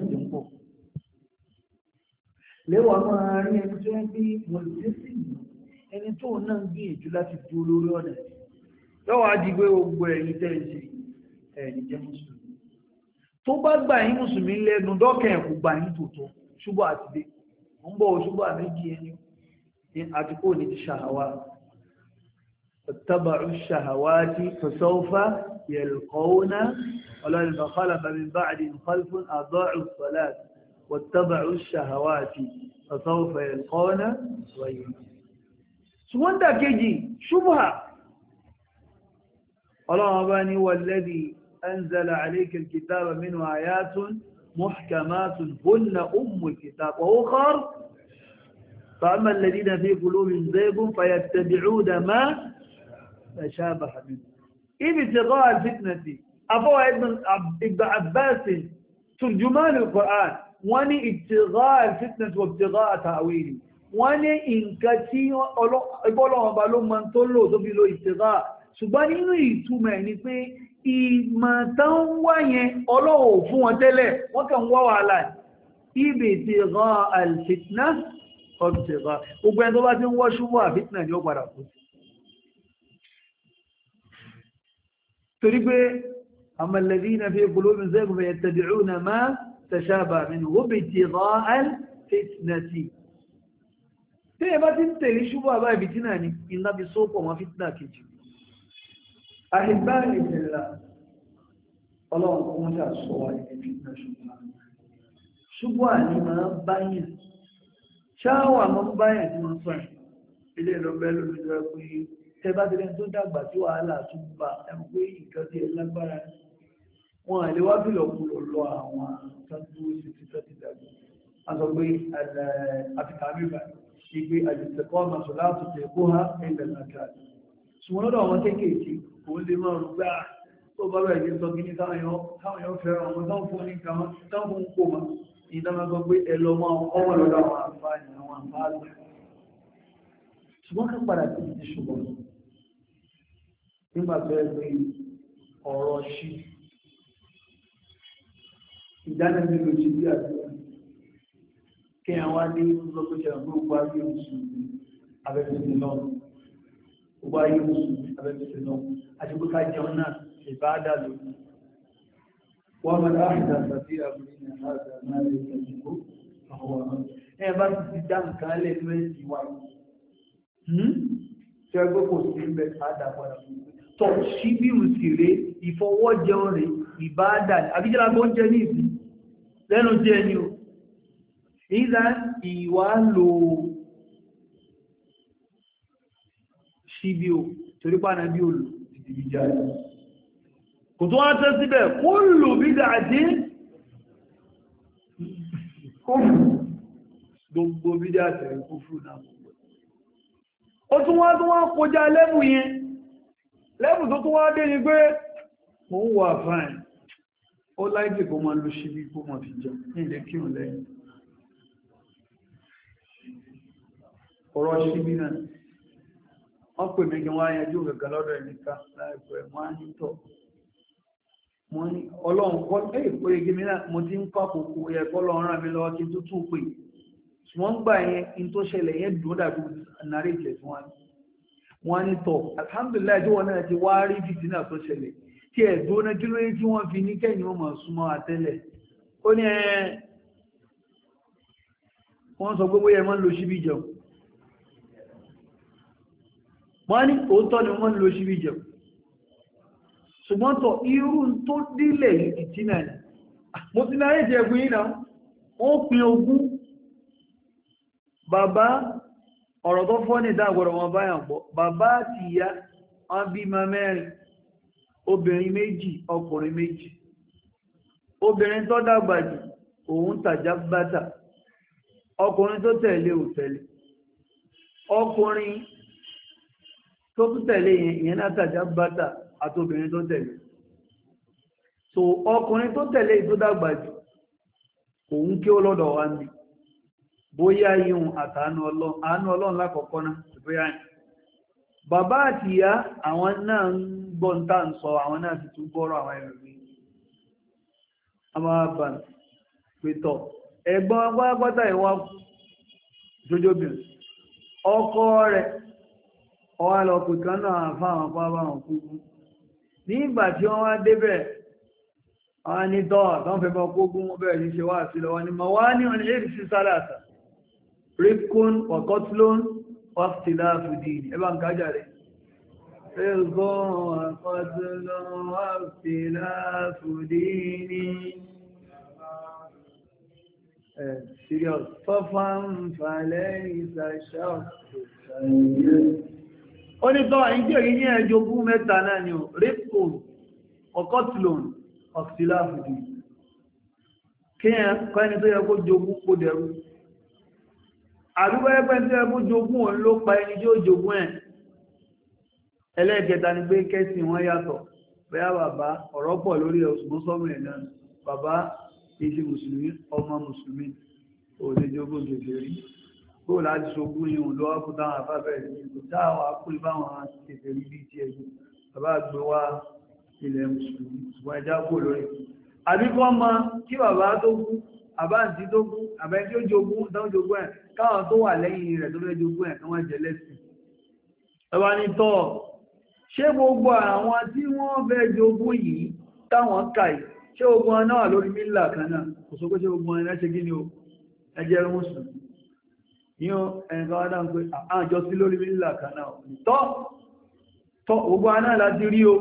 Speaker 2: lẹ́wọ̀ máa rí
Speaker 1: ẹni tó ń bí mọ̀lẹ́sìn ẹni tó náà ń gbìyànjú láti di olórí ọ̀nà lọ́wọ́ adigbé gbogbo ẹ̀yìn tẹ́ǹsì ẹ̀yìn jẹ́ mùsùlùmí tó bá gbà yín mùsùlùmí lẹ́nu dọ́kẹ̀ ẹ̀kú gbà yín tòótọ́ ṣùgbọ́n àtìdé mo ń bọ̀ ṣùgbọ́n àméjì ẹni àti واتبعوا الشهوات فسوف يلقون غيهم سوان دا كيجي شبهة الله أباني والذي أنزل عليك الكتاب منه آيات محكمات هن أم الكتاب وأخر فأما الذين في قلوبهم زيب فيتبعون ما تشابه منه إذ ابتغاء الفتنة أفوا ابن عباس ترجمان القرآن wọ́n ní ìtìgá fitness of ìtìgá àtàwìrì wọ́n ní nǹkan tí ọgbọ́lọ́wọ́ba ló máa tó lò tó fi lo ìtìgá ṣùgbọ́n nínú ìtumọ̀ ni pé ìmọ̀ tán wá yẹn ọlọ́wọ́ fún wọn tẹ́lẹ̀ wọ́n kàn wá wàhálà ibi ìtìgá alfitness of gbogbo ẹni tó bá ti ń wọ́ ṣubú àfitnà ni ó padà kú torí pé àmàlẹ́dínà fi kùlómi zẹ́gùn fẹ̀yẹ̀ tẹ̀bìrún náà تشابه منه ابتغاء الفتنة tí ẹ bá ti ń tẹ̀lé ṣubú àbá ibi tí náà ni iná bí sóòpọ̀ wọn fitna kejì àìbá ìbẹ̀lá ọlọ́run kó wọ́n ṣàṣọ wa ní fitna ṣùgbọ́n ṣubú àní máa ń báyàn ṣáwà máa ń báyàn tí wọ́n sọ ilé ìlọ́gbẹ́ lórí ìjọba pé tẹ ti rẹ tó dàgbà tí wàhálà tún bá ẹ mọ̀ lágbára ni wọn àlè wá bí lọ́kùn lọ àwọn tọ́jú sixty thirty dàgbà a sọ pé eh, àfíkà mẹ́fà ṣe pé àjẹsẹ̀kọ́ àmàṣọ láti tẹ̀ kó ha ẹ̀ńdà nàkà ṣùgbọ́n lọ́dọ̀ àwọn kéékèèké kò lè máa rú gbà ah, tó bá bẹ̀rẹ̀ ní sọ kí ní táwọn èèyàn fẹ́ràn àwọn táwọn fún ní ọ̀rọ̀ ṣíṣ ìdáná mélòó ti bí àdúrà kí àwọn ní lọ́pọ̀ṣẹ́ gbogbo ayé oṣù abẹ́fẹ́sẹ̀ náà gbogbo ayé oṣù abẹ́fẹ́sẹ̀ náà àti bó ká jẹun náà ìbáadà lónìí
Speaker 2: wọ́n mọ̀ láàrín
Speaker 1: àtàbí àbúrín àhàzà náà lè tẹ̀síkó àwọn àwọn ẹ ìbáadà àbíjára gbọ́n jẹ́ ní ìsìn lẹ́nu jẹ́ ni o ìlà ìwà lò ṣíbí o torí pàánà bí olù ìdìbì járe kò tó wọ́n tẹ́ síbẹ̀ kó lò bí dáadé gbogbo bí dáadé kó fún náà ó tún wá tún wá kọjá lẹ́bù yẹn lẹ́bù tó tún wá dé ni pé mo ń wà fine ó láìpẹ́ kó máa lo ṣíbí kó máa fi jẹun ní ilé kírun lẹ́yìn ọ̀rọ̀ ṣíbí náà wọ́n pè mí kí wọ́n á yanjú gẹ̀gẹ̀ lọ́dọ̀ ẹ̀míkà láìpẹ́ wọ́n á ní tọ́ mo ní ọlọ́run kọ́ ẹ̀ pé igi mi náà mo ti ń kọ́ àkókò ẹ̀ kọ́ lọ́run ràn mí lọ́wọ́ kí n tó tún pè wọ́n ní tọ́ alhamdulilayi tí wọ́n náà ti wá rí fìtínà tó ṣẹlẹ̀ tí ẹ̀ gbóná kí lóyìn tí wọ́n fi ní kẹ́yìn wọ́n mọ̀ súnmọ́ àtẹ́lẹ̀ ó ní ẹ wọ́n sọ gbogbo yẹ mọ́ ń lo ṣíbí jẹun wọ́n ní òótọ́ ni wọ́n ń lo ṣíbí jẹun ṣùgbọ́n tọ̀ irú tó dílẹ̀ ìtìnà ni mo ti náà ètì ẹ̀gbìn yìí náà wọ́n pin ogún bàbá ọ̀rọ̀ tó fọ́ ní ìdáàgbọ̀rọ̀ wọn báyàn pọ̀ bàbá àti ìyá wọn bí ma mẹ́rin obìnrin méjì ọkùnrin méjì obìnrin tó dàgbà jù òun tàjá bàtà ọkùnrin tó tẹ̀lé ò tẹ̀lé ọkùnrin tó tún tẹ̀lé yẹn ìyẹn náà tàjá bàtà àti obìnrin tó tẹ̀lé so ọkùnrin tó tẹ̀lé tó dàgbà jù òun kí ó lọ́dọ̀ wa bóyá àtàánú ọlọ́run lákọ̀ọ́kọ́ náà bóyá bàbá àtìyá àwọn náà ń gbọ́ ń tà ń sọ àwọn náà sì tún gbọ́rọ̀ àwọn ẹ̀rùn àwọn àbàn pẹ̀tọ̀ ẹ̀gbọ́n agbágbátà ìwà jójóbìnrin ọkọ rẹ̀ ọwá lọ pẹ̀kan náà fáwọn fáwọn kúgbú ní ìgbà tí wọ́n wá débẹ̀ àwọn ní tọ́ àtàn fẹ́ bọ́ kúgbú wọ́n bẹ̀rẹ̀ ní ṣe wá sí lọ́wọ́ ni mọ̀ wá ní ọ̀nà èdè sálàtà rikun ọ̀kọ́tulón ọ̀fìlà fìdí ẹ̀bá ń kájà rẹ̀ حفظا وقتل واختلاف ديني صفا فليس شرط ó ní tọ́wà ní tí èyí ní ẹjọ́ ogún mẹ́ta náà ni ó rípò ọkọ́tìlòn ọ̀tíláàfìdì kí ẹ kọ́ ẹni tó yẹ kó jogún kó dẹ̀rú àdúgbẹ́gbẹ́ tó yẹ kó jogún òun ló pa ẹni tí ó jogún ẹ̀ ẹlẹ́ẹ̀kẹta ni pé kẹ́sì wọn yàtọ̀ bẹ́ẹ̀ bàbá ọ̀rọ̀ pọ̀ lórí ọ̀sùn sọ́mọ̀ ẹ̀ náà bàbá ìṣe mùsùlùmí ọmọ mùsùlùmí òdejogún gègé rí kó láti ṣogún ihun ló wá fún táwọn afáfẹ́ ìlú kò táwọn akúrí báwọn gègé rí bíi ti ẹ̀jú bàbá gbé wá ilẹ̀ mùsùlùmí ṣùgbọ́n ẹja kó lórí. àbí kọ́ mọ kí bàbá tó kú àbáǹtí tó kú àbẹ́ntí ó jogún táwọn jogún ẹ̀ káwọn tó wà lẹ́yìn rẹ̀ tó fẹ́ jogún ẹ̀ káwọn jẹ lẹ́sìn. ẹ wá ní tọ́ọ̀ ṣé gbogbo àwọn tí wọ́n fẹ́ jogún yìí táwọn kàì ṣé ogun ọ̀nà wà lórí mílà kan náà kò sọ pé ṣé ogun ọ̀nà ṣe gíní o ẹjẹ́ rúnsùn yíò ẹ̀nkan wá dáa ń pé àjọ sí lórí mílà kan náà tọ́ tọ́ ogun o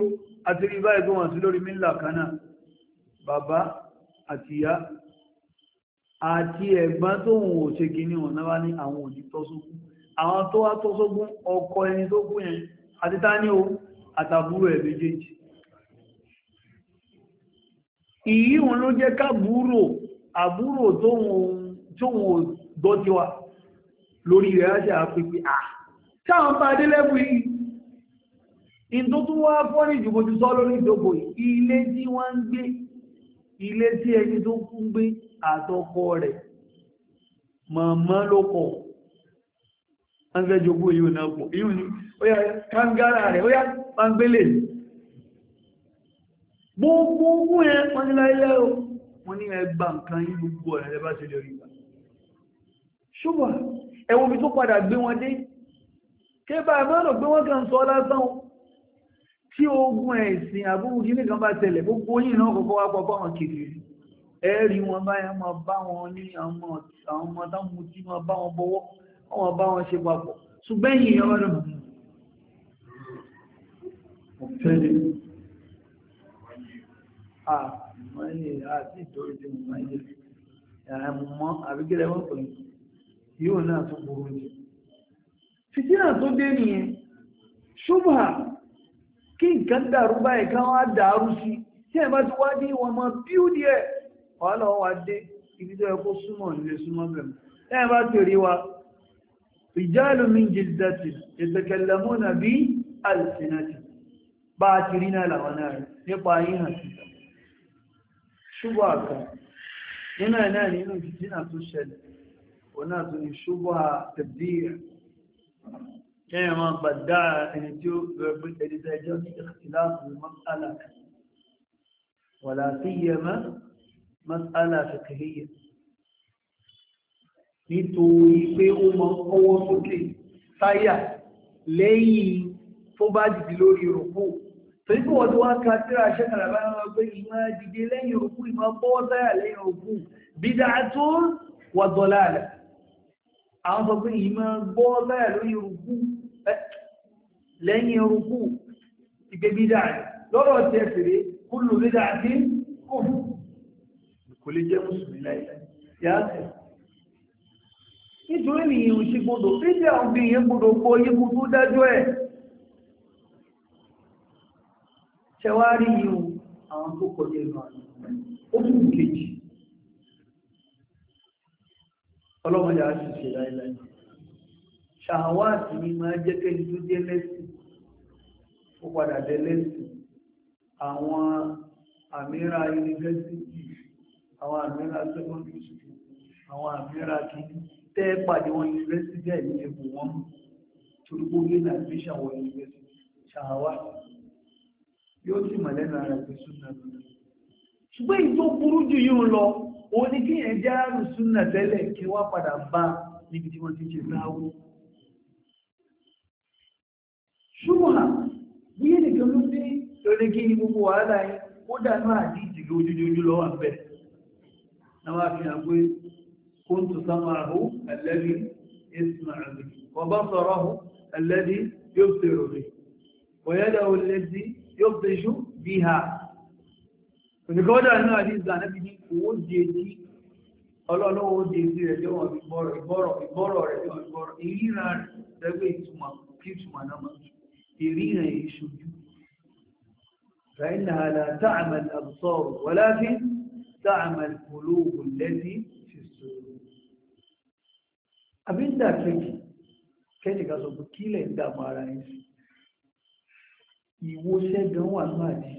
Speaker 1: àti rí báyìí tó wọ́n sí lórí mílà kan náà bàbá àti ìyá àti ẹ̀gbọ́n tó wọn ò ṣe gíní wọn náà wá ní àwọn òní tọ́sógún àwọn tó wá tọ́sógún ọkọ ẹni tó kú yẹn àti tání o àtàbúrò ẹ̀ méjèèjì ìyí òun ló jẹ́ kábúrò àbúrò tóhun ò gbọ́jọ́ wa lórí rẹ̀ ṣe àpèpè à táwọn bá dé lẹ́bù yìí ìtò tó wá fọ́nì jùmọ̀jú sọ lórí ìdókò ilé tí wọ́n ń gbé ilé tí ẹni tó ń gbé àtọkọ rẹ̀ mọ̀mọ́ ló kọ̀ wọ́n fẹ́ jogún ìyún náà pọ̀ ni óyá kangara rẹ̀ óyá pangbélé gbogbo ogun ẹ wọ́n ní láìlẹ́ o wọ́n ní ẹgbà nǹkan yí gbogbo ọ̀rẹ́ lẹ́bá sí lórí ìgbà ṣùgbọ́n ẹwọ́n mi tó padà gbé wọn dé kébà mọ́rọ̀ gbé wọ́n kàn sọ lásán tí ogun ẹ̀sìn àbúrú kìíní kan bá tẹ̀lẹ̀ gbogbo yìí náà kọ́kọ́ wá pọ̀ fáwọn kékeré ẹ̀rí wọn báyẹn máa bá wọn bá mọ̀fẹ́lẹ̀ àmọ́yẹ àti ìtòrí tí mo máa yẹ ẹ̀mọ́ àbígẹ́rẹ́ wọ́n pẹ̀lú yóò náà tó burú jù fìtínà tó dé nìyẹn ṣùgbà kí nǹkan dàrú báyìí kan wá dàrú sí tí ẹ̀ bá ti wá ní wọn mọ bíú díẹ̀ wàhálà wọn wá dé ibi bá a ti rí náà làwọn náà nípa ayé hàn síta ṣùgbọ́n àkàn nínú ẹ̀ náà nínú ìdíjìnà tó ṣẹlẹ̀ òun náà tó ní ṣùgbọ́n àtẹ̀bíyà kẹ́yìn máa gbàdá ẹni tí ó rẹ̀ pé ẹ̀dídá ẹjọ́ nítorí pé ó mọ ọwọ́ sókè táyà lẹ́yìn tó bá dìdí lórí rògbò
Speaker 2: torí pé wọ́n ti wá
Speaker 1: ka síra ṣẹ́kàrà bá wọn pé ìmọ̀ dìde lẹ́yìn òkú ìmọ̀ bọ́wọ́ sáyà lẹ́yìn òkú bídá tó wà dọ̀là rẹ̀ àwọn sọ pé ìmọ̀ bọ́wọ́ sáyà lórí òkú lẹ́yìn òkú ìgbé bídá rẹ̀ lọ́rọ̀ ti ẹ̀sẹ̀rẹ̀ kúlù bídá tí kò fún kò lè jẹ́ mùsùlùmí láìláì ṣẹwárí yíò àwọn tó kọjá ìlú àná ó tún kejì ọlọ́mọdé á sì ṣe láìláì ṣàwáàtì ni máa jẹ́ kẹ́ni tó jẹ́ lẹ́sìn ó padà dé lẹ́sìn àwọn àmìíra yunifásitì àwọn àmìíra secondary school àwọn àmìíra kìíní tẹ́ pàdé wọn yunifásitì ẹ̀ ní ẹ̀kọ́ wọn torí gbogbo ní àdúgbò ṣàwọn yunifásitì ṣàwáàtì yóò sì mọ̀ lẹ́nu ara pé súnà lónìí ṣùgbọ́n èyí tó burú jù yóò lọ òun ni kí yẹn já àrùn súnà tẹ́lẹ̀ kí wá padà bá níbi tí wọ́n ti ṣe sáwó ṣùgbọ́n bí ẹnìkan ló dé lórí kí ní gbogbo wàhálà yìí ó dànù àdíjì lójújójú lọ́wọ́ àbẹ̀ náwà fi pé kó ń tún sáwọn àrùn ẹlẹ́rìí ìsìn àrùn ọba sọ̀rọ̀ ẹlẹ́rìí yóò fèrò rẹ̀ ọ̀yẹ́dà ó lẹ́dìí يفضج بها ونقوله انه حديث ده نبي دي وديتي الله لو وديتي يا جماعه بيبور بيبور بيبور يا بيبور ايران ده بيت ما كيف ما نام ايران يشوف فانها لا تعمل الابصار ولكن تعمل القلوب التي في الصدور ابين ده كيف كيف قصدك كيله ده ما راني ìwòṣẹ́ gan wà ní àdí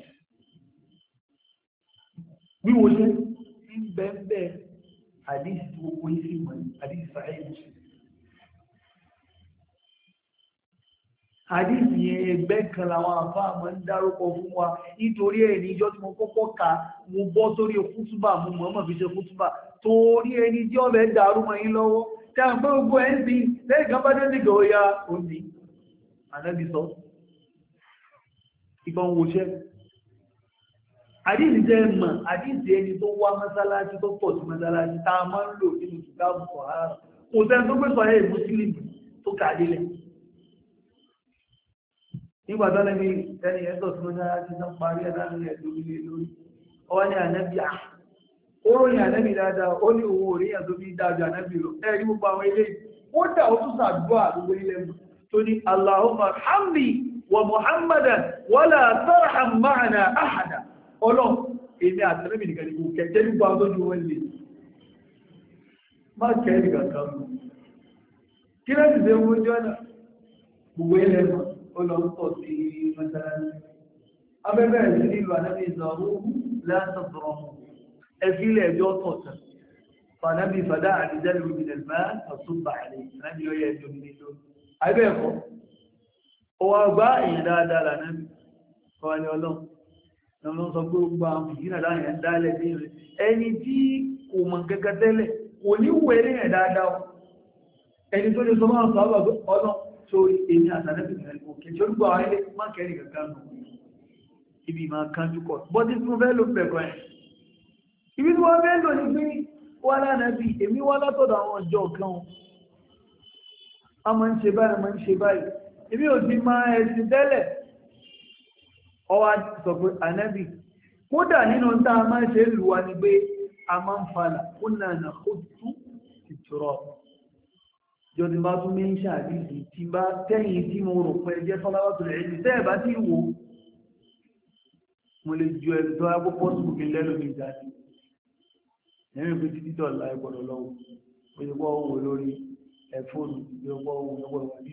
Speaker 1: wíwòṣẹ́ ń bẹ́ẹ̀bẹ́ àdíṣì tó owó sí mọ̀ àdíṣì sáyẹ̀mù sí àdíṣì yẹn ẹgbẹ́ kan làwọn àfáà mọ́ ń dárúkọ fún wa nítorí ẹ̀ níjọ́ tí mo kọ́kọ́ ka mo bọ́ sórí kútúbà mo mọ̀ mọ̀ fi ṣe kútúbà torí ẹni tí ọbẹ̀ dàrú mọ́ yín lọ́wọ́ tí a ń pẹ́ gbogbo ẹ̀ ń sìn lẹ́yìn kan bá dé nìkan ó yá òní ànábì ìbọn woṣẹ́ àdíìsì jẹ́ mọ̀ àdíìsì ẹni tó wá mọ́sálásí tó pọ̀ sí mọ́sálásí tá a máa ń lò nínú kò tó tó kà nígbà tó ẹni parí lórí ní ànẹ́bí à ó ròyìn ànẹ́bí dáadáa ó ní owó orí ẹ̀ tó fi dáadáa ànẹ́bí lọ ẹ̀ rí gbogbo àwọn ilé ó dà ó tún sàdúrà tó ní wa muhammadan wala tarham ma'ana ahada ọlọ́run èmi àtẹ́lẹ́mì nìkan ní kò kẹjẹ́ nípa ọdọ́jú wọn lè má kẹ́ nìkan kan mú kí láti ṣe owó jọ náà gbogbo ilẹ̀ ọlọ́run pọ̀ sí mọ́sálásí abẹ́bẹ́ rẹ̀ nílùú àdábì ìzọ̀rú lásán tọrọ mọ́ ẹ̀fí ilẹ̀ ẹjọ́ ó wá bá èèyàn dáadáa lànà ọwà ní ọlọ́run lọ́nà sọ pé gbogbo àwọn ìdínà láàrin ẹ̀ dálẹ̀ ní ìrìn ẹni tí kò mọ̀ kẹ́kẹ́ tẹ́lẹ̀ kò ní wẹ̀rẹ̀ ẹ̀ dáadáa ẹni tó lè sọ máa sọ àbà ọlọ́run tó èmi àtàlẹ́bì rẹ̀ kò kẹ́ tí ó gbọ́ àwọn ilé má kẹ́rì kankan nù ibi wọ́n látọ̀dọ̀ àwọn ọjọ́ kan a máa ń ṣe báyìí máa ń ṣe báyìí ibi ò ti máa ẹ̀sìn tẹ́lẹ̀ ọwá sọ pé ànábì kódà nínú tá a máa ṣe lù wá ni pé a máa ń falà ó nà nà ó tú ìtura jọdí bá tún mí ń ṣàdíjì tí bá tẹ́yìn tí mo rò pé jẹ́ fọláwá tó lè ẹni tẹ́ ẹ̀ bá ti wò ní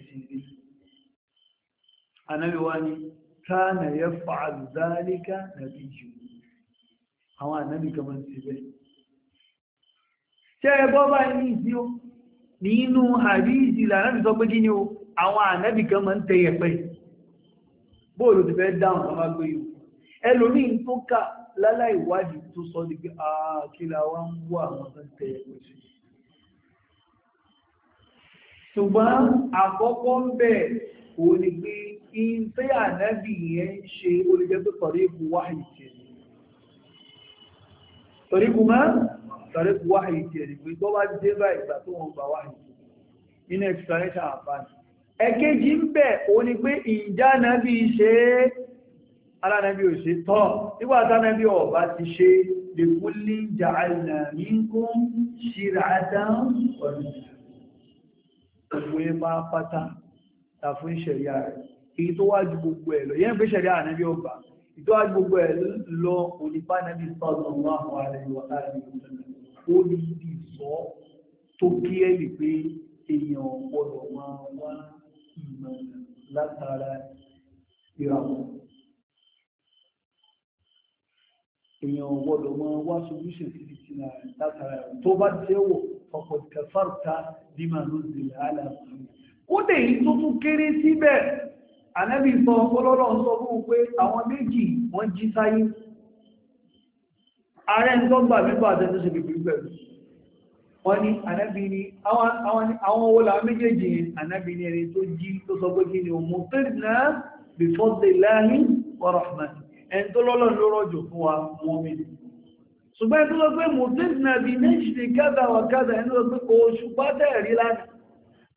Speaker 1: sí ilé anábí wá ní káànà yẹ fa'àlù záríká nàbí jù àwọn anábí kama ń ti bẹ́ ṣe ẹgbọ́ bá ní ìdí o nínú àríjì lànàbí sọ pé kí ni o àwọn anábí kama ń tẹyẹ pẹ́ bóòlù ti fẹ́ dáhùn kama gbé ẹlòmí tó ká láláìwádìí tó sọ ṣùgbọ́n àkọ́kọ́ ń òun ni pé kí n fẹ́ ànábì yẹn ṣe olùjẹ́ pé tọ̀rí ikú wáhì tiẹ̀ ni tọ̀rí ikú máa tọ̀rí ikú wáhì tiẹ̀ ni pé tó bá dé bá ìgbà tó wọn gba wáhì tiẹ̀ nínú explanation àǹfààní ẹ̀kejì ń bẹ̀ òun ni pé ìjà nábì ṣe é alánàbí ò ṣe tọ́ nígbà tánàbí ọ̀bá ti ṣe lè kú lè jà àìlàmíkún ṣíra àdáhùn ọ̀rọ̀ ìgbòye máa pátá ta fún ìṣẹ̀ríà rẹ̀ èyí tó wájú gbogbo ẹ̀ lọ yẹn pé ṣẹ̀ríà rẹ̀ bí ọgbà ìtọ́ wájú gbogbo ẹ̀ lọ onípa nàbí sọ́ọ̀tún wà wà rẹ̀ wà láàrin ó ní ibi ìsọ́ tó kí ẹ̀ lè pé èèyàn ọ̀pọ̀lọ̀ máa wá solution sí ti náà látara ẹ̀rọ tó bá jẹ́wọ̀ ọ̀pọ̀ kẹfàrúta bí màá ló zèlè àlàáfíà kódé yìí tó tún kéré síbẹ̀ ànábì sọ ọlọ́lọ́ sọ fún un pé àwọn méjì wọ́n jí sáyé ààrẹ ń tọ́gbà mẹ́fà àtẹ́tẹ́ ṣe bèbè pẹ̀lú wọ́n ní ànábì ní àwọn owó làwọn méjèèjì yẹn ànábì ẹni tó jí tó sọ pé kí ni òun mú pé náà bìfọ́dé láàrín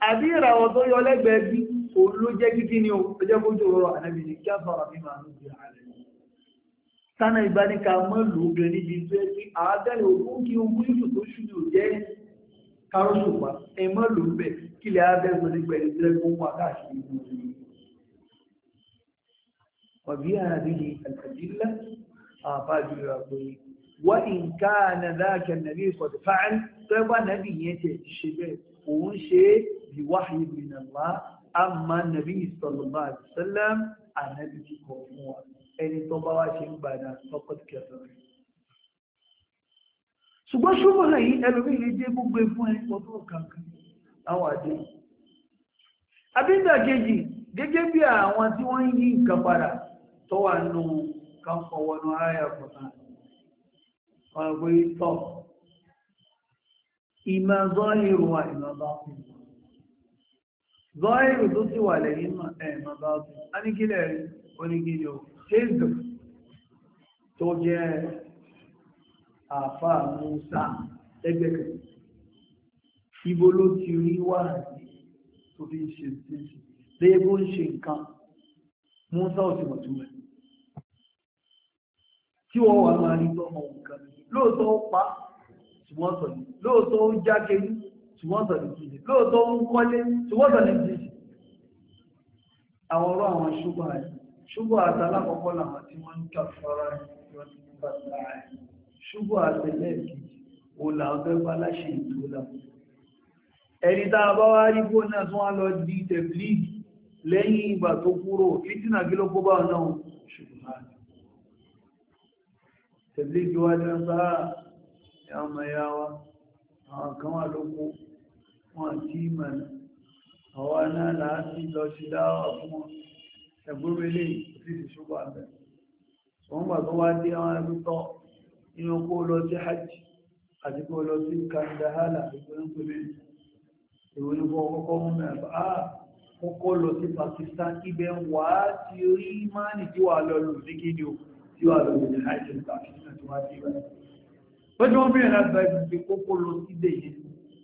Speaker 1: àbí ìràwọ̀ tó yọ lẹ́gbẹ̀ẹ́ bí òun ló jẹ́ kíkí ni ó jẹ́ kójú ọ̀rọ̀ ànábì ní káfàrà bí màá lóbi ààrẹ sánà ìbáníkà mọ́ lóògbé níbi tó ẹ sí àádọ́rin ogún kí ogún ìlú tó ṣù ní òjẹ́ kárọ́sùpá ẹ mọ́ lóògbé kí lè ábẹ́gbẹ́ nígbà ẹni tẹ́lẹ̀ fún wa káàkiri ìlú ọ̀bí àbílí bí wáhìí mìnàlá àmà nàbí ìsọ̀lọ́bà àdìsẹ́lẹ̀m ànábì ti kọ̀ fún wa ẹni tó bá wá ṣe ń gbà náà tọ́kọ̀ ti kẹta rẹ̀. ṣùgbọ́n ṣùgbọ́n yìí ẹlòmíì lè dé gbogbo fún ẹni ọdún kankan àwọn àdé. àbíndàkejì gẹ́gẹ́ bí àwọn tí wọ́n ń yí nǹkan padà tó wà nù kan fọwọ́nù àyà kọ̀ọ̀kan. wọ́n ìmọ̀ zọ́ọ̀lì rùwà ìmọ̀ bá fún zọ́ọ̀rù tó sì wà lẹ́yìn ẹ̀mà bá tún a ní kílẹ̀ onígílẹ̀ ṣéèdù tó jẹ́ àfà Musa lẹ́gbẹ̀kẹ̀ ibo ló ti rí wà tó fi ṣe sí léèbó ń ṣe nǹkan Musa ò sì mọ̀ túmọ̀ tí wọ́n wà máa rí tọ́mọ nǹkan lóòótọ́ ó pa ṣùgbọ́n sọ̀rọ̀ lóòótọ́ ó jákèjì tí wọ́n sọ nìkejì lóòótọ́ ń kọ́lé tí wọ́n sọ nìkejì àwọn ọ̀rọ̀ àwọn ṣúgbà ṣúgbà àtàlákọ̀ọ́kọ́ làwọn tí wọ́n ń kà fọ́ra yọ ní bàtà ṣúgbà àtẹlẹ́ẹ̀kejì ò làwọn fẹ́ bá láṣẹ ètò làwọn ẹni tá a bá wá sáà ya ọmọ ya wa àwọn kan wà lóko wọn tí mọ̀nà àwa náà láti lọ sí dáwà fún wọn ẹgbóbélé sí ìṣúgbà bẹ̀ wọ́n gbà tó wá dé àwọn ẹgbẹ́tọ́ inú kó lọ sí hajj àti kó lọ sí kandahala ìgbóníkòlé ìròyìn fún ọkọ̀kọ́ mú mẹ́fà á ah, kọ́kọ́ lọ sí Pakistan ibẹ̀ wà á ti rí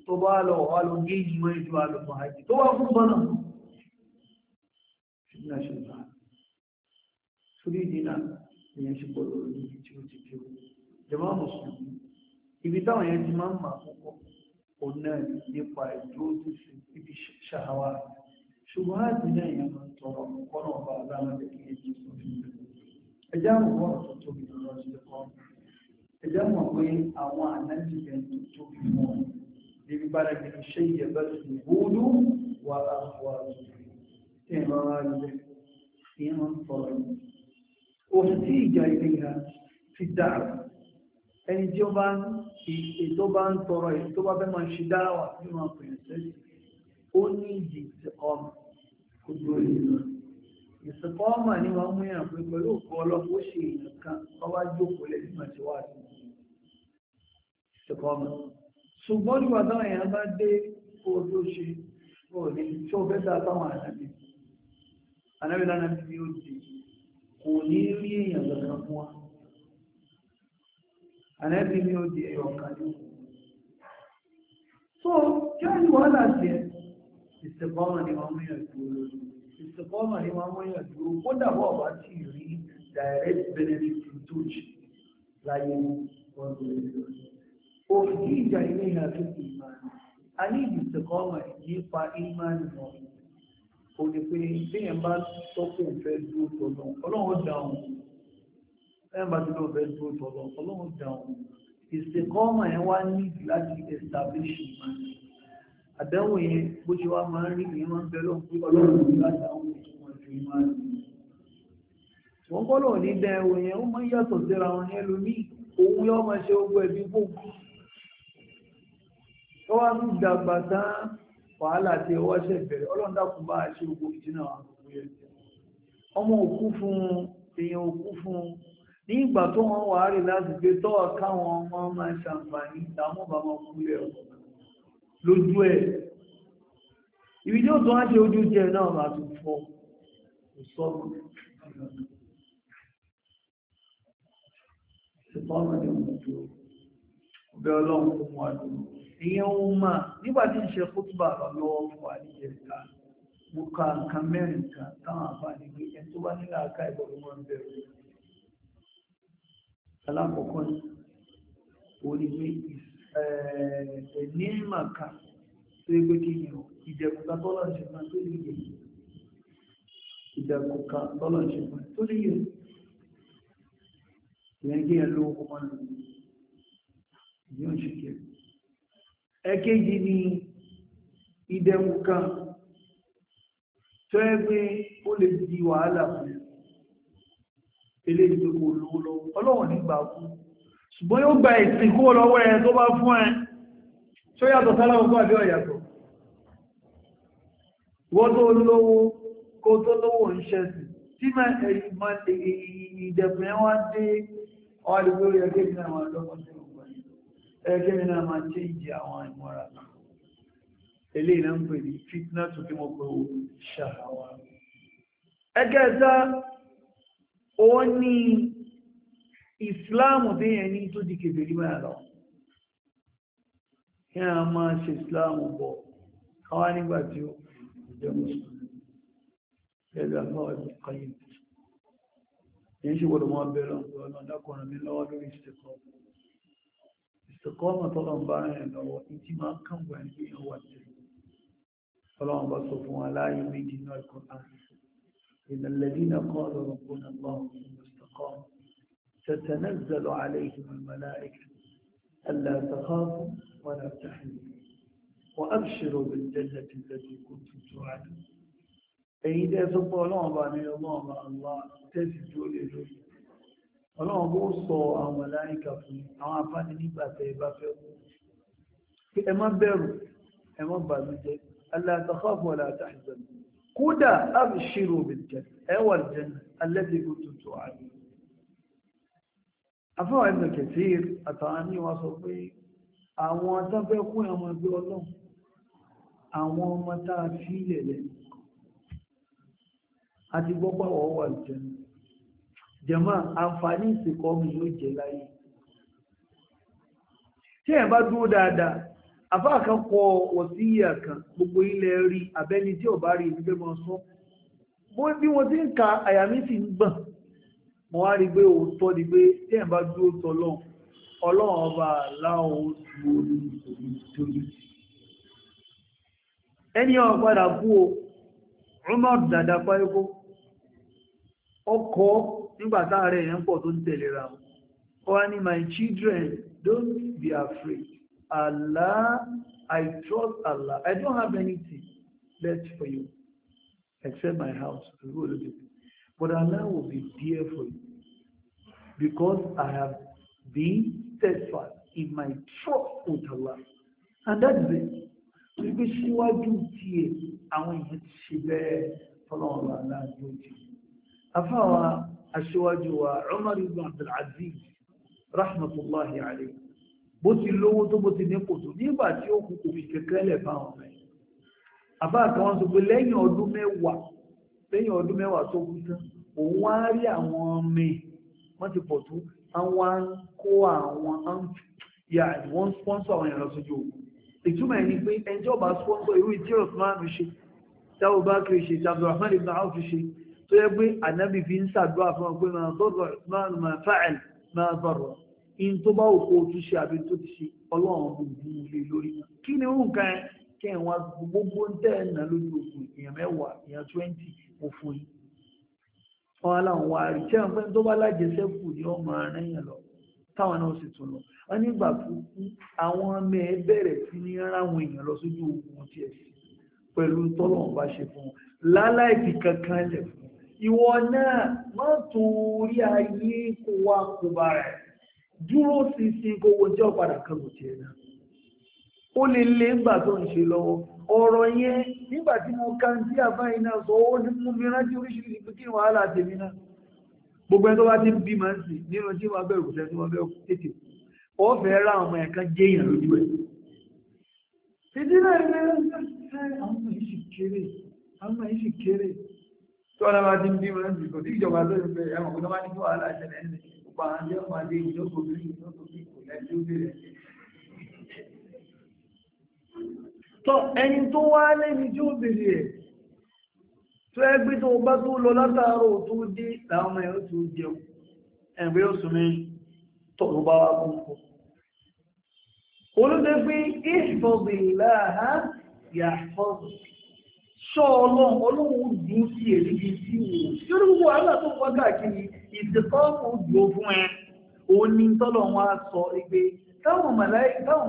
Speaker 1: tó bá lọ wà ló gé ìwé ìjọ alùpùpù àìjì tó wà fún bọ́nà ṣùgbọ́n ṣe bá sórí ìdínà ìyẹn ṣe pọ̀ lórí ní tí ó ti kéwò jọba mùsùlùmí ibi táwọn yẹn ti máa ń mà púpọ̀ òun náà nípa ìdúró tó sì ibi ṣàwà ṣùgbọ́n àti náà yẹn tọrọ kọ́nà ọba aláàmọ́ ẹ̀kẹ́ ẹ̀jẹ̀ sọ fún mi tóbi lọ́wọ́ sí ẹ̀kọ́ mọ̀ pé àwọn ànájì yẹn tóbi fún ọ لبركة الشيء بس وجوده وأخواته إعراج إنصار احتيج إليها في الدعوة ẹni tí ó bá ń ètò bá ń tọrọ èyí tó bá fẹ́ máa ṣe dáwà ní wọn pè é sẹ́sì ó ní ìdí ìsìnkọ́mà kó dúró nínú ìsìnkọ́mà ni wọ́n mú yàn pé pẹ̀lú òkú ọlọ́pọ̀ ó ṣe èèyàn kan ọwájú òkú ṣùgbọ́n nígbà táwọn èèyàn bá dé odò ṣe wọ́n ní tí ó fẹ́ dáa táwọn ànábì ànábì lánàá bí ó di kò ní rí èèyàn kankan fún wa ànábì ni ó di ẹ̀yọ̀ kan ní so kí á ní wàhálà sí ẹ ìsìnkọ́mọ̀ ni wọ́n mú yàn dúró lórí ni wọ́n mú yàn dúró kódà bọ́ ọ̀bá tí rí direct benefit to touch láyé ọdún ìlú أهديج إليها في الإيمان أني الاستقامة nípa ìmánì wọn kò ní pé bíyẹn bá tọ́kùn fẹ́ dúró tọ́lọ́ ọlọ́run dáhùn bíyẹn bá tọ́kùn fẹ́ dúró tọ́lọ́ ọlọ́run dáhùn ìsìnkọ́mọ̀ yẹn wá ní láti establish ìmánì àdánwò yẹn bó ṣe wá máa ń rí ìyẹn máa ń bẹ lọ́wọ́ pé ọlọ́run ní láti àwọn ìtumọ̀ ju ìmánì wọ́n gbọ́dọ̀ ní dẹ́ ẹ̀wọ̀n yẹn ó máa ń yàtọ̀ síra wọn yẹn lómi òun yóò máa ṣe ogun ẹ̀bí gbòógùn tó wá tún dàgbà tán wàhálà tí ó wáṣẹ̀ bẹ̀rẹ̀ ọlọ́run dákun bá ṣe ògbó ìdínà àkókò yẹn ọmọ òkú fún èèyàn òkú fún ní ìgbà tó wọ́n wà á rí láti pé tọ́wà káwọn ọmọ máa ṣàǹfààní táwọn bá máa kúlẹ̀ lójú ẹ̀ ibi tí ó tún á ṣe ojú jẹ náà máa tún fọ kò sọ́kù ṣùgbọ́n ọmọdé wọn tó ọbẹ̀ fún wa dúró èyàn ń mọ̀ nígbàtí ń ṣe kútùbà lọ́wọ́ fún àníyàn ká mo ka nǹkan mẹ́rin kan táwọn àǹfààní pé ẹni tó bá nílà ká ìbọ̀rọ̀ ń bẹ̀rù alákọ̀ọ́kọ́ ni orí pé ẹ̀ẹ́dẹ̀ẹ́ní màkà tó yẹ pé kí ni o ìdẹ̀kùta tọ́lọ̀ ṣe máa tó lè yẹ ìdẹ̀kùta tọ́lọ̀ ṣe máa tó lè yẹ ìyẹn kí ẹ lówó kọ́mọ́ lò yóò ṣe kí ẹ ẹ̀kejì ni ìdẹ̀wù kan tó ẹgbẹ́ ó lè di wàhálà fún eléyìí tó kò lówó lọ́wọ́ ọlọ́wọ̀n nígbà kú ṣùgbọ́n yóò gba ìsìn kó lọ́wọ́ ẹ tó bá fún ẹ tó yàtọ̀ sáláwọ́kọ́ àbí ọ̀yàtọ̀ wọ́n tó lówó kó tó lówó ń ṣẹ́sì tí ìdẹ̀kùn ẹ wá dé ọwọ́ àdúgbò yẹ kéèkì náà wà lọ́wọ́ sí ẹgbẹ́ mi náà máa ṣe ìjì àwọn ìmọ̀ra ilé ìná ń pè ní fitna tó kí wọ́n pẹ̀lú ṣàhàwà ẹgbẹ́ ẹ̀ta ó ní ìsìláàmù tí yẹn ní tó di kèbèrè mẹ́ra lọ kí a máa ṣe ìsìláàmù bọ̀ káwá nígbà tí ó jẹ́ mùsùlùmí ẹgbẹ́ àgbáwọ̀ lọ́wọ́ lórí ìsìnkọ́ استقامة طلعا بعين أو إنتماء كم وعنبي هو الجسد طلعا بصفوا لا يميدنا القرآن إن الذين قالوا ربنا الله ثم استقاموا تتنزل عليهم الملائكة ألا تخافوا ولا تحزنوا وأبشروا بالجنة التي كنتم توعدون أي إذا سبحانه الله الله تسجوا لجنة ọlọ́run bó sọ àwọn màláíkà fún àwọn afáni nígbà tẹ́ ẹ bá fẹ́ bẹ̀rù ẹ bàlújẹ́ Allah takhafu wa la tahzan kódà abshiru bil janna ẹ wà janna allati kuntum tu'adun afọ́wà ibn Kathir àtàwọn ní wọ́n sọ pé àwọn atábẹ́ ọmọ tá a lẹ́nu àti gbọ́pàwọ̀ wà janna jamaa àǹfààní ìsìnkọ́ mi yóò jẹ láyé tí ẹ̀ bá dúró dáadáa àbá kan kọ wọ̀síyà kan gbogbo ilẹ̀ rí abẹ́ni tí ò bá rí ìdílé mọ́ sọ bí wọ́n ti ka àyà mi sì ń gbọ̀n mo wá rí pé òótọ́ ni pé tí ẹ̀ bá dúró tọ́lọ́ ọlọ́run ọba aláwọ̀ o Umar dàda nígbàtá rẹ̀ yẹn pọ̀ tó ń tẹ̀lé ra wọn ó wá ní my children don't be afraid Allah I trust Allah I don't have anything left for you except my house but Allah will be there for you because I have been steadfast in my trust with Allah and that's it wípé síwájú tiẹ̀ àwọn èèyàn ti ṣe bẹ́ẹ̀ fọlọ́run aláàjọ jù afáwọn aṣíwájú wa Umar ibn Abdul Aziz rahmatullahi alayhi bó ti lówó tó bó ti ní kòtò nígbà tí ó kú kò fi kẹ̀kẹ́ lẹ̀ fáwọn ọmọ ẹ̀ àbá àtàwọn sọ pé lẹ́yìn ọdún mẹ́wàá lẹ́yìn ọdún mẹ́wàá tó kú tán òun wá rí àwọn ọmọ ẹ̀ wọ́n ti pọ̀ tó àwọn kó àwọn yà wọ́n sponsor àwọn ìrìn lọ́sọ́jú òkú ìtumọ̀ ẹni pé ẹjọ́ bá sponsor irú ìdí Osman ṣe táwọn bá ṣe tábìlì Rahman ibn Auf ṣe tó yẹ pé ànábì fi ń ṣàdúrà fún ọ pé máa dọ́rọ̀ máa máa fáìl máa dọ̀rọ̀ in tó bá òkú ojú ṣe àbí tó ti ṣe ọlọ́run kò bú un lé lórí kí ni ó nǹkan kí ẹ̀ wọn gbogbo ń tẹ́ ẹ̀ nà lójú òkú èèyàn mẹ́wàá èèyàn twenty mo fún yín wọn aláwọn wa rí tí àwọn pẹ́ńtọ́ bá lájẹsẹ́kù ni wọ́n máa rán yẹn lọ táwọn náà sì tún lọ wọn nígbà tó kú àwọn ọmọ ẹ bẹ̀rẹ̀ sí ní ráwọn èèyàn lọ sójú òkú tiẹ̀ sí pẹ̀lú tọ́lọ́wọ́n bá ṣe fún wọn ìwọ náà má torí ayé kó wá kó bá rẹ̀ dúró sí sí kó wo jẹ́ ọ̀padà kan kò tiẹ̀ náà ó lè lé ńgbà tó ń ṣe lọ́wọ́ ọ̀rọ̀ yẹn nígbà tí mo ka ń tí àbáyé náà sọ ó ní mú mi rántí oríṣiríṣi pé kí ni wàhálà tèmi náà gbogbo ẹni tó bá ti ń bí máa ń sìn nínú tí wọn bẹ̀rù sẹ́ni wọn bẹ̀rù tètè ó fẹ́ ra ọmọ ẹ̀ka jẹ́yàn lójú ẹ̀ ìdílé ẹgbẹ́ àwọn èyí kéré àwọn èyí kéré tọ́lá máa ti ń bí wọn jùlọ tí ìjọba tó ń bẹ ẹ̀wọ̀n kó tó bá ní kí wàhálà ṣẹlẹ̀ ń lè gbogbo àwọn tí wọ́n máa dé ìlú kò bí ìlú kò bí kò lẹ́yìn tó bẹ̀rẹ̀ sí. tọ́ ẹni tó wá lẹ́ni tí ó bèrè ẹ̀ tó ẹ tó bá tó lọ látàárọ̀ tó dé làwọn ọmọ ẹ̀rọ tó jẹun ẹ̀gbẹ́ oṣù mi tọ̀rọ̀ bá wá kún kọ́. olùdẹ́gbẹ́ ìfọ̀bìlá yà fọ́bìlá sọ ọlọ́run ọlọ́run dùn sí èyí sí wò yóò gbogbo wàhálà tó wọ́n káàkiri ìdìkọ́ọ̀kù dùn fún ẹ òun ní tọ́lọ̀ wọn á sọ pé táwọn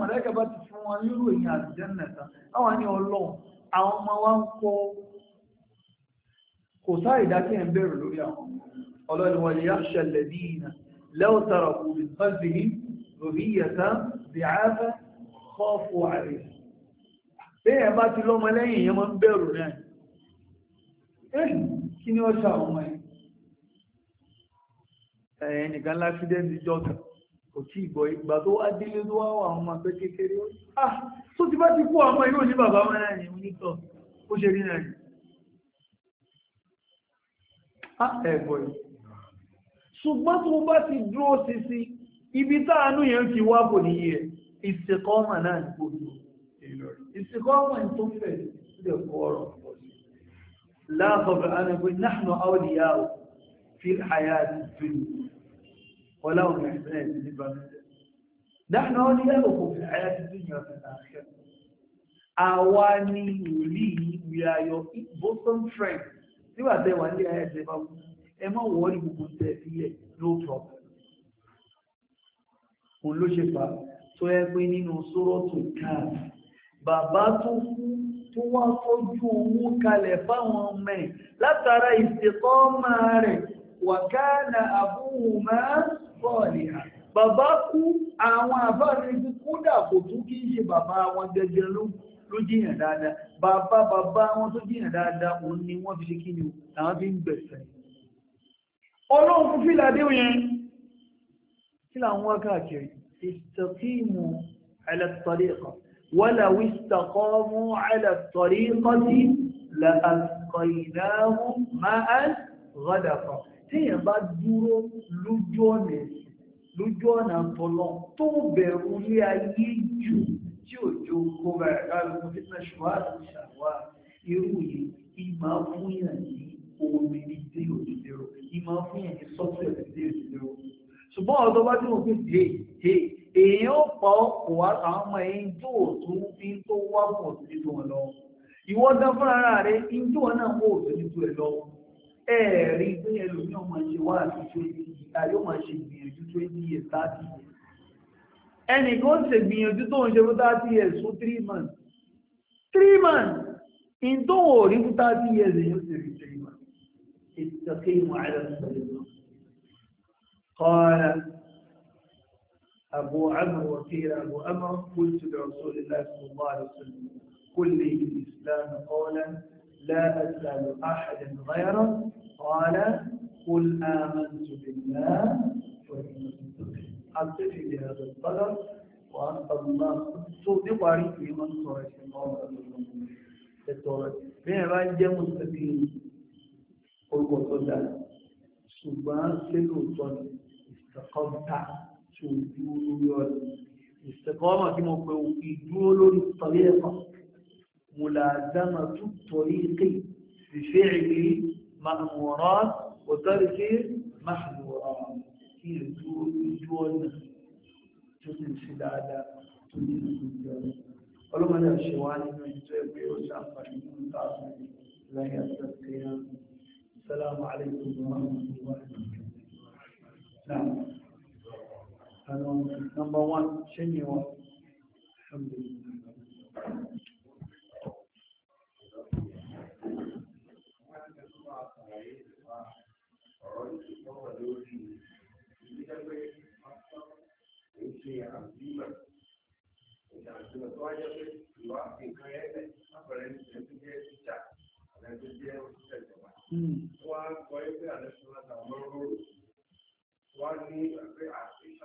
Speaker 1: mọ̀láìkà bá ti fún wọn nírò ìyìn àlùjánnà tán àwọn ní ọlọ́run àwọn ọmọ wa ń kọ́ kò sáré dákẹ́ ẹ̀ ń bẹ̀rù lórí àwọn ọlọ́run wọn yá ṣẹlẹ̀ ní ìnà lẹ́wọ̀ tààrà kò lè bá bìí rògbìyàtà bẹ́ẹ̀ bá ti lọ́mọ lẹ́yìn yẹn mọ́ ń bẹ̀rù náà ẹ̀yìn kí ni ó ṣà ọmọ ẹ̀ ẹnìkan lásídẹ́ntì jọ́ta kò tí ìgbọ́ ìgbà tó wá délé tó wá ọmọ pé kékeré ó ah tó ti bá ti kú ọmọ ìlú ní bàbá wọn náà ní onítọ̀ ó ah ẹ̀gbọ́ yìí ṣùgbọ́n tó bá ti dúró sísí ibi táàánú yẹn ti wá kò níyẹ ìṣèkọ́ ọmọ náà ní kò dúró èyí istiqama tó fẹ̀ lè kọ́ ọ̀rọ̀ pọ̀ sí láàbọ̀bẹ̀ anagbe nahnu awliya'u fil hayati dunya wala hum yahzanun nípa nahnu awliya'u fil hayati dunya wa fil akhirah àwa ni wòlíì we are your bosom friend nígbà tẹ́ wà ní ayé ẹ̀jẹ̀ bá wù ẹ má wọ́ọ̀rì bàbá tó kú tó wọ́n fojú owó kalẹ̀ fáwọn ọmọ ẹ̀ látara ìsìnkọ́mà rẹ̀ wàkánà àbúhùmá sọ́ọ̀lìhà bàbá kú àwọn àbáríkú kúdà kò tún kí ṣe bàbá wọn gẹ́gẹ́ ló jìyàn dáadáa bàbá bàbá wọn tó jìyàn dáadáa òun ni wọ́n fi ṣe kí ni àwọn fi ń gbẹ̀sẹ̀ ọlọ́run fún fílà déwò yẹn kí làwọn wákàkiri ìsìnkímù ẹlẹ́tọ́lẹ́kọ̀ọ́ ولو استقاموا على الطريقة لأسقيناهم ماء غدقا téèyàn bá dúró lójú ọ̀nà ẹ̀sìn lójú ọ̀nà àtọ̀lọ́ tó bẹ̀rù ilé ayé jù tí òjò kó bẹ̀rẹ̀ káàkiri fitna ṣùgbọ́n àti ṣàwà irú yìí ìmọ̀ fúnyàn ní omi ní dé òdìdérò ìmọ̀ fúnyàn ní sọ́tẹ̀ ní dé òdìdérò ṣùgbọ́n ọ̀dọ́ bá dúró pé dé dé èèyàn ó pa ọkọ̀ wá àwọn ọmọ ẹ̀yìn tó ò tó ń fi tó wá pọ̀ sí tó wọn lọ ìwọ dán fúnra ara rẹ ìjọ náà kó òtò ní tó ẹ lọ ẹ̀ẹ̀rí pé ẹlòmíràn máa ṣe wá àti twenty ìta yóò máa ṣe ìgbìyànjú twenty years thirty years ẹnì kan ṣe ìgbìyànjú tó ń ṣe fún thirty years fún three months three months ìdóhùn òrí fún thirty years èèyàn ṣe fi three months ìtàkì ìmọ̀ àìlọ́sọ̀rọ̀ قال أبو عمرو وقيل أبو عمرو قلت لرسول الله صلى الله عليه وسلم قل لي الإسلام قولا لا أسأل أحدا غيره قال قل آمنت بالله أتفي بهذا القدر وأن الله صدق عليك من صورة الله التوراة بين بعد جمع قل قل قل لا سبحان tọ́ استقمت الاستقامة موقعه في دول الطريقة ملازمة الطريق بفعل مأمورات وترك محظورات يدول تسلسل على تسلسل قالوا ماذا الشواني من يتوقع وسامة المتعصر لا يستطيع السلام عليكم ورحمة الله وبركاته نعم Tanong number one, genuine. Alhamdulillah. Hmm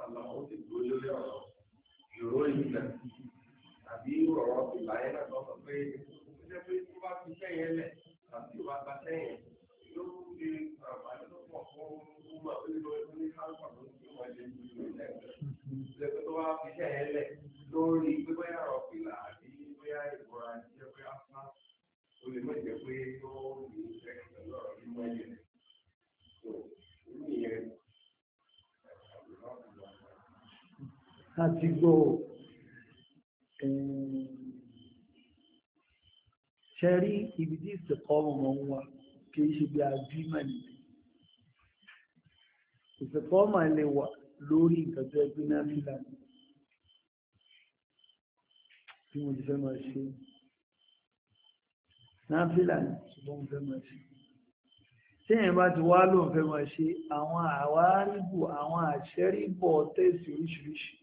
Speaker 1: àlọ́ ó ti dúró lórí ọ̀rọ̀ ìró ìgbà tàbí ọ̀rọ̀ ìbáyé náà tó sọ pé ó jẹ́ pé tó bá fi sẹ́yìn lẹ̀ tàbí ìwà gba sẹ́yìn yóò fi àbáyé tó pọ̀ fún gbogbo àwọn ìlú ẹgbẹ́ ní kálífà tó ti wọ́n lé ní ìlú ilẹ̀ ìjẹ́ pé tó bá fi sẹ́yìn lẹ̀ lórí pé bóyá ọ̀pìlà àbí bóyá ìbora jẹ́ pé áfá ó lè má jẹ́ pé ó ń bí ẹ̀kẹ́ lọ́rọ̀ nínú láti gbọ́ ṣẹ́rí ibi tí ìsìnkọ́ ọmọ wa kìí ṣe bí ajímọ̀ nìyí ìsìnkọ́ ọmọ ilé wa lórí nǹkan tó ẹgbẹ́ náà fílà tí mo ti fẹ́ máa ṣe náà fílà ṣùgbọ́n mo fẹ́ máa ṣe tí èyàn bá ti wá lóun fẹ́ máa ṣe àwọn àwárígbò àwọn àṣẹ́rígbò tẹ̀sí oríṣiríṣi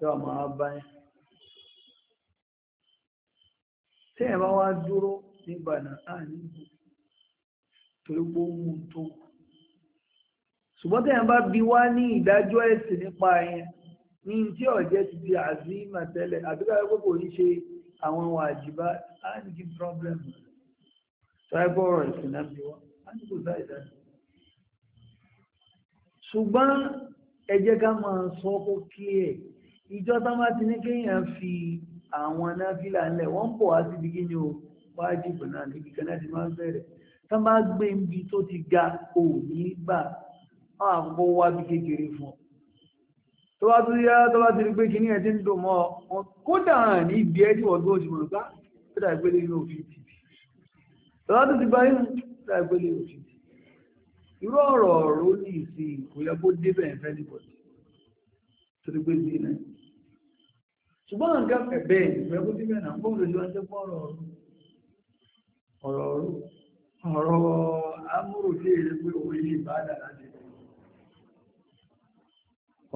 Speaker 1: yóò máa bá yín tí ẹ bá wá dúró nígbà náà níbo torí pé ó mú tó ṣùgbọ́n tẹ̀yìn bá bi wá ní ìdájọ́ ẹ̀sìn nípa yẹn ní tí ọ̀jẹ́ ti di àzímà tẹ́lẹ̀ àbíká pé kò ní ṣe àwọn wàjìbá á ní kí problem ṣáìbọ̀ ọ̀rọ̀ ìsìn náà bí wá á ní kò sáì dájú ṣùgbọ́n ẹ jẹ́ ká máa sọ kó kí ẹ̀ ìjọ tán bá ti ní kéèyàn fi àwọn náfìlà ńlẹ̀ wọ́n ń pọ̀ wá síbi kí ni o wájìbù náà níbi kan láti máa ń bẹ̀rẹ̀ tán bá gbé ibi tó ti ga ò ní gbà wọ́n àkókò wá bí kékeré fún ọ tó bá tún yá tó bá ti rí pé kí ní ẹ̀ tí ń dùn mọ́ ọ kódà ní ibi ẹ́ tí wọ́n gbé òjìmọ̀ gbá kódà ìgbélé yóò fi tì tó bá tún ti bá yín kódà ìgbélé yóò fi tì irú ọ̀rọ̀ ọ̀rọ̀ ó ní ìsìn kò yẹ kó débẹ̀ ẹ̀fẹ́ níbọ̀ tó ti gbé sí náà ṣùgbọ́n nǹkan ẹ̀bẹ̀ ìgbẹ́kú sí mẹ́rin àwọn olùdó ọjọ́ pọ̀rọ̀ ọ̀rọ̀ ọ̀rọ̀ amúrò sí èrè pé òun yìí bá dára sí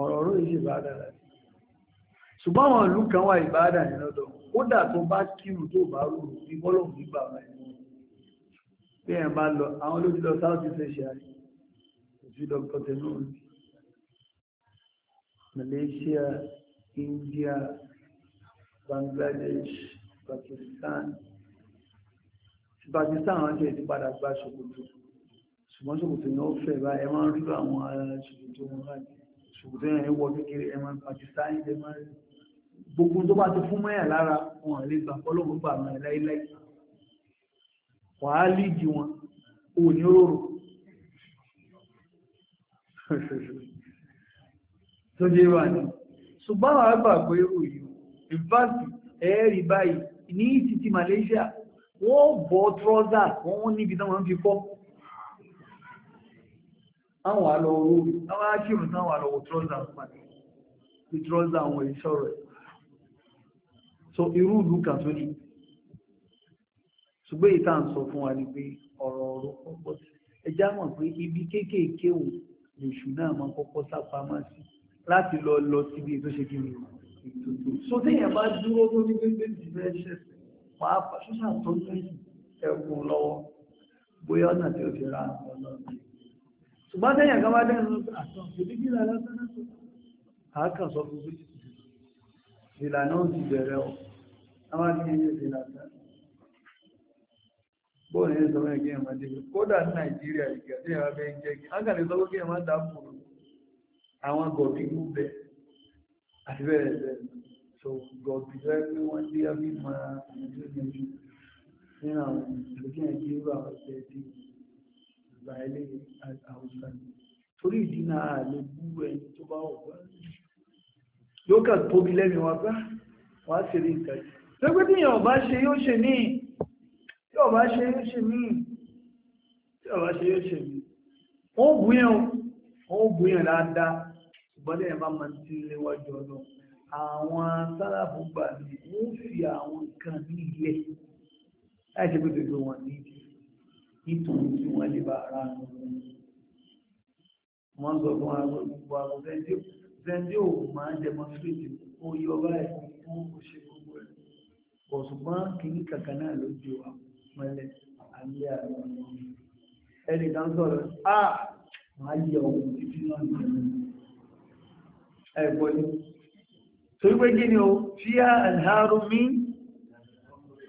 Speaker 1: ọ̀rọ̀ ọ̀rọ̀ yìí bá dára sí ṣùgbọ́n àwọn ìlú kan wà ìbáadà ní lọ́dọ̀ ó dà tó bá kírù tó bá rú ní bọ́lọ̀mù nígbà rẹ̀ bí ẹ̀ bá lọ àwọn olójú lọ south east asia ojú lọ pọtẹ́nù Malaysia India Bangladesh Pakistan ti Pakistan wọn jẹ́ ti padà gba ṣòkòtò ṣùgbọ́n ṣòkòtò náà fẹ́ bá ẹ máa ń rí àwọn ṣòkòtò wọn láti ṣòkòtò yẹn wọ kékeré ẹ máa Pakistan ẹ máa rí gbogbo tó bá ti fún mẹ́yà lára wọn lè gbà fọlọ́mù gbà mọ́ ẹ láíláí wàá lídìí wọn ò ní rorò tó dé wà ní ṣùgbọ́n àwọn àgbà pé irú ìfásitì ẹ̀ẹ́rì báyìí ní títí Malaysia wọ́n bọ́ trọ́zà wọ́n níbi tán wọ́n fi kọ́ àwọn àlọ́wọ́ àwọn akírùn tán wà lọ́wọ́ trọ́zà pàtàkì trọ́zà àwọn ìṣọ́ rẹ̀ so irú ìlú kan tó ní ṣùgbọ́n ìta ń sọ fún wa ní pé ọ̀rọ̀ ọ̀rọ̀ pọ̀pọ̀ ẹjá mọ̀ pé ibi kéékèèké òun lèṣù náà máa kọ́kọ́ sápamọ́ sí láti lọ lọ síbi tó ṣe kí ni ìtòtò so téèyàn bá dúró tó ní pé jù bẹ́ẹ̀ ṣẹ̀ṣẹ̀ pàápàá ṣọ́ṣà tó ní ẹkùn lọ́wọ́ bóyá ọ̀nà tí ó ti ra ọ̀nà ọ̀gbìn ṣùgbọ́n téèyàn kan bá dẹ́nu àtàn ìdíjìlá lásán náà àákàn sọ fún bíi ìlà náà ti bẹ̀rẹ̀ ọ̀ àwọn àti ẹyẹ ìlà tán bóòlù ní sọmọ ẹgbẹ́ ẹ̀mọ́ débi kódà ní nàìjíríà àti bẹ́ẹ̀ bẹ́ẹ̀ so gọ̀ọ̀bì lẹ́gbẹ́ wọ́n tí a bí ma ìrìnlẹ́jú ní àwọn ìlúkẹ́ ìgbéró àwọn ẹgbẹ́ tí ìgbà ilé àwùjọ torí ìdínà àlè búrú ẹni tó bá wọ̀ yóò kà tóbi lẹ́mi wá bá wá sí rí nǹkan lẹ́gbẹ́ tí yóò bá ṣe yóò ṣe ní yóò bá ṣe yóò ṣe ní yóò bá ṣe yóò ṣe ní wọ́n bùyàn dáadáa bọ́lẹ̀ ẹ̀ bá máa ti léwájú ọlọ́ àwọn sálábù gbà ní wọ́n fi àwọn nǹkan ní ilẹ̀ láì ṣe pé gbogbo wọn ní nítorí tí wọ́n lè bá ara nù wọ́n sọ fún àwọn gbogbo àwọn fẹ́ndé ò máa ń demonstrate ó yọ báyìí fún òṣè gbogbo ẹ̀ pọ̀ ṣùgbọ́n kìíní kankan náà ló jẹ́ wa mọ́lẹ̀ àwọn ọmọ ẹnì kan sọ̀rọ̀ ah yẹ ohun títí náà nìyẹn ẹ̀gbọ́n ni torí pé gíní o tí a àdáàrù mí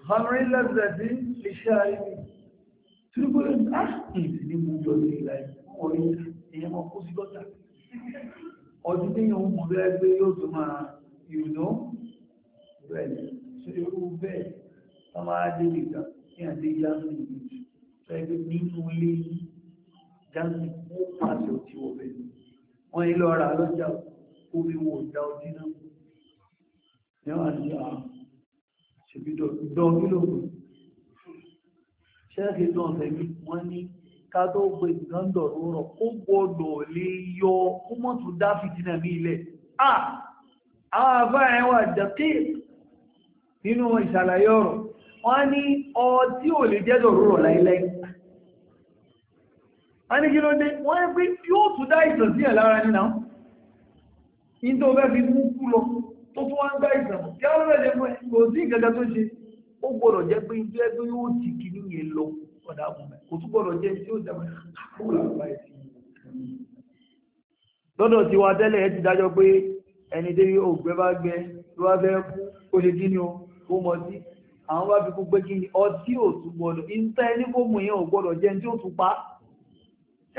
Speaker 1: hamri lẹ́gbẹ̀ẹ́dì lè ṣe ààrẹ mi torí pé áàkìsì ah, ní mú jọ sí ìlà ìwọ̀n èèyàn mọ́ kó sí gọ́ta ọdún tí yóò mú bẹ́ẹ̀ pé yóò tó máa ìrùnà bẹ́ẹ̀ ṣe irú bẹ́ẹ̀ wọ́n máa dé nìkan ní orí wọn ìdá ọdí náà níwà ní à ṣèbí dán kílòkù ṣẹ́ẹ̀kì dán fẹ̀mí wọ́n ní ká tó gbé ìdándọ̀ rọrọ̀ kó gbọ́dọ̀ lè yọ kó mọ́ tún dá fìdínà ní ilẹ̀ ah àwọn àbá ẹwà jàpé nínú ìṣàlàyé ọ̀rọ̀ wọ́n ní ọtí ò lè jẹ́ dọ̀rọ̀ láìláì wọ́n ní kí ló dé wọ́n ní pé yóò tún dá ìtàn ẹ̀ lára nínú ìdó bẹ́ fi mú kú lọ tó tún wá ń gbá ìsàmù tí wọ́n rẹ̀ lẹ́mọ̀ kò sí ìgangan tó ṣe ó gbọ́dọ̀ jẹ́ pé ibi ẹgbẹ́ yóò ti kìíní yẹn lọ ọ̀dà àbùmẹ̀ kò tún gbọ́dọ̀ jẹ́ tí ó dàbẹ̀ kúrò àgbà ẹ̀sìn lọ́dọ̀ tí wa tẹ́lẹ̀ ẹ ti dájọ́ pé ẹni dé ògbẹ́ bá gbẹ ló wá fẹ́ kú ó ṣe kí ni o ó mọ sí àwọn bá fi kú pé kí ni ọtí ò tún gbọ́dọ̀ ẹni kó mú yẹn ò gbọ́dọ̀ jẹ́ tí ó tún pa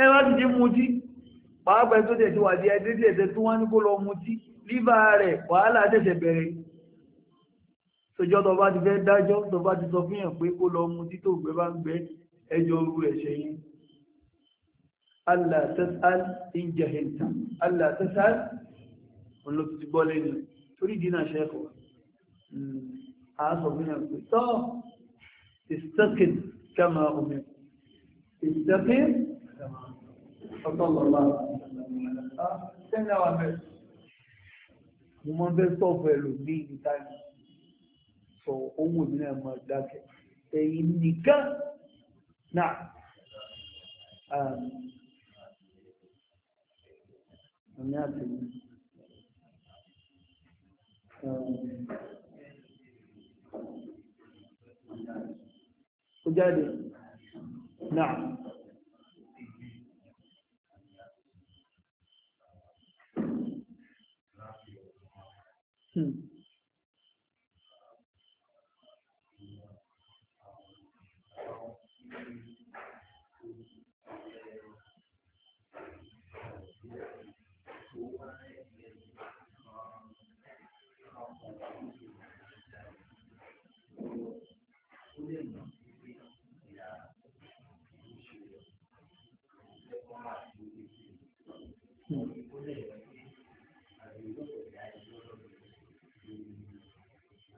Speaker 1: ẹ wá ti dé mu tí pàápàá tó tẹ̀ tí wà di ẹdí tẹ̀ tí wọ́n ní kó lọ mutí líbà rẹ̀ wàhálà tẹ̀sẹ̀ bẹ̀rẹ̀ sọjọ́ tó bá ti fẹ́ dájọ́ tó bá ti sọ fún yàn pé kó lọ mutí tó gbẹ bá ń gbẹ ẹjọ́ oru ẹ̀ṣẹ̀ yìí allah tasal in jahilta allah gbọ́ lẹ́nu torí dínà ṣẹ́kọ̀ọ́ àásọ̀ fún yàn pé tọ́ ìsẹ́kìn kama omi ìsẹ́kìn ọ̀tọ̀ lọ́la ten hours mẹ́rin mo máa ń fẹ́ sọ́ọ̀fù ẹ̀ lò ní ibi táyà sọ owó mi náà máa dákẹ́ èyí nìkan náà um, àmì àtẹ̀yìn um, ó jáde náà. Hmm.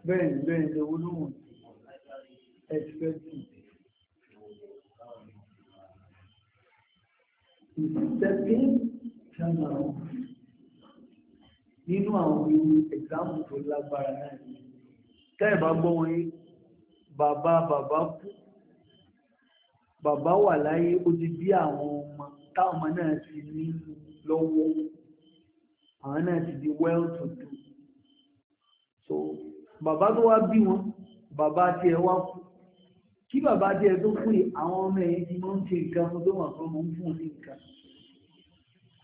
Speaker 2: bẹ́ẹ̀ ni bẹ́ẹ̀ ni olóhùn
Speaker 1: expected ìsẹ́pín ṣàmàrà nínú àwọn ewu ẹ̀gbáàmù tó lágbára náà tẹ́ẹ̀bá gbọ́ wọn yí bàbá bàbá kú bàbá wà láyé ó ti bí àwọn ọmọ táwọn ọmọ náà ti ní lọ́wọ́ àwọn náà ti di well to do so bàbá tó wá bí wọn bàbá tí ẹ wá kú kí bàbá tí ẹ tó kú yìí àwọn ọmọ ẹ̀yìn ti máa ń ṣe nǹkan tó wọ́n fún un fún ní nǹkan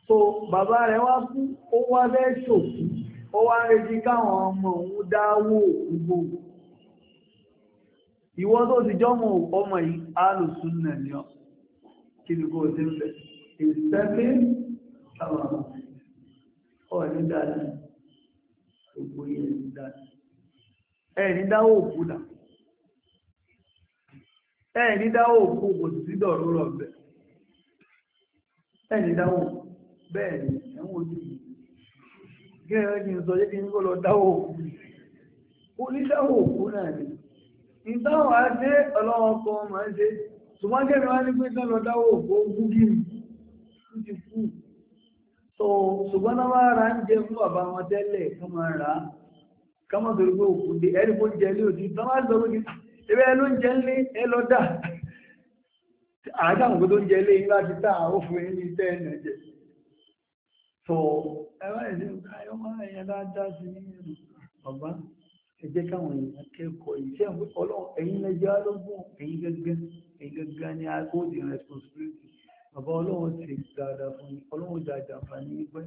Speaker 1: so bàbá rẹ̀ wá kú ó wá fẹ́ ṣòkú ó wá ń retí káwọn ọmọ òun dáwó òun gbogbo ìwọ tó ti jọmọ ọmọ yìí alùsùn náà ni ọ kí ni kò sí ń bẹ ìsẹ́fẹ́ àwọn ọmọ ọ̀rẹ́ dáadáa gbogbo yẹn dáadáa ẹni dáwọ́ òkú nà dáwọ́ òkú kò sí dọ̀rọ̀ rọ̀ bẹ̀ ẹni dáwọ́ bẹ́ẹ̀ ẹ̀wọ̀n ojú yìí gẹ́gẹ́ ní sọ kí n lọ dáwọ́ òkú ó ní dáwọ́ òkú náà ni adé ọlọ́wọ́ kan máa ń ṣe ní pé òkú ogún kọ́mọ̀ tó gbé òkú dé ẹ̀rí kó jẹ ilé òtí tán wá sọ lókè ẹbẹ́ ló ń jẹ ilé ẹ lọ dà àádọ́mù kó tó ń jẹ ilé yín láti tà ó fún yín ní tẹ́ ẹ̀nà jẹ sọ ẹ wá ẹ̀sìn káyọ́ máa ẹ̀yẹ dáadáa sí nínú bàbá ẹ jẹ́ káwọn èèyàn kẹ́kọ̀ọ́ iṣẹ́ ọlọ́run ẹ̀yin lẹ́jọ́ alógún ẹ̀yin gẹ́gẹ́ ẹ̀yin gẹ́gẹ́ ni a kó responsibility bàbá ọlọ́run ti dáadáa fún yín ọlọ́run dáadáa fún yín pẹ́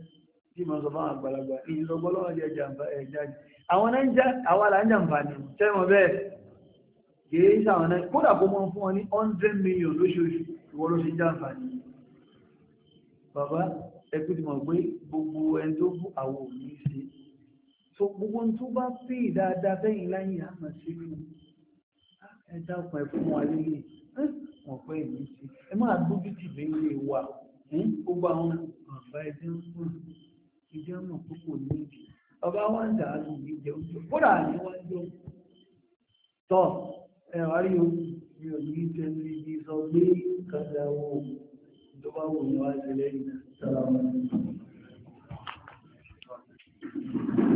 Speaker 1: tí mo sọ fún àgbàlagbà ìyìn àwọn náà ń jẹ́ àwọn aláǹjàǹfààní tẹ́wọ̀n bẹ́ẹ̀ kìí sàwọn náà kódà kó mọ́ fún wọn ní 100 million lóṣooṣù ìwọ́n ló bàbá ẹkú pé gbogbo ẹni tó bú àwọn òní ṣe so gbogbo tó bá pè dáadáa bẹ́yìn láyìn àmà ah, hm, sí hm, fún ẹ̀dá ọkàn ẹ̀fún wọn lélẹ̀ wọn pẹ́ ìlú sí ọba wọn ń dà ní ìjẹ oúnjẹ kódà ní wọn jó tọ ẹ wá rí ní tẹnu ibi sọ pé kàdà wo tó bá wù ní wá lẹ́yìn náà wọn.